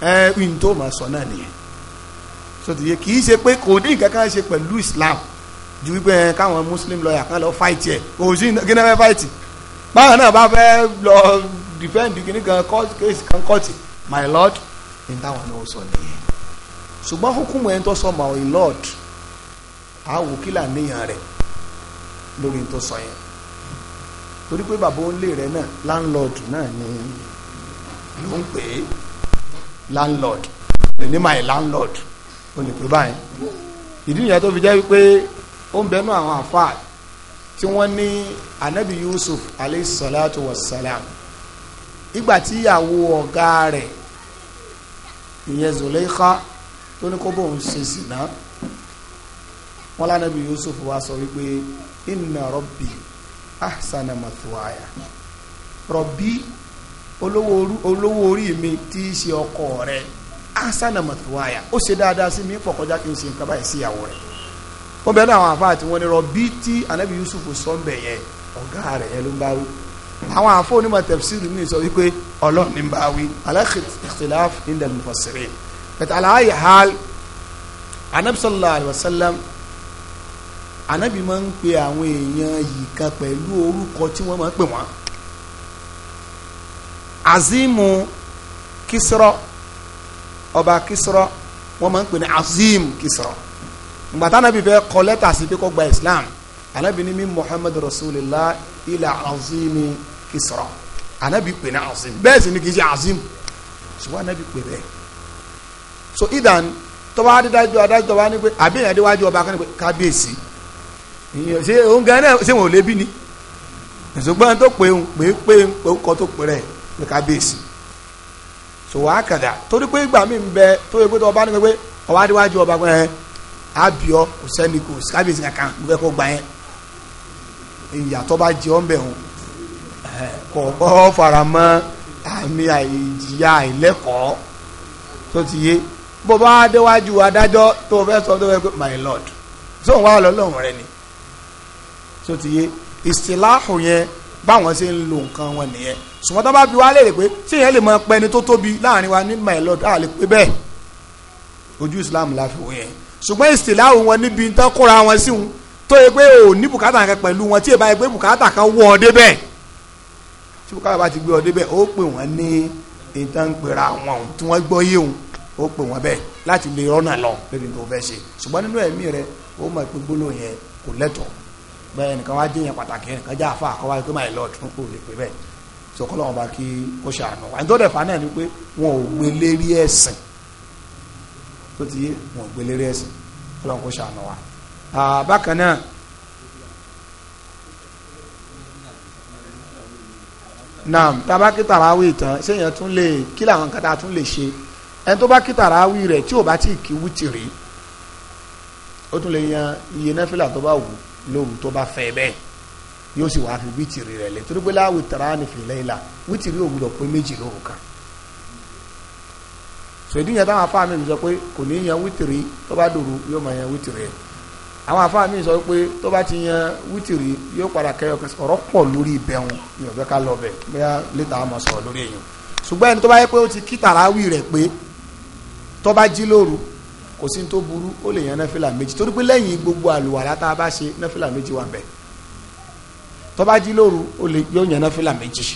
Speaker 1: ẹ̀ ń tó máa sọ náà nìyẹn sọtìyẹ kì í ṣe pé kò ní nǹkan kan ṣe pẹ̀lú islam ju wípé káwọn muslim lọ́ọ̀yà kan lọ fight ẹ̀ òsì kí ni wọ́n fẹ́ fight báwọn náà bá fẹ́ lọ defend kìíní kan court case kan court my lord ní táwọn náà sọ nìyẹn ṣùgbọ́n hukumu ẹni tó sọ my lord àwò kílà níyàn rẹ̀ lórí tó sọ yẹn torí pé bàbá ó lè rẹ náà landlord. náà ni ló ń pè é landlord lè ní my landlord o lè pè báyìí ìdí ìyẹn tó fi jẹ́ wípé ó ń bẹnu àwọn àfáà tí wọ́n ní anabi yusuf aleyhisalatu wasalam ìgbà tí ìyàwó ọ̀gá rẹ̀ ìyẹn zuleika tó ní kó bóun ṣe sì náà wọn lánàbí Yusuf wa sọ wípé inna rabbi ahsana mathwaya rabbi olówó orí mi tí í ṣe ọkọ rẹ̀ ahsana mathwaya ó ṣe dáadáa sí mi fọkọjá kí n ṣe nǹkan báyìí síyàwó rẹ̀ wọn bẹ ní àwọn àfáà tí wọn ní rọbí tí anabi Yusuf sọ ń bẹ yẹn ọgá rẹ̀ yẹn ló ń bá wí àwọn àfọ onímọ̀ tafsir mi sọ wípé ọlọ́run ní bá wí ala ikhtilaf inda bẹ̀tẹ̀ aláàyè hal anabi sallallahu alayhi wa sallam ànábì máa ń pe àwọn èèyàn yìí kan pẹ̀lú orúkọ tí wọ́n máa ń pè wọ́n azimu kisrọ ọba kisrọ wọ́n máa ń pè ní azim kisrọ ngbàtà ànábì fẹ́ kọ lẹ́tà sí pé gba islam ànábì ní mi muhammad rasulillah ila azimi kisrọ ànábì pè ní azim bẹ́ẹ̀ sì ni kì í ṣe azim ṣùgbọ́n ànábì pè bẹ́ẹ̀ so idan tọ́ba adájọ́ adájọ́ wa ni pé àbí ìyàdíwájú ọba kan ni pé kábíyèsí. ṣé òun gan náà ṣé wọn ò lébi ni ṣùgbọ́n tó pé òun pé pé òkọ tó rẹ̀ ní kábíyèsí torí pé mi ń bẹ tó yẹ pé tó ọba ní pé ọba ọba pé ẹ kò sẹ́ni kò kábíyèsí kankan ló fẹ́ kó gbà yẹn ìyàtọ̀ bá ọ́n bẹ̀ kò fara mọ́ àmì àìlẹ́kọ̀ọ́ tó ti yé my lord sóun lọ́lọ́run rẹ tó ti yé ìsìláhù yẹn báwọn ṣe ń lo nǹkan wọn nìyẹn ṣùgbọ́n tó bá fi wá léèrè pé ṣé èèyàn lè mọ pẹni tó tóbi láàrin wa ní my lord a lè pé bẹ́ẹ̀ ojú islam la fi wò yẹn ṣùgbọ́n ìsìláhù wọn níbi tán kóra wọn sí wọn tó yẹ pé ò ní bùkátà kan pẹ̀lú wọn tí ì bá yẹ pé bùkátà kan wọ ọ débẹ̀ tí bùkátà bá ti gbé ọ débẹ̀ ó pè wọ́n ní ìtàn pera àwọn ohun tí wọ́n gbọ́ yé òun ó pè wọ́n bẹ́ẹ̀ láti lè rọ́nà lọ lórí nǹkan fẹ́ ṣe ṣùgbọ́n nínú ẹ̀mí rẹ ó mọ̀ pé gbólóhùn yẹn kò lẹ́tọ̀ọ́ bẹ́ẹ̀ nìkan wá jẹ́ yẹn pàtàkì ẹnìkan jẹ́ àfa àkọ́wá pé my lord fún kò lè bẹ́ẹ̀ so kọ́ lọ́wọ́ bá kí ó ṣàánú wa nítorí ẹ̀fà náà ni pé wọn ò gbé lérí ẹ̀sìn tó ti yé wọn ò gbé lérí ẹ̀sìn kọ́ lọ́wọ́ kó ṣàánú wa. bákan náà naam taba kí tarawi tán sèyàn tún lè kí làwọn kan tá a tún lè ṣe ẹni tó bá kí tarawi tí ò bá tí kí wútìrì ó tún lè yan iye náfìlà tó bá wù lóru tó bá fẹ́ bẹ́ẹ̀ yóò sì wá fi wítìrì rẹ̀ lẹ̀ torí pé láwùjọ tara ni fìlẹ́ ìlà wítìrì òwúrọ̀ pé méjì lóru kan sòdí yẹn táwọn afáàmì mi sọ pé kò ní yan wítìrì tó bá dòru yóò máa yan wítìrì yẹn àwọn afáàmì mi sọ pé tó bá ti yan wítìrì yóò padà kẹyọ kẹsì ọ̀rọ̀ pọ̀ lórí ìbẹ̀hùn yóò fẹ́ ká lọ bẹ̀ bóyá létà á máa lórí èèyàn ṣùgbọ́n ẹni tó bá yẹ pé ó ti kí tàràwì rẹ̀ pé tó bá jí lóru kò sí tó burú ó lè yan náfìlà méjì torí pé lẹ́yìn gbogbo àlùwàlá tá a bá ṣe náfìlà méjì wà bẹ́ẹ̀ tó bá jí lóru ó lè yóò yan náfìlà méjì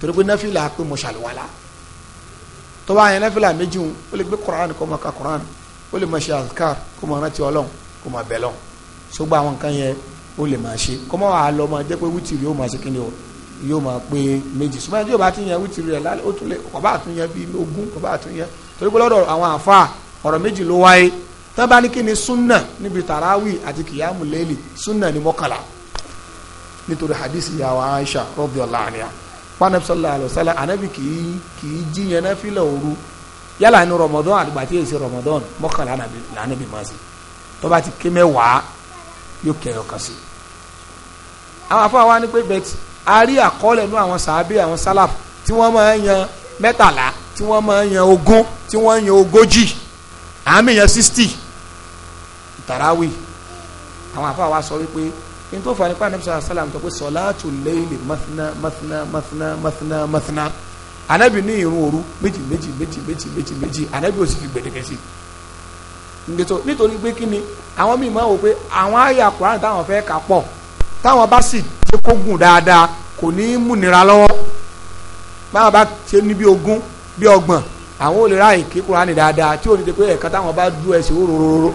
Speaker 1: torí pé náfìlà pé mo ṣàlùwàlá tó bá yan náfìlà méjì ń ó lè gbé koran kó máa ka koran ó lè máa ṣe azkar kó máa rántí ọlọ́run kó máa bẹ̀ lọ́run sógbà àwọn nǹkan yẹn ó lè máa ṣe kó máa lọ máa jẹ́ pé wítìrì yóò máa pé méjì sùgbọ́n tí yóò bá ti yan wítìrì rẹ̀ lálẹ́ ó tún lè kó àtúnyẹ bíi ogún kó àtúnyẹ torí pé lọ́dọ̀ àwọn àfáà ọ̀rọ̀ méjì ló wáyé tán ní kí ni sunna níbi tàràwì àti kìyàmù lẹ́lì sunna ni mọ́kànlá nítorí hadith ìyá wa Aisha radiyallahu anha panabi sallallahu alayhi wa sallam anabi kìí kìí jíyan náà fi lọ́wọ́rú yálà ní rọmọdán àgbà tí èsì rọmọdán mọ́kànlá lànàbì máa ṣe tó bá ti ké mẹ́wàá yóò kẹ́ ọkàn sí. àwọn afọ àwa ni pé bẹ́ẹ̀ a rí àkọọ́lẹ̀ nú àwọn sàábì àwọn sálàf tí wọ́n máa ń yan mẹ́tàlá tí wọ́n máa ń yan ogún tí wọ́n ń yan ogójì àmì yẹn sixty tàràwì àwọn àfa wa sọ wípé n tó fà nípa anabi sàlám tó pé sọláàtù lẹ́yìnlẹ̀ mọ́tínà mọ́tínà mọ́tínà mọ́tínà mọ́tínà anabi ní irun òru méjì méjì méjì méjì méjì méjì anabi ò sì fi gbèdéke sí nítorí pé kí ni àwọn míì máa wò pé àwọn àyà Kùránì táwọn fẹ́ kà pọ̀ táwọn bá sì ṣe kó gùn dáadáa kò ní í múnira lọ́wọ́ báwọn bá ṣe ní bí ogún bí ọgbọ̀n àwọn ò lè ráàyè kí kúránì dáadáa tí ò ní ti pé ẹ̀ka táwọn bá dú ẹsẹ̀ wóróróró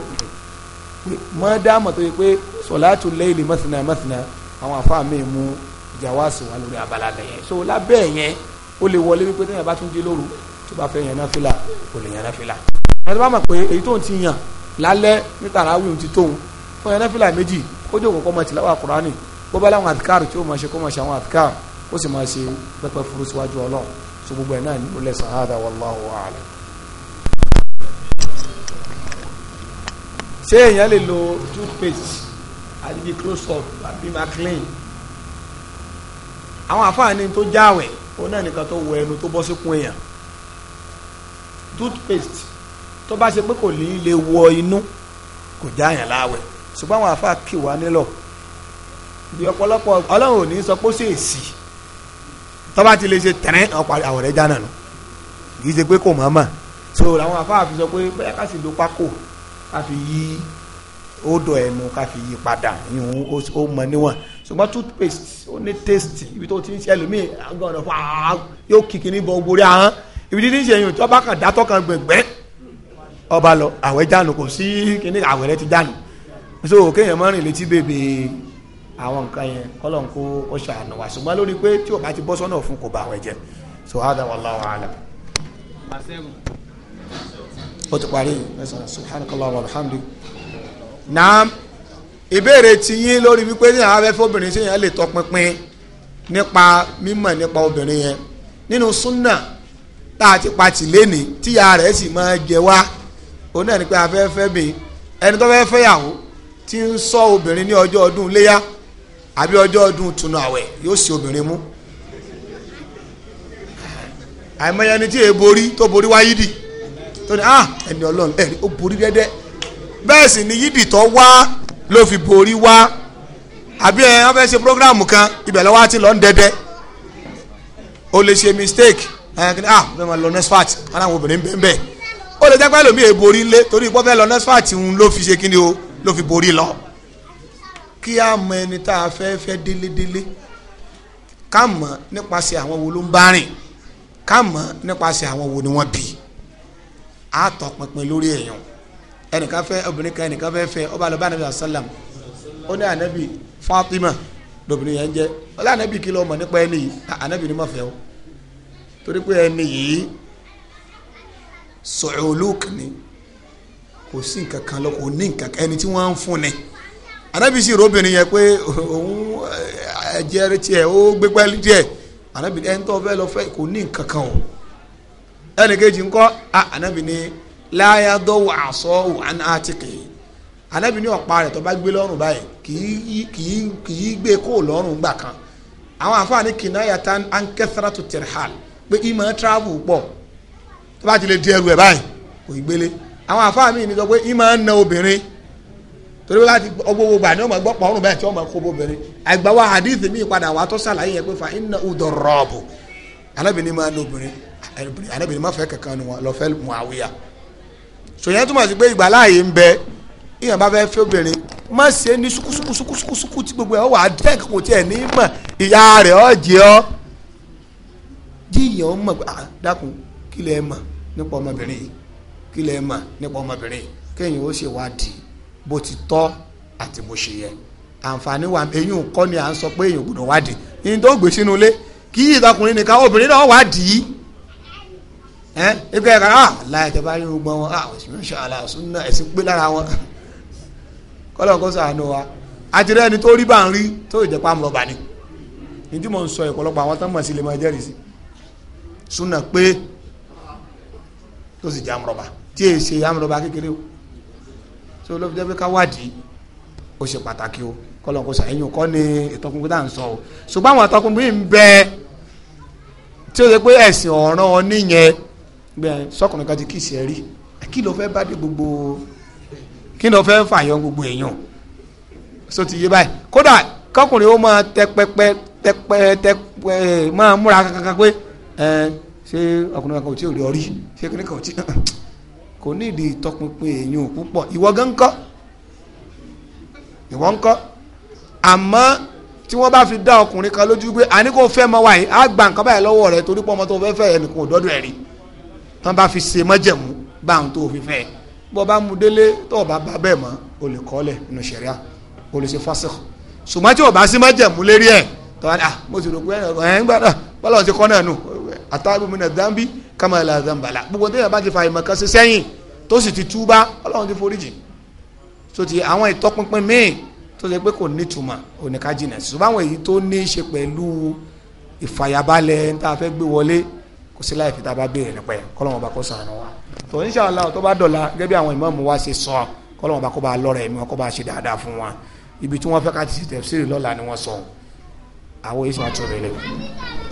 Speaker 1: mọ́ dáàmọ̀ tó yẹ pé sọ̀láàtù lẹ́yìn mọ́sìnà mọ́sìnà àwọn àfáà mi mú ìjàwáṣù wà lórí abala lẹ́yìn so lábẹ́ yẹn ó lè wọlé wípé téèyàn bá tún dé lóru tó bá fẹ́ yẹn náà fìlà kò lè yẹn náà fìlà ẹ̀ tó bá mọ̀ pé èyí tóun ti yàn lálẹ́ ní tàràwìn ti tóun fún yẹn náà fìlà méjì ó jókòó kọ́ mọ̀ tìláwà kúránì bó bá láwọn àtikáàrù tí ó mọ̀ ṣe kó àwọn àtikáàrù ó sì mọ̀ ṣe pẹpẹ furu so gbogbo ẹ̀ náà ló lẹ́sàn hádà wallahu a'lam. ṣé èèyàn lè lo toothpaste àdìbí close-up àbí maclean àwọn àfáàní tó jáwẹ̀ ó náà nìkan tó wọ ẹnu tó bọ́ síkún èèyàn toothpaste tó bá ṣe pé kò ní lè wọ inú kò jáàyàn láwẹ̀ ṣùgbọ́n àwọn àfáà kì wá nílọ̀ bí ọ̀pọ̀lọpọ̀ ọlọ́run ò ní sọ pé ó ṣèèsì tọ́ba ti lè ṣe tẹ̀rẹ́ ọ̀pọ̀ àwọn rẹ̀ jáná nù kì í ṣe pé kò mọ̀ mọ̀ so làwọn afáà fi sọ pé bẹ́ẹ̀ ká sì lo pákó ká fi yí odò ẹnu ká fi yí padà ìhun ó mọ níwọ̀n ṣùgbọ́n toothpaste ó ní taste ibi tó ti ń ṣe ẹlòmíì agbọ̀nà fún aa yóò kìkì ní bọ̀ gborí ahọ́n ibi tí ti ń ṣe yìí tọ́ba kan dátọ́ kan gbẹ̀gbẹ́ ọba lọ àwẹ̀ jánu kò sí kíní àwẹ̀ rẹ ti jánu so kéèyàn mọ́rin létí bèbè àwọn nǹkan yẹn kọ́lọ̀ ń kó ó ṣàánú wa ṣùgbọ́n lórí pé tí ò bá ti bọ́ sọ́nà fún kò bá àwọn ẹ̀jẹ̀ so hada wallahu alam. ó ti parí ẹ̀sán subhanakallah wa alhamdulilayi. naam ìbéèrè ti yín lórí wípé ní àwọn afẹ́fẹ́ obìnrin ṣe yẹn lè tọpinpin nípa mímọ̀ nípa obìnrin yẹn nínú súnà tá a ti pati léni tíya rẹ̀ sì máa jẹ wá òun náà ni pé afẹ́fẹ́ bìn ẹni tó fẹ́ fẹ́yàwó ti ń sọ obìnrin ní ọjọ́ ọdún léyà àbí ọjọ́ ọdún tunu àwẹ̀ yóò sì obìnrin mú àìmọye ẹni tí èè borí tó borí wá yídì tó ní ah ẹni ọlọ́run ẹni ó borí dẹ́dẹ́ bẹ́ẹ̀ sì ni yídì tó wá ló fi borí wá àbí ẹ wọ́n fẹ́ ṣe programu kan ibẹ̀ lọ́wọ́ àti lọ́n dẹ́dẹ́ o lè ṣe mistake ah bẹ́ẹ̀ ma lọ nextfat wọn àwọn obìnrin bẹ́ẹ̀ bẹ́ẹ̀ o lè jẹ́ pé lómi èè borí lé torí pé wọ́n fẹ́ lọ nextfat ń ló fi ṣe kí ni o ló fi borí lọ kí a mọ ẹni tá a fẹ́ fẹ́ délédélé ká mọ̀ nípasẹ̀ àwọn wo ló ń bá rìn ká mọ̀ nípasẹ̀ àwọn wo ni wọ́n bí a tọ̀ pinpin lórí èèyàn ẹnìkan fẹ́ obìnrin kan ẹnìkan fẹ́ fẹ́ ọba alọ́ba anabi asalam ó ní anabi Fatima lóbìnrin yẹn jẹ́ ọlá anabi kí ló mọ̀ nípa ẹni yìí anabi ah, ni mo fẹ́ o torí pé ẹni yìí sọ̀rọ̀ olóòkè ni kò sí nǹkan kan lọ kò ní nǹkan ẹni tí wọ́n ń fún ni. anabi sì róbìnrin yẹn pé òun ẹ̀jẹ̀ tiẹ̀ ó gbé pẹ́ẹ́lí díẹ̀ anabi ẹni tó fẹ́ lọ fẹ́ kò o ẹnì kejì ńkọ́ anabi ni láyà dọ́wọ́ àṣọ àná àtìkè anabi ní ọ̀pá rẹ̀ tó bá gbé lọ́rùn báyìí kì í gbé kó lọ́rùn gbà kan àwọn àfààní kìnnáyà tán ankẹ́sára tó tẹ̀rẹ̀ hàn pé ìmọ̀ travel pọ̀ tó bá ti lè di ẹrù báyìí kò ì gbélé àwọn torí wọ́n ti gbogbo gbà ní ọmọ ẹgbọ́ pọ̀rùn bẹ́ẹ̀ tí ọmọ ẹkọ bóbìnrin àgbà wa hadith mi padà wà á tọ́ sàlàyé yẹn pé fa iná udọ̀ rọ́ọ̀bù alábìnrin máa ń lo obìnrin alábìnrin máa fẹ́ kankan nu wọn lọ fẹ́ Muawiya sòyẹn túmọ̀ sí pé ìgbà láàyè ń bẹ ìyàn bá fẹ́ fẹ́ obìnrin má ṣe ní sukusukusukusuku tí gbogbo ẹ̀ wà dẹ́k kò tiẹ̀ ní mọ̀ ìyá rẹ̀ ọ́ jẹ́ ọ́ jíyàn mọ̀ ah, dákun kí lẹ mọ̀ nípa ọmọbìnrin kí lẹ mọ̀ nípa ọmọbìnrin kéèyàn ó ṣèwádìí bó ti tọ́ àti bó ṣe yẹ àǹfààní wa eyín kọ́ ni à ń sọ pé èyàn gbọ́dọ̀ wádìí ní tó gbé sínú ilé kí ìtọkùnrin nìkan obìnrin náà wádìí ẹ ibi ẹ̀ka ah láyàtọ̀ bá rí gbọ́n wọn ah ṣùgbọ́n aláṣùn náà ẹ̀sìn pé lára wọn kọ́lọ̀ kó sàánú wa àti rẹ́ni tó rí bá ń rí tó ìjẹ́pá ń rọ̀bà ni ní tí mò ń sọ ìpọ̀lọpọ̀ àwọn tán mọ̀ sí lè máa jẹ́rìí sí súnà pé tó sì jẹ́ àmúrọ̀bà tí èyí ṣe àmúrọ̀bà kékeré o so ló fi jẹ́ pé ká wádìí ó ṣe pàtàkì o kọ́lọ́n kó sàyẹ̀yìn kọ́ ni ìtọ́kùnkùn tá à ń sọ o ṣùgbọ́n àwọn àtọkùnkùn yìí ń bẹ tí ó ṣe pé ẹ̀sìn ọ̀ràn oníyẹn bẹ́ẹ̀ sọkùnrin kan ti kì í ṣe rí kí ló fẹ́ bá dé gbogbo kí ló fẹ́ fàyọ gbogbo èèyàn so ti yé báyìí kódà kọkùnrin ó máa tẹ pẹpẹ tẹpẹ tẹpẹ máa múra kankan pé ẹ ṣé ọkùnrin kan ò tí ò rí ọ rí ṣé kíní kan ò tí kò ní ìdí ìtọpinpin èèyàn púpọ̀ ìwọ gan kọ́ ìwọ ń kọ́ àmọ́ tí wọ́n bá fi dá ọkùnrin kan lójú pé àní kò fẹ́ mọ wáyé á gba nǹkan báyìí lọ́wọ́ rẹ torí pé ọmọ tó fẹ́ fẹ́ ẹnìkan ò dọ́dọ̀ ẹ̀ rí tán bá fi ṣe mọ́jẹ̀mú bá àwọn tó fi fẹ́ ẹ bọ́ bá mu délé tó o bá bá bẹ́ẹ̀ mọ́ o lè kọ́lẹ̀ nínú ṣẹ̀ríà o lè ṣe fásitì ṣùgbọ́n tí o bá sí mọ́jẹ̀mú lérí ẹ̀ tọ́ àtàbí mi náà dambi, kama la dánbàlà gbogbo ní ìyàbá ti fa ìmọ̀ kan sí sẹ́yìn tó sì ti túbá ọlọ́run ti foríjì tó ti àwọn ìtọ́pinpin míì tó ṣe pé kò nítumọ̀ òníká jìnnà ṣùgbọ́n àwọn èyí tó ní í ṣe pẹ̀lú ìfàyàbalẹ̀ tá a fẹ́ gbé wọlé kò sí láì fi tá a bá béèrè nípa ẹ̀ kọ́lọ́mọ̀ bá kó sànù wa tó insha Allah tó bá dọ̀la gẹ́gẹ́ bí àwọn ìmáàmù wa ṣe sọ kọ́lọ́mọ̀ bá kó bá lọ́rọ̀ ẹ̀mí wọn kó bá ṣe dáadáa fún wa ibi tí wọ́n fẹ́ ká ti ṣe tẹ̀síìrì lọ́la ni wọ́n sọ àwọn èyí sì wọ́n